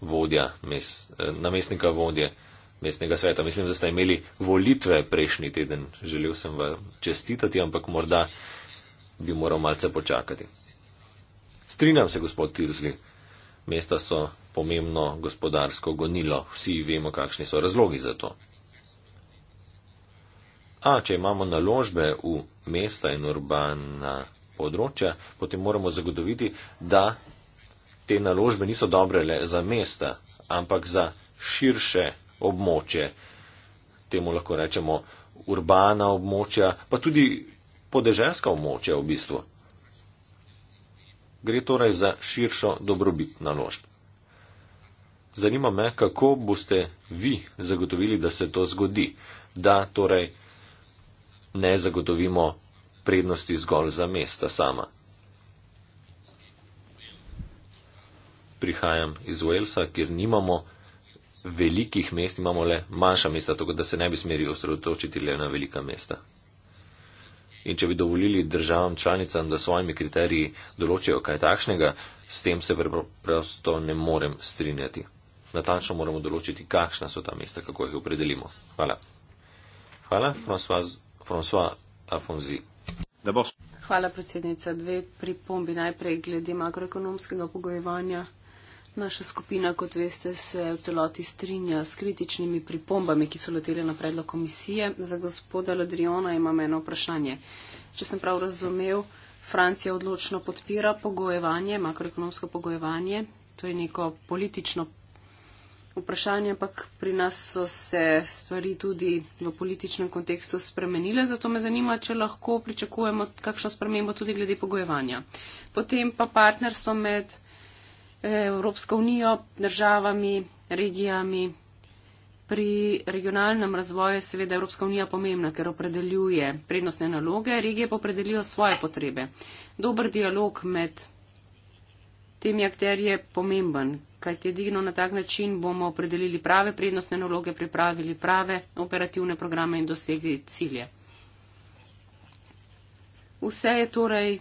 A: vodja, mes, namestnika vodje mestnega sveta. Mislim, da ste imeli volitve prejšnji teden. Želel sem vam čestitati, ampak morda bi moral malce počakati. Strinjam se, gospod Tilzvi. Mesta so pomembno gospodarsko gonilo. Vsi vemo, kakšni so razlogi za to. A, če imamo naložbe v mesta in urbana področja, potem moramo zagotoviti, da te naložbe niso dobre le za mesta, ampak za širše območje. Temu lahko rečemo urbana območja, pa tudi podeželska območja v bistvu. Gre torej za širšo dobrobit naložb. Zanima me, kako boste vi zagotovili, da se to zgodi, da torej ne zagotovimo prednosti zgolj za mesta sama. Prihajam iz Walesa, kjer nimamo velikih mest, imamo le manjša mesta, tako da se ne bi smeli osredotočiti le na velika mesta. In če bi dovolili državam članicam, da svojimi kriteriji določijo kaj takšnega, s tem se preprosto ne morem strinjati. Natančno moramo določiti, kakšna so ta mesta, kako jih opredelimo. Hvala. Hvala, François. François Afonzi.
B: Hvala, predsednica. Dve pripombi najprej glede makroekonomskega pogojevanja. Naša skupina, kot veste, se v celoti strinja s kritičnimi pripombami, ki so letele na predlog komisije. Za gospoda Ladriona imam eno vprašanje. Če sem prav razumev, Francija odločno podpira pogojevanje, makroekonomsko pogojevanje, to je neko politično vprašanje, ampak pri nas so se stvari tudi v političnem kontekstu spremenile, zato me zanima, če lahko pričakujemo kakšno spremembo tudi glede pogojevanja. Potem pa partnerstvo med eh, Evropsko unijo, državami, regijami. Pri regionalnem razvoju je seveda Evropska unija pomembna, ker opredeljuje prednostne naloge, regije pa opredelijo svoje potrebe. Dober dialog med temi akterji je pomemben, kajti edino na tak način bomo opredelili prave prednostne naloge, pripravili prave operativne programe in dosegli cilje. Vse je torej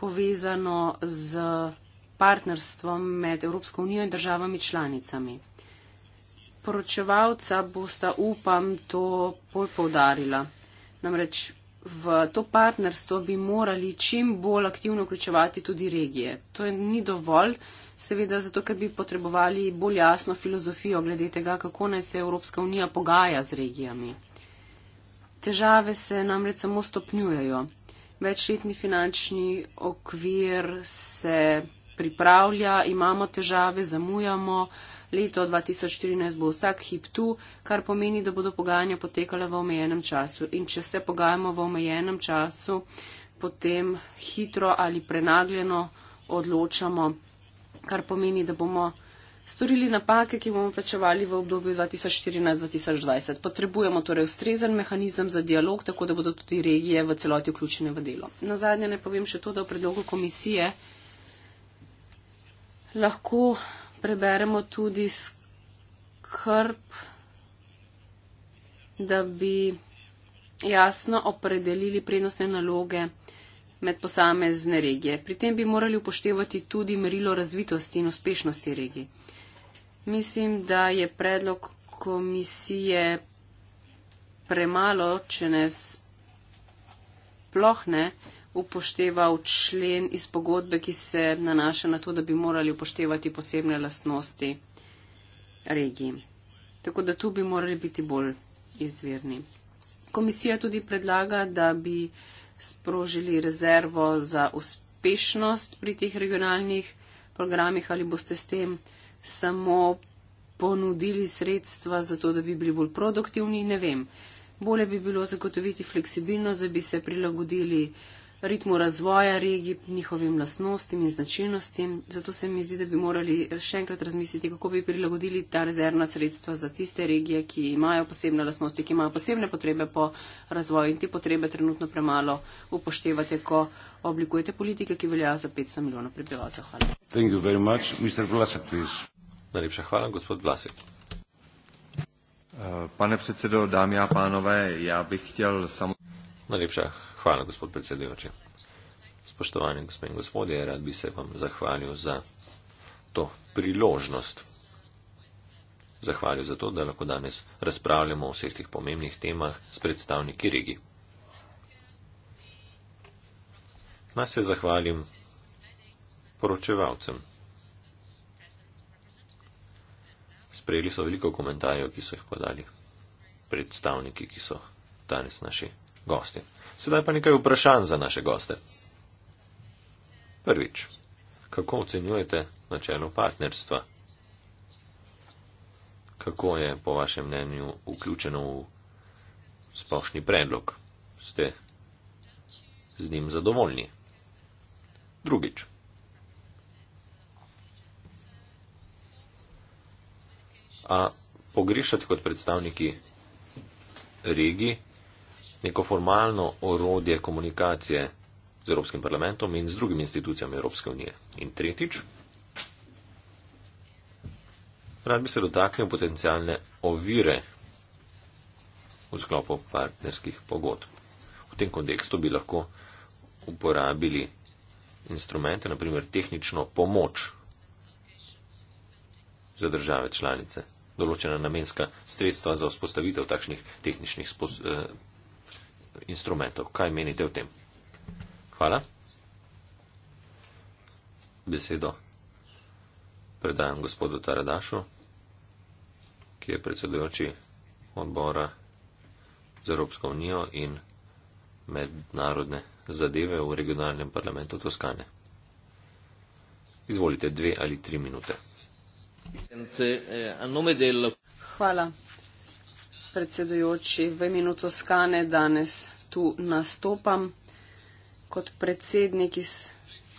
B: povezano z partnerstvom med Evropsko unijo in državami članicami. Poročevalca bosta, upam, to bolj poudarila. Namreč v to partnerstvo bi morali čim bolj aktivno vključevati tudi regije. To ni dovolj, seveda zato, ker bi potrebovali bolj jasno filozofijo glede tega, kako naj se Evropska unija pogaja z regijami. Težave se namreč samo stopnjujejo. Večletni finančni okvir se pripravlja, imamo težave, zamujamo. Leto 2014 bo vsak hip tu, kar pomeni, da bodo pogajanja potekala v omejenem času. In če se pogajamo v omejenem času, potem hitro ali prenagljeno odločamo kar pomeni, da bomo storili napake, ki bomo plačevali v obdobju 2014-2020. Potrebujemo torej ustrezen mehanizem za dialog, tako da bodo tudi regije v celoti vključene v delo. Na zadnje ne povem še to, da v predlogu komisije lahko preberemo tudi skrb, da bi jasno opredelili prednostne naloge med posamezne regije. Pri tem bi morali upoštevati tudi merilo razvitosti in uspešnosti regij. Mislim, da je predlog komisije premalo, če ne sploh ne, upošteval člen iz pogodbe, ki se nanaša na to, da bi morali upoštevati posebne lastnosti regij. Tako da tu bi morali biti bolj izvirni. Komisija tudi predlaga, da bi sprožili rezervo za uspešnost pri teh regionalnih programih ali boste s tem samo ponudili sredstva za to, da bi bili bolj produktivni, ne vem. Bolje bi bilo zagotoviti fleksibilnost, da bi se prilagodili uh, ritmu razvoja regij, njihovim lasnostim in značilnostim. Zato se mi zdi, da bi morali še enkrat razmisliti, kako bi prilagodili ta rezervna sredstva za tiste regije, ki imajo posebne lasnosti, ki imajo posebne potrebe po razvoju in te potrebe trenutno premalo upoštevate, ko oblikujete politike, ki veljajo za 500 milijonov prebivalcev.
A: Hvala. Much, Blasek, Najlepša hvala, gospod Vlasek. Eh, pane předsedo, dámy a pánové, já bych chtěl samozřejmě. Najlepša Hvala, gospod predsedujoči. Spoštovani gospod in gospodje, rad bi se vam zahvalil za to priložnost. Zahvalil za to, da lahko danes razpravljamo o vseh tih pomembnih temah s predstavniki regi. Naj se zahvalim poročevalcem. Sprejeli so veliko komentarjev, ki so jih podali predstavniki, ki so danes naši gosti. Sedaj pa nekaj vprašanj za naše goste. Prvič, kako ocenjujete načelo partnerstva? Kako je po vašem mnenju vključeno v splošni predlog? Ste z njim zadovoljni? Drugič. A pogrešate kot predstavniki regij neko formalno orodje komunikacije z Evropskim parlamentom in z drugimi institucijami Evropske unije. In tretjič, rad bi se dotaknil potencijalne ovire v sklopu partnerskih pogodb. V tem kontekstu bi lahko uporabili instrumente, naprimer tehnično pomoč za države članice, določena namenska sredstva za vzpostavitev takšnih tehničnih spoz, eh, instrumentov. Kaj menite o tem? Hvala. Besedo predajam gospodu Taradašu, ki je predsedujoči odbora za Evropsko unijo in mednarodne zadeve v regionalnem parlamentu Toskane. Izvolite dve ali tri minute.
B: Hvala predsedujoči, v imenu Toskane danes tu nastopam kot predsednik iz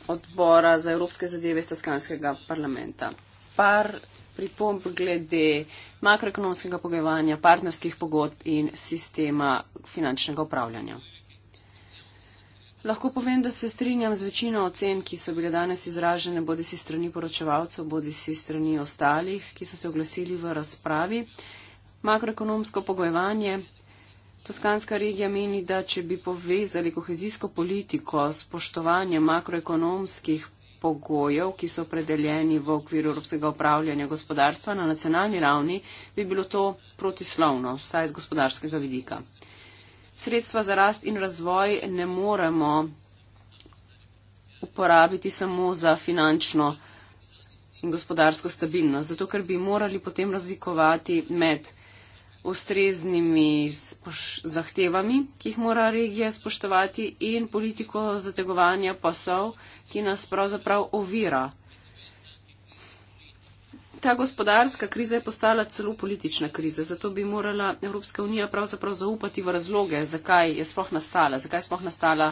B: odbora za evropske zadeve iz Toskanskega parlamenta. Par pripomb glede makroekonomskega pogajevanja, partnerskih pogodb in sistema finančnega upravljanja. Lahko povem, da se strinjam z večino ocen, ki so bile danes izražene bodi si strani poročevalcev, bodi si strani ostalih, ki so se oglasili v razpravi makroekonomsko pogojevanje. Toskanska regija meni, da če bi povezali kohezijsko politiko s poštovanjem makroekonomskih pogojev, ki so opredeljeni v okviru evropskega upravljanja gospodarstva na nacionalni ravni, bi bilo to protislovno, vsaj z gospodarskega vidika. Sredstva za rast in razvoj ne moremo uporabiti samo za finančno in gospodarsko stabilnost, zato ker bi morali potem razlikovati med ustreznimi zahtevami, ki jih mora regija spoštovati in politiko zategovanja posov, ki nas pravzaprav ovira. Ta gospodarska kriza je postala celo politična kriza, zato bi morala Evropska unija pravzaprav zaupati v razloge, zakaj je sploh nastala, zakaj je sploh nastala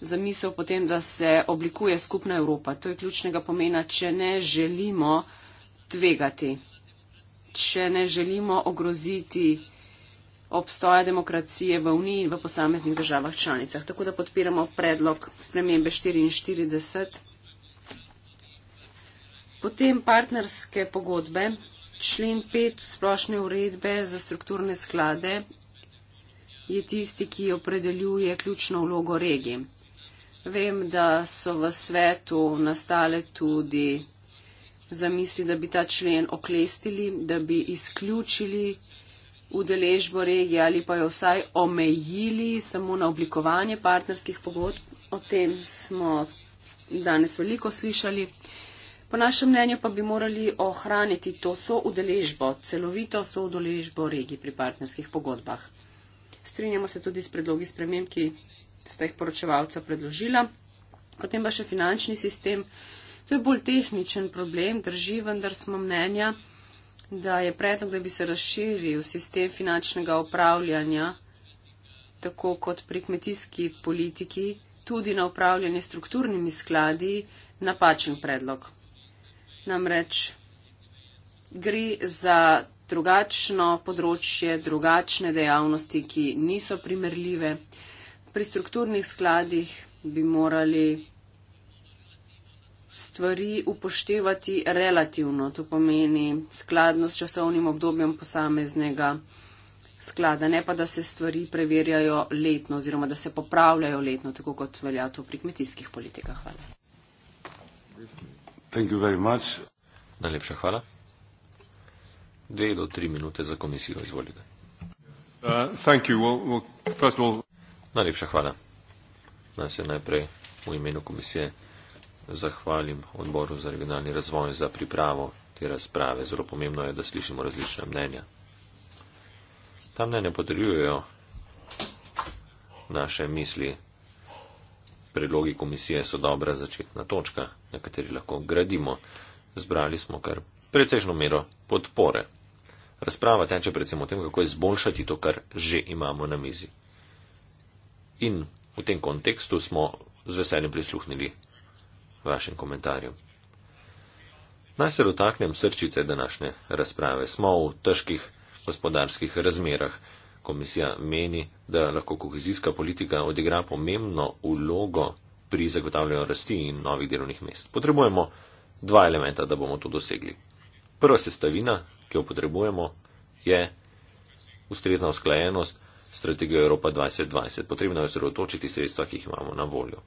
B: zamisel potem, da se oblikuje skupna Evropa. To je ključnega pomena, če ne želimo tvegati če ne želimo ogroziti obstoja demokracije v Uniji in v posameznih državah članicah. Tako da podpiramo predlog spremembe 44. Potem partnerske pogodbe, člen 5 splošne uredbe za strukturne sklade je tisti, ki opredeljuje ključno vlogo regije. Vem, da so v svetu nastale tudi zamisli, da bi ta člen oklestili, da bi izključili udeležbo regije ali pa jo vsaj omejili samo na oblikovanje partnerskih pogodb. O tem smo danes veliko slišali. Po našem mnenju pa bi morali ohraniti to soudeležbo, celovito soudeležbo regij pri partnerskih pogodbah. Strinjamo se tudi s predlogi sprememb, ki ste jih poročevalca predložila. Potem pa še finančni sistem. To je bolj tehničen problem, drži, vendar smo mnenja, da je predlog, da bi se razširil sistem finančnega upravljanja, tako kot pri kmetijski politiki, tudi na upravljanje strukturnimi skladi, napačen predlog. Namreč gre za drugačno področje, drugačne dejavnosti, ki niso primerljive. Pri strukturnih skladih bi morali stvari upoštevati relativno, to pomeni skladno s časovnim obdobjem posameznega sklada, ne pa da se stvari preverjajo letno oziroma da se popravljajo letno, tako kot velja to pri kmetijskih politikah. Hvala.
A: Najlepša hvala. Dve do tri minute za komisijo, izvolite. Uh, we'll, we'll, all... Najlepša hvala. Naj se najprej v imenu komisije zahvalim odboru za regionalni razvoj za pripravo te razprave. Zelo pomembno je, da slišimo različne mnenja. Ta mnenja potrjujejo naše misli. Predlogi komisije so dobra začetna točka, na kateri lahko gradimo. Zbrali smo kar precejšno mero podpore. Razprava teče predvsem o tem, kako izboljšati to, kar že imamo na mizi. In v tem kontekstu smo z veseljem prisluhnili vašim komentarjem. Naj se dotaknem srčice današnje razprave. Smo v težkih gospodarskih razmerah. Komisija meni, da lahko kohezijska politika odigra pomembno ulogo pri zagotavljanju rasti in novih delovnih mest. Potrebujemo dva elementa, da bomo to dosegli. Prva sestavina, ki jo potrebujemo, je ustrezna usklajenost strategijo Evropa 2020. Potrebno je osredotočiti sredstva, ki jih imamo na voljo.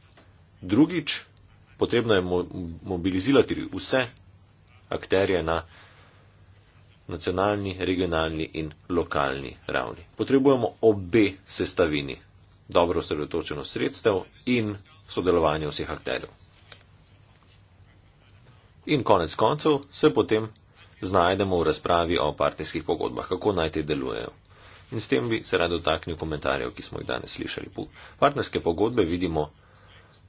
A: Drugič, potrebno je mobilizirati vse akterje na nacionalni, regionalni in lokalni ravni. Potrebujemo obe sestavini, dobro sredotočeno sredstev in sodelovanje vseh akterjev. In konec koncev se potem znajdemo v razpravi o partnerskih pogodbah, kako naj te delujejo. In s tem bi se rad dotaknil komentarjev, ki smo jih danes slišali. Partnerske pogodbe vidimo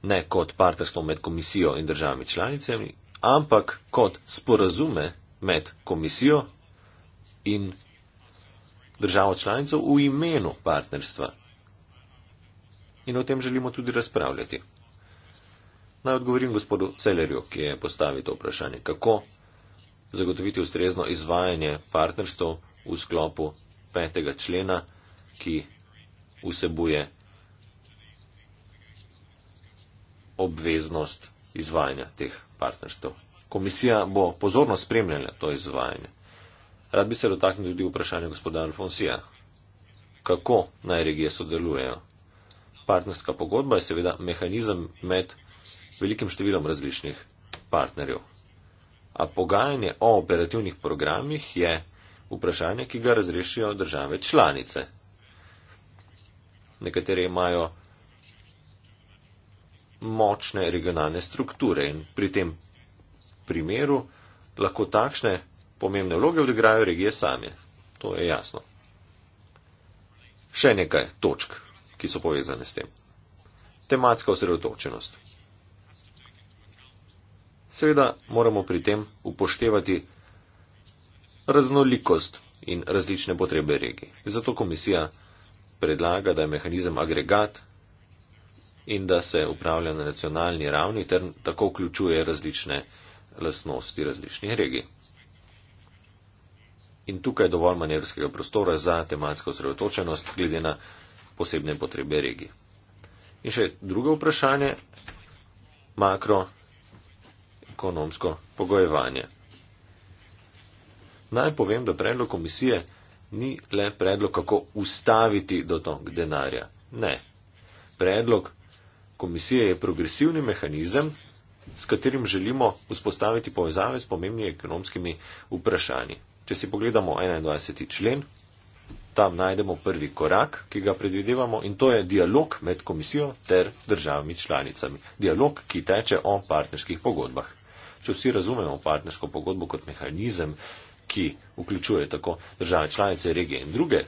A: ne kot partnerstvo med komisijo in državami članicami, ampak kot sporazume med komisijo in državo članico v imenu partnerstva. In o tem želimo tudi razpravljati. Naj odgovorim gospodu Celerju, ki je postavil to vprašanje, kako zagotoviti ustrezno izvajanje partnerstv v sklopu petega člena, ki vsebuje obveznost izvajanja teh partnerstv. Komisija bo pozorno spremljala to izvajanje. Rad bi se dotaknil tudi vprašanja gospoda Alfonsija. Kako naj regije sodelujejo? Partnerska pogodba je seveda mehanizem med velikim številom različnih partnerjev. A pogajanje o operativnih programih je vprašanje, ki ga razrešijo države članice. Nekatere imajo močne regionalne strukture in pri tem primeru lahko takšne pomembne vloge odigrajo regije same. To je jasno. Še nekaj točk, ki so povezane s tem. Tematska osredotočenost. Seveda moramo pri tem upoštevati raznolikost in različne potrebe regij. Zato komisija predlaga, da je mehanizem agregat in da se upravlja na nacionalni ravni ter tako vključuje različne lasnosti različnih regij. In tukaj je dovolj manjerskega prostora za tematsko osredotočenost glede na posebne potrebe regij. In še drugo vprašanje, makroekonomsko pogojevanje. Naj povem, da predlog komisije ni le predlog, kako ustaviti dotok denarja. Ne. Predlog komisije je progresivni mehanizem, s katerim želimo vzpostaviti povezave s pomembnimi ekonomskimi vprašanji. Če si pogledamo 21. člen, tam najdemo prvi korak, ki ga predvidevamo in to je dialog med komisijo ter državami članicami. Dialog, ki teče o partnerskih pogodbah. Če vsi razumemo partnersko pogodbo kot mehanizem, ki vključuje tako države članice, regije in druge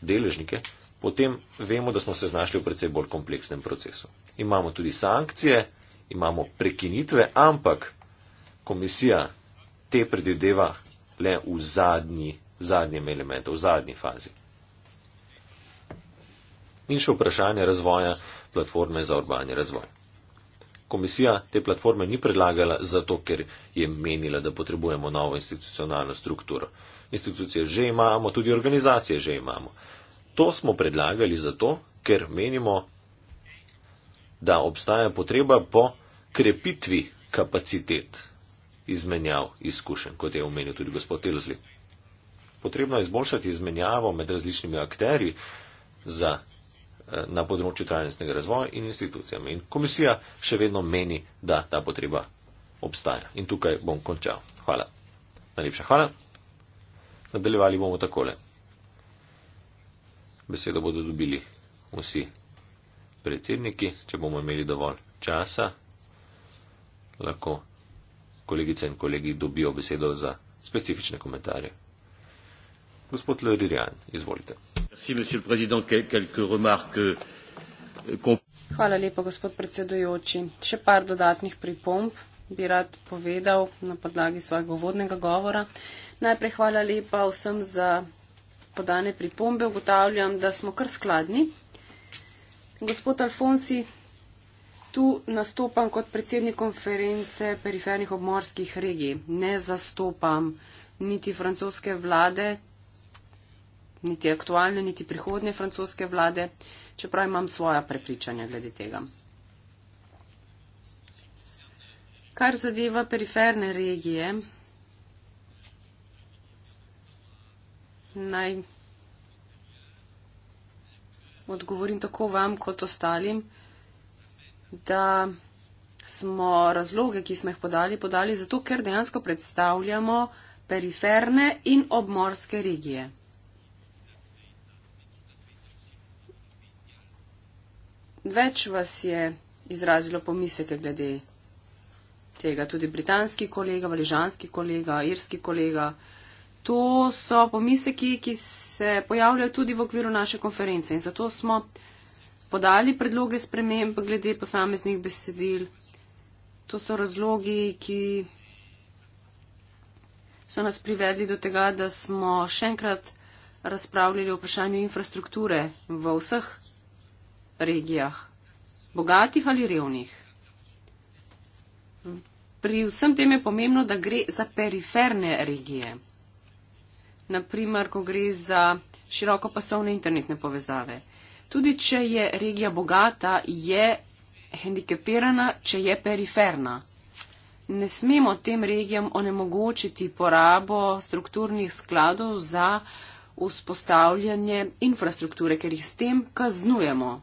A: deležnike, potem vemo, da smo se znašli v precej bolj kompleksnem procesu. Imamo tudi sankcije, imamo prekinitve, ampak komisija te predvideva le v zadnji, zadnjem elementu, v zadnji fazi. In še vprašanje razvoja platforme za urbani razvoj. Komisija te platforme ni predlagala zato, ker je menila, da potrebujemo novo institucionalno strukturo. Institucije že imamo, tudi organizacije že imamo. To smo predlagali zato, ker menimo, da obstaja potreba po krepitvi kapacitet izmenjav izkušenj, kot je omenil tudi gospod Tilsli. Potrebno je izboljšati izmenjavo med različnimi akteri za, eh, na področju trajnostnega razvoja in institucijami. In komisija še vedno meni, da ta potreba obstaja. In tukaj bom končal. Hvala. Najlepša hvala. Nadaljevali bomo takole besedo bodo dobili vsi predsedniki, če bomo imeli dovolj časa. Lahko kolegice in kolegi dobijo besedo za specifične komentarje. Gospod Lerirjan, izvolite. Euh,
B: hvala lepa, gospod predsedujoči. Še par dodatnih pripomb bi rad povedal na podlagi svojega uvodnega govora. Najprej hvala lepa vsem za podane pripombe, ugotavljam, da smo kar skladni. Gospod Alfonsi, tu nastopam kot predsednik konference perifernih obmorskih regij. Ne zastopam niti francoske vlade, niti aktualne, niti prihodne francoske vlade, čeprav imam svoja prepričanja glede tega. Kar zadeva periferne regije, naj odgovorim tako vam kot ostalim, da smo razloge, ki smo jih podali, podali zato, ker dejansko predstavljamo periferne in obmorske regije. Več vas je izrazilo pomiseke glede tega, tudi britanski kolega, valižanski kolega, irski kolega. To so pomisleki, ki se pojavljajo tudi v okviru naše konference in zato smo podali predloge sprememb glede posameznih besedil. To so razlogi, ki so nas privedli do tega, da smo še enkrat razpravljali o vprašanju infrastrukture v vseh regijah, bogatih ali revnih. Pri vsem tem je pomembno, da gre za periferne regije naprimer, ko gre za široko pasovne internetne povezave. Tudi, če je regija bogata, je hendikepirana, če je periferna. Ne smemo tem regijam onemogočiti porabo strukturnih skladov za vzpostavljanje infrastrukture, ker jih s tem kaznujemo.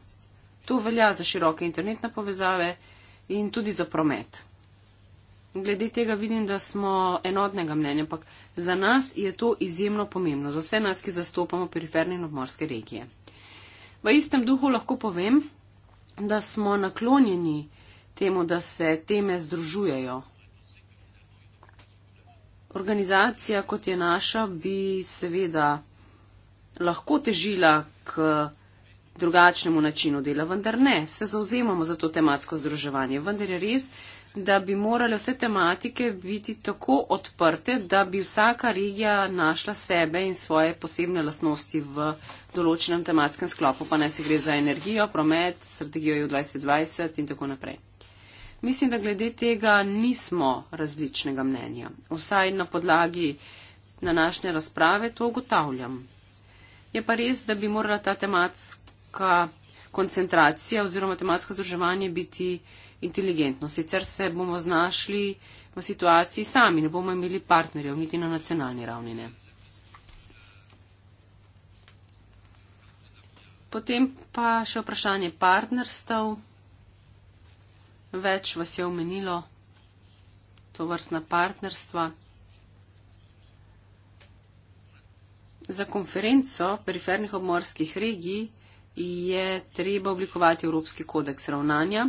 B: To velja za široke internetne povezave in tudi za promet glede tega vidim, da smo enotnega mnenja, ampak za nas je to izjemno pomembno, za vse nas, ki zastopamo periferne in obmorske regije. V istem duhu lahko povem, da smo naklonjeni temu, da se teme združujejo. Organizacija, kot je naša, bi seveda lahko težila k drugačnemu načinu dela, vendar ne, se zauzemamo za to tematsko združevanje, vendar je res, da bi morale vse tematike biti tako odprte, da bi vsaka regija našla sebe in svoje posebne lastnosti v določenem tematskem sklopu, pa naj se gre za energijo, promet, strategijo EU 2020 in tako naprej. Mislim, da glede tega nismo različnega mnenja. Vsaj na podlagi današnje razprave to ugotavljam. Je pa res, da bi morala ta tematska koncentracija oziroma tematsko združevanje biti inteligentno. Sicer se bomo znašli v situaciji sami, ne bomo imeli partnerjev, niti na nacionalni ravni ne. Potem pa še vprašanje partnerstv. Več vas je omenilo to vrstna partnerstva. Za konferenco perifernih obmorskih regij je treba oblikovati Evropski kodeks ravnanja.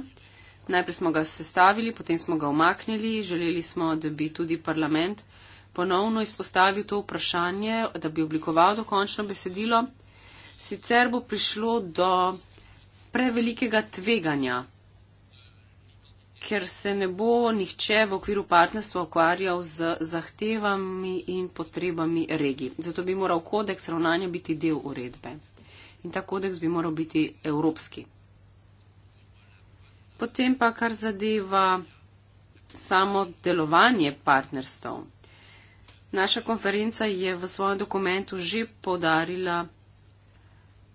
B: Najprej smo ga sestavili, potem smo ga omaknili, želeli smo, da bi tudi parlament ponovno izpostavil to vprašanje, da bi oblikoval dokončno besedilo. Sicer bo prišlo do prevelikega tveganja, ker se ne bo nihče v okviru partnerstva okvarjal z zahtevami in potrebami regij. Zato bi moral kodeks ravnanja biti del uredbe. In ta kodeks bi moral biti evropski. Potem pa kar zadeva samo delovanje partnerstv. Naša konferenca je v svojem dokumentu že podarila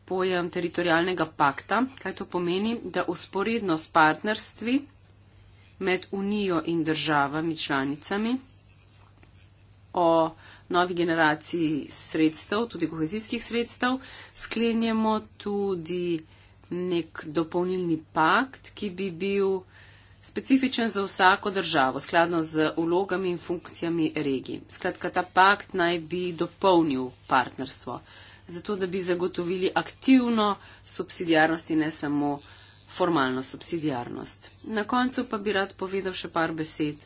B: pojem teritorijalnega pakta, kaj to pomeni, da usporedno s partnerstvi med Unijo in državami članicami o novi generaciji sredstev, tudi kohezijskih sredstev, sklenjamo tudi nek dopolnilni pakt, ki bi bil specifičen za vsako državo, skladno z ulogami in funkcijami regij. Skratka, ta pakt naj bi dopolnil partnerstvo, zato da bi zagotovili aktivno subsidijarnost in ne samo formalno subsidijarnost. Na koncu pa bi rad povedal še par besed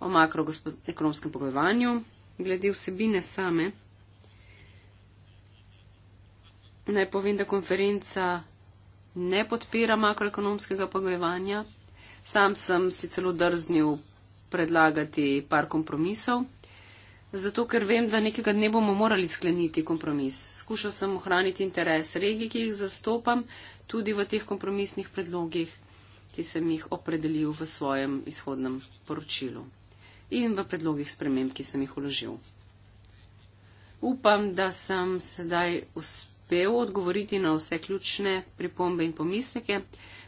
B: o makroekonomskem pogojevanju, glede vsebine same. Naj povem, da konferenca ne podpira makroekonomskega pogojevanja. Sam sem si celo drznil predlagati par kompromisov, zato ker vem, da nekega dne bomo morali skleniti kompromis. Skušal sem ohraniti interes regij, ki jih zastopam, tudi v teh kompromisnih predlogih, ki sem jih opredelil v svojem izhodnem poročilu in v predlogih sprememb, ki sem jih uložil. Upam, da sem sedaj uspel uspel odgovoriti na vse ključne pripombe in pomisleke.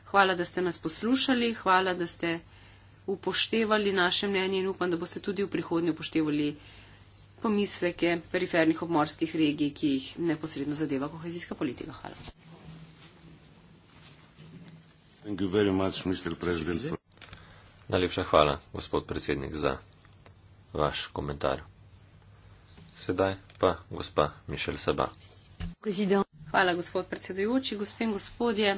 B: Hvala, da ste nas poslušali, hvala, da ste upoštevali naše mnenje in upam, da boste tudi v prihodnje upoštevali pomisleke perifernih obmorskih regij, ki jih neposredno zadeva kohezijska politika. Hvala.
A: Najlepša hvala, gospod predsednik, za vaš komentar. Sedaj pa gospa Mišel Sabah.
B: Hvala, gospod predsedujoči, gospe in gospodje.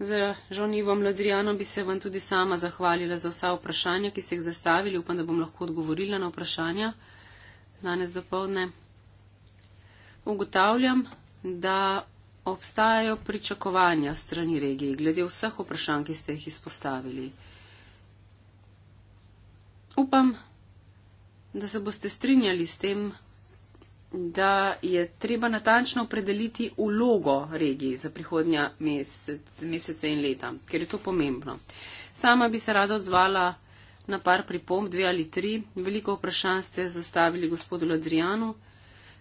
B: Z žonivom Ladrijanom bi se vam tudi sama zahvalila za vsa vprašanja, ki ste jih zastavili. Upam, da bom lahko odgovorila na vprašanja danes do povdne. Ugotavljam, da obstajajo pričakovanja strani regiji, glede vseh vprašanj, ki ste jih izpostavili. Upam, da se boste strinjali s tem, da je treba natančno opredeliti ulogo regij za prihodnja mesec, mesece in leta, ker je to pomembno. Sama bi se rada odzvala na par pripomb, dve ali tri. Veliko vprašanj ste zastavili gospodu Ladrijanu,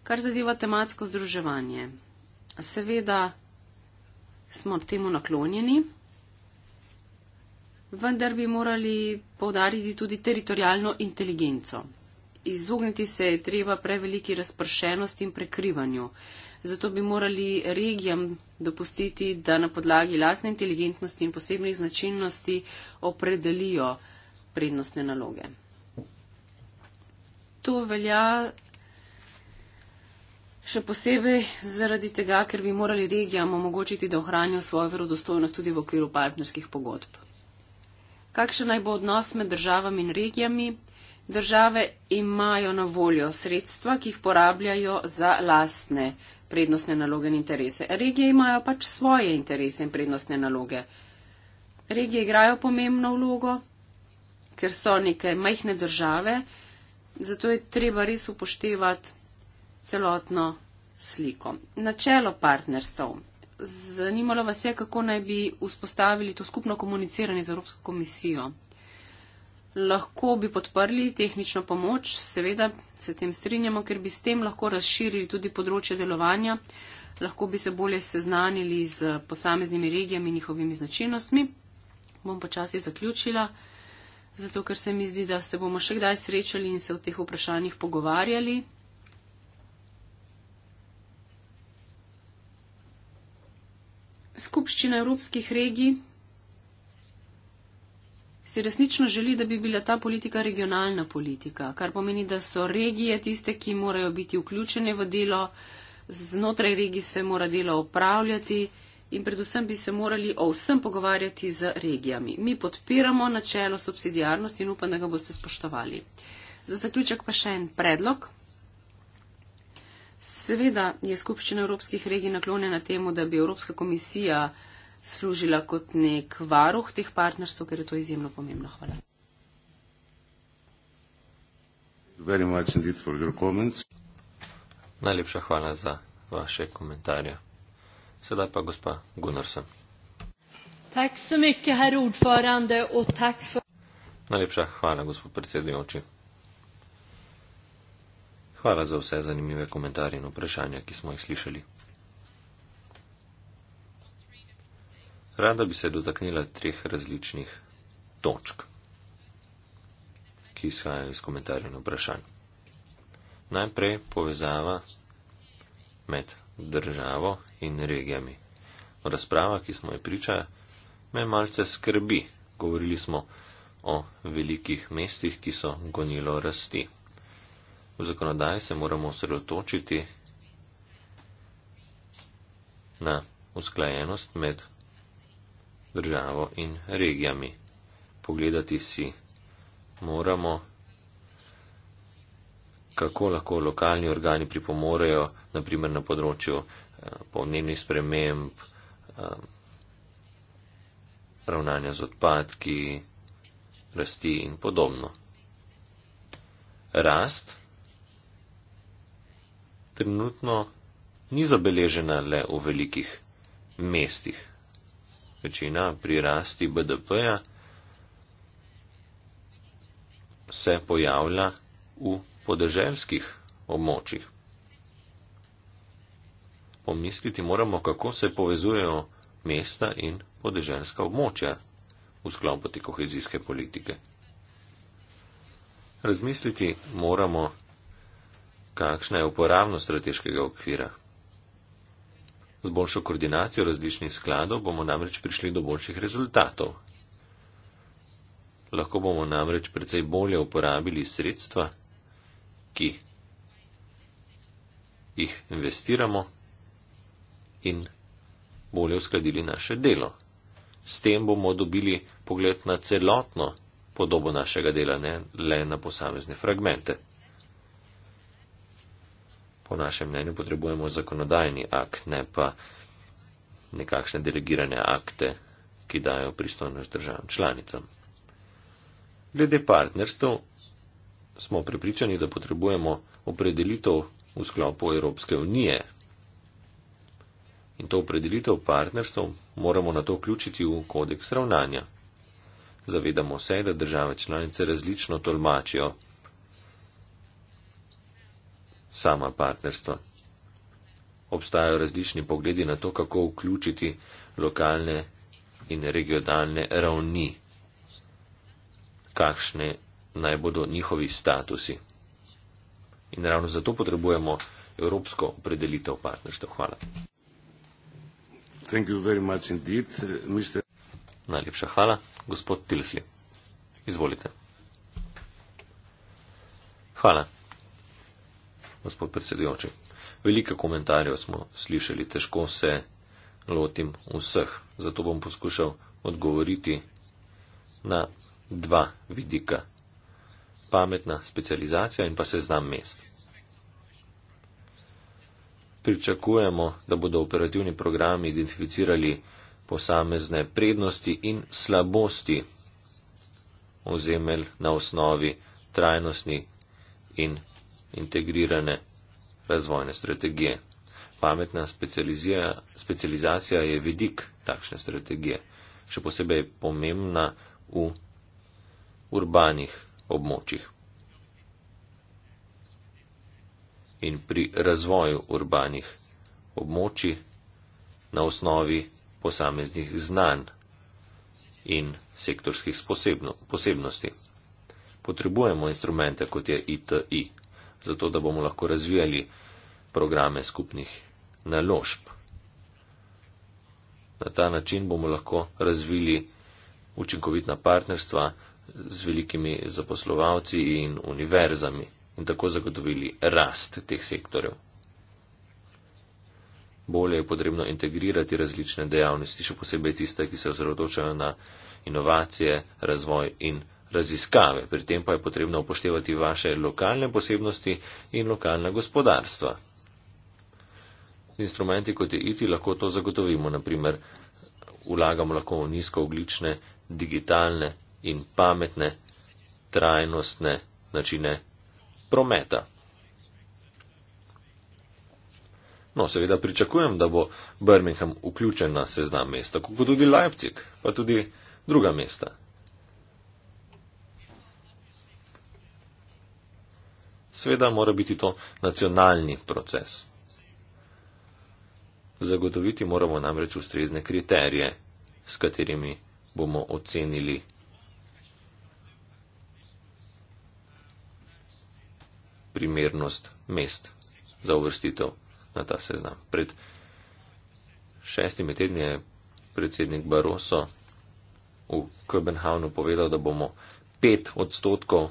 B: kar zadeva tematsko združevanje. Seveda smo temu naklonjeni, vendar bi morali povdariti tudi teritorijalno inteligenco. Izogniti se je treba preveliki razpršenosti in prekrivanju. Zato bi morali regijam dopustiti, da na podlagi lastne inteligentnosti in posebnih značilnosti opredelijo prednostne naloge. To velja še posebej zaradi tega, ker bi morali regijam omogočiti, da ohranijo svojo verodostojnost tudi v okviru partnerskih pogodb. Kakšen naj bo odnos med državami in regijami, države imajo na voljo sredstva, ki jih porabljajo za lastne prednostne naloge in interese. Regije imajo pač svoje interese in prednostne naloge. Regije igrajo pomembno vlogo, ker so neke majhne države, zato je treba res upoštevati celotno sliko. Načelo partnerstv. Zanimalo vas je, kako naj bi vzpostavili to skupno komuniciranje z Evropsko komisijo lahko bi podprli tehnično pomoč, seveda se tem strinjamo, ker bi s tem lahko razširili tudi področje delovanja, lahko bi se bolje seznanili z posameznimi regijami in njihovimi značilnostmi. Bom počasi zaključila, zato ker se mi zdi, da se bomo še kdaj srečali in se o teh vprašanjih pogovarjali. Skupščina evropskih regij si resnično želi, da bi bila ta politika regionalna politika, kar pomeni, da so regije tiste, ki morajo biti vključene v delo, znotraj regij se mora delo upravljati in predvsem bi se morali o vsem pogovarjati z regijami. Mi podpiramo načelo subsidijarnosti in upam, da ga boste spoštovali. Za zaključek pa še en predlog. Seveda je skupščina evropskih regij naklonjena temu, da bi Evropska komisija služila kot nek varuh teh partnerstv, ker je to izjemno pomembno. Hvala.
A: Najlepša hvala za vaše komentarje. Sedaj pa gospa Gunnarsen. Najlepša hvala, gospod predsedujoči. Hvala za vse zanimive komentarje in vprašanja, ki smo jih slišali. Rada bi se dotaknila treh različnih točk, ki izhajajo iz komentarjev in vprašanj. Najprej povezava med državo in regijami. Razprava, ki smo jo pričali, me malce skrbi. Govorili smo o velikih mestih, ki so gonilo rasti. V zakonodaji se moramo osredotočiti na usklajenost med državo in regijami. Pogledati si moramo, kako lahko lokalni organi pripomorejo, naprimer na področju eh, povnemnih sprememb, eh, ravnanja z odpadki, rasti in podobno. Rast trenutno ni zabeležena le v velikih mestih večina pri rasti BDP-ja se pojavlja v podeželskih območjih. Pomisliti moramo, kako se povezujejo mesta in podeželska območja v sklopu te kohezijske politike. Razmisliti moramo, kakšna je uporabnost strateškega okvira. Z boljšo koordinacijo različnih skladov bomo namreč prišli do boljših rezultatov. Lahko bomo namreč precej bolje uporabili sredstva, ki jih investiramo in bolje uskladili naše delo. S tem bomo dobili pogled na celotno podobo našega dela, ne le na posamezne fragmente. Po našem mnenju potrebujemo zakonodajni akt, ne pa nekakšne delegirane akte, ki dajo pristojnost državam članicam. Glede partnerstv smo prepričani, da potrebujemo opredelitev v sklopu Evropske unije. In to opredelitev partnerstv moramo na to vključiti v kodeks ravnanja. Zavedamo se, da države članice različno tolmačijo sama partnerstva. Obstajajo različni pogledi na to, kako vključiti lokalne in regionalne ravni, kakšne naj bodo njihovi statusi. In ravno zato potrebujemo evropsko opredelitev partnerstva. Hvala. Indeed, Mr... Najlepša hvala, gospod Tilsli. Izvolite. Hvala gospod predsedujoči. Veliko komentarjev smo slišali, težko se lotim vseh, zato bom poskušal odgovoriti na dva vidika. Pametna specializacija in pa seznam mest. Pričakujemo, da bodo operativni programi identificirali posamezne prednosti in slabosti ozemelj na osnovi trajnostni in integrirane razvojne strategije. Pametna specializacija je vidik takšne strategije, še posebej je pomembna v urbanih območjih in pri razvoju urbanih območij na osnovi posameznih znanj in sektorskih posebno, posebnosti. Potrebujemo instrumente, kot je ITI, zato da bomo lahko razvijali programe skupnih naložb. Na ta način bomo lahko razvili učinkovitna partnerstva z velikimi zaposlovalci in univerzami in tako zagotovili rast teh sektorjev. Bolje je potrebno integrirati različne dejavnosti, še posebej tiste, ki se osredotočajo na inovacije, razvoj in razvoj raziskave, pri tem pa je potrebno upoštevati vaše lokalne posebnosti in lokalna gospodarstva. Z instrumenti kot je IT lahko to zagotovimo, naprimer ulagamo lahko v nizkooglične, digitalne in pametne, trajnostne načine prometa. No, seveda pričakujem, da bo Birmingham vključen na seznam mesta, kot tudi Leipzig, pa tudi druga mesta. Sveda mora biti to nacionalni proces. Zagotoviti moramo namreč ustrezne kriterije, s katerimi bomo ocenili. Primernost mest za uvrstitev na ta seznam. Pred šestimi tedni je predsednik Barroso v Kopenhavnu povedal, da bomo pet odstotkov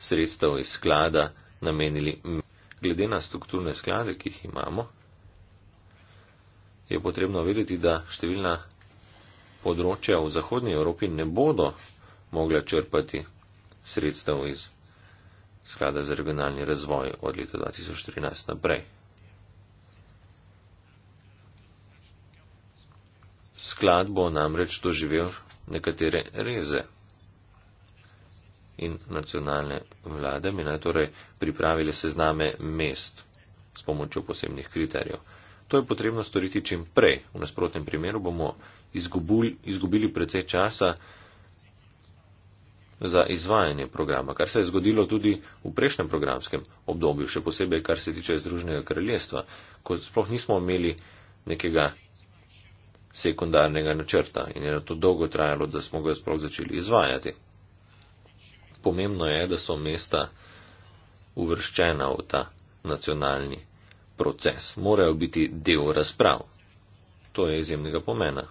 A: sredstev iz sklada namenili. Glede na strukturne sklade, ki jih imamo, je potrebno vedeti, da številna področja v Zahodnji Evropi ne bodo mogla črpati sredstev iz sklada za regionalni razvoj od leta 2014 naprej. Sklad bo namreč doživel nekatere reze in nacionalne vlade bi naj torej pripravile sezname mest s pomočjo posebnih kriterijev. To je potrebno storiti čim prej, v nasprotnem primeru bomo izgubili, izgubili precej časa za izvajanje programa, kar se je zgodilo tudi v prejšnjem programskem obdobju, še posebej kar se tiče Združenega kraljestva, ko sploh nismo imeli nekega sekundarnega načrta in je na to dolgo trajalo, da smo ga sploh začeli izvajati. Pomembno je, da so mesta uvrščena v ta nacionalni proces. Morajo biti del razprav. To je izjemnega pomena.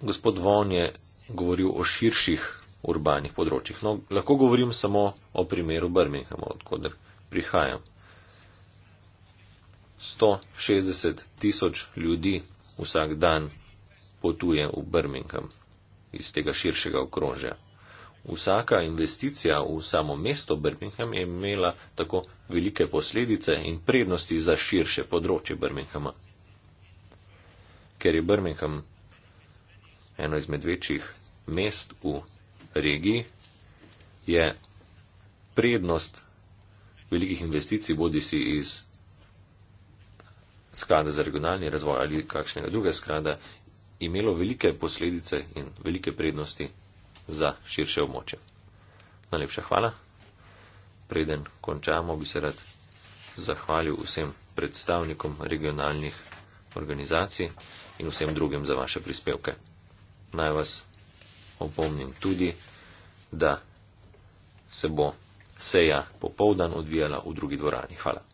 A: Gospod Von je govoril o širših urbanih področjih. No, lahko govorim samo o primeru Birminghama, odkudar prihajam. 160 tisoč ljudi vsak dan potuje v Birmingham iz tega širšega okrožja. Vsaka investicija v samo mesto Birmingham je imela tako velike posledice in prednosti za širše področje Birminghama. Ker je Birmingham eno izmed večjih mest v regiji, je prednost velikih investicij bodi si iz sklada za regionalni razvoj ali kakšnega druga sklada imelo velike posledice in velike prednosti za širše območje. Najlepša hvala. Preden končamo, bi se rad zahvalil vsem predstavnikom regionalnih organizacij in vsem drugim za vaše prispevke. Naj vas opomnim tudi, da se bo seja popovdan odvijala v drugi dvorani. Hvala.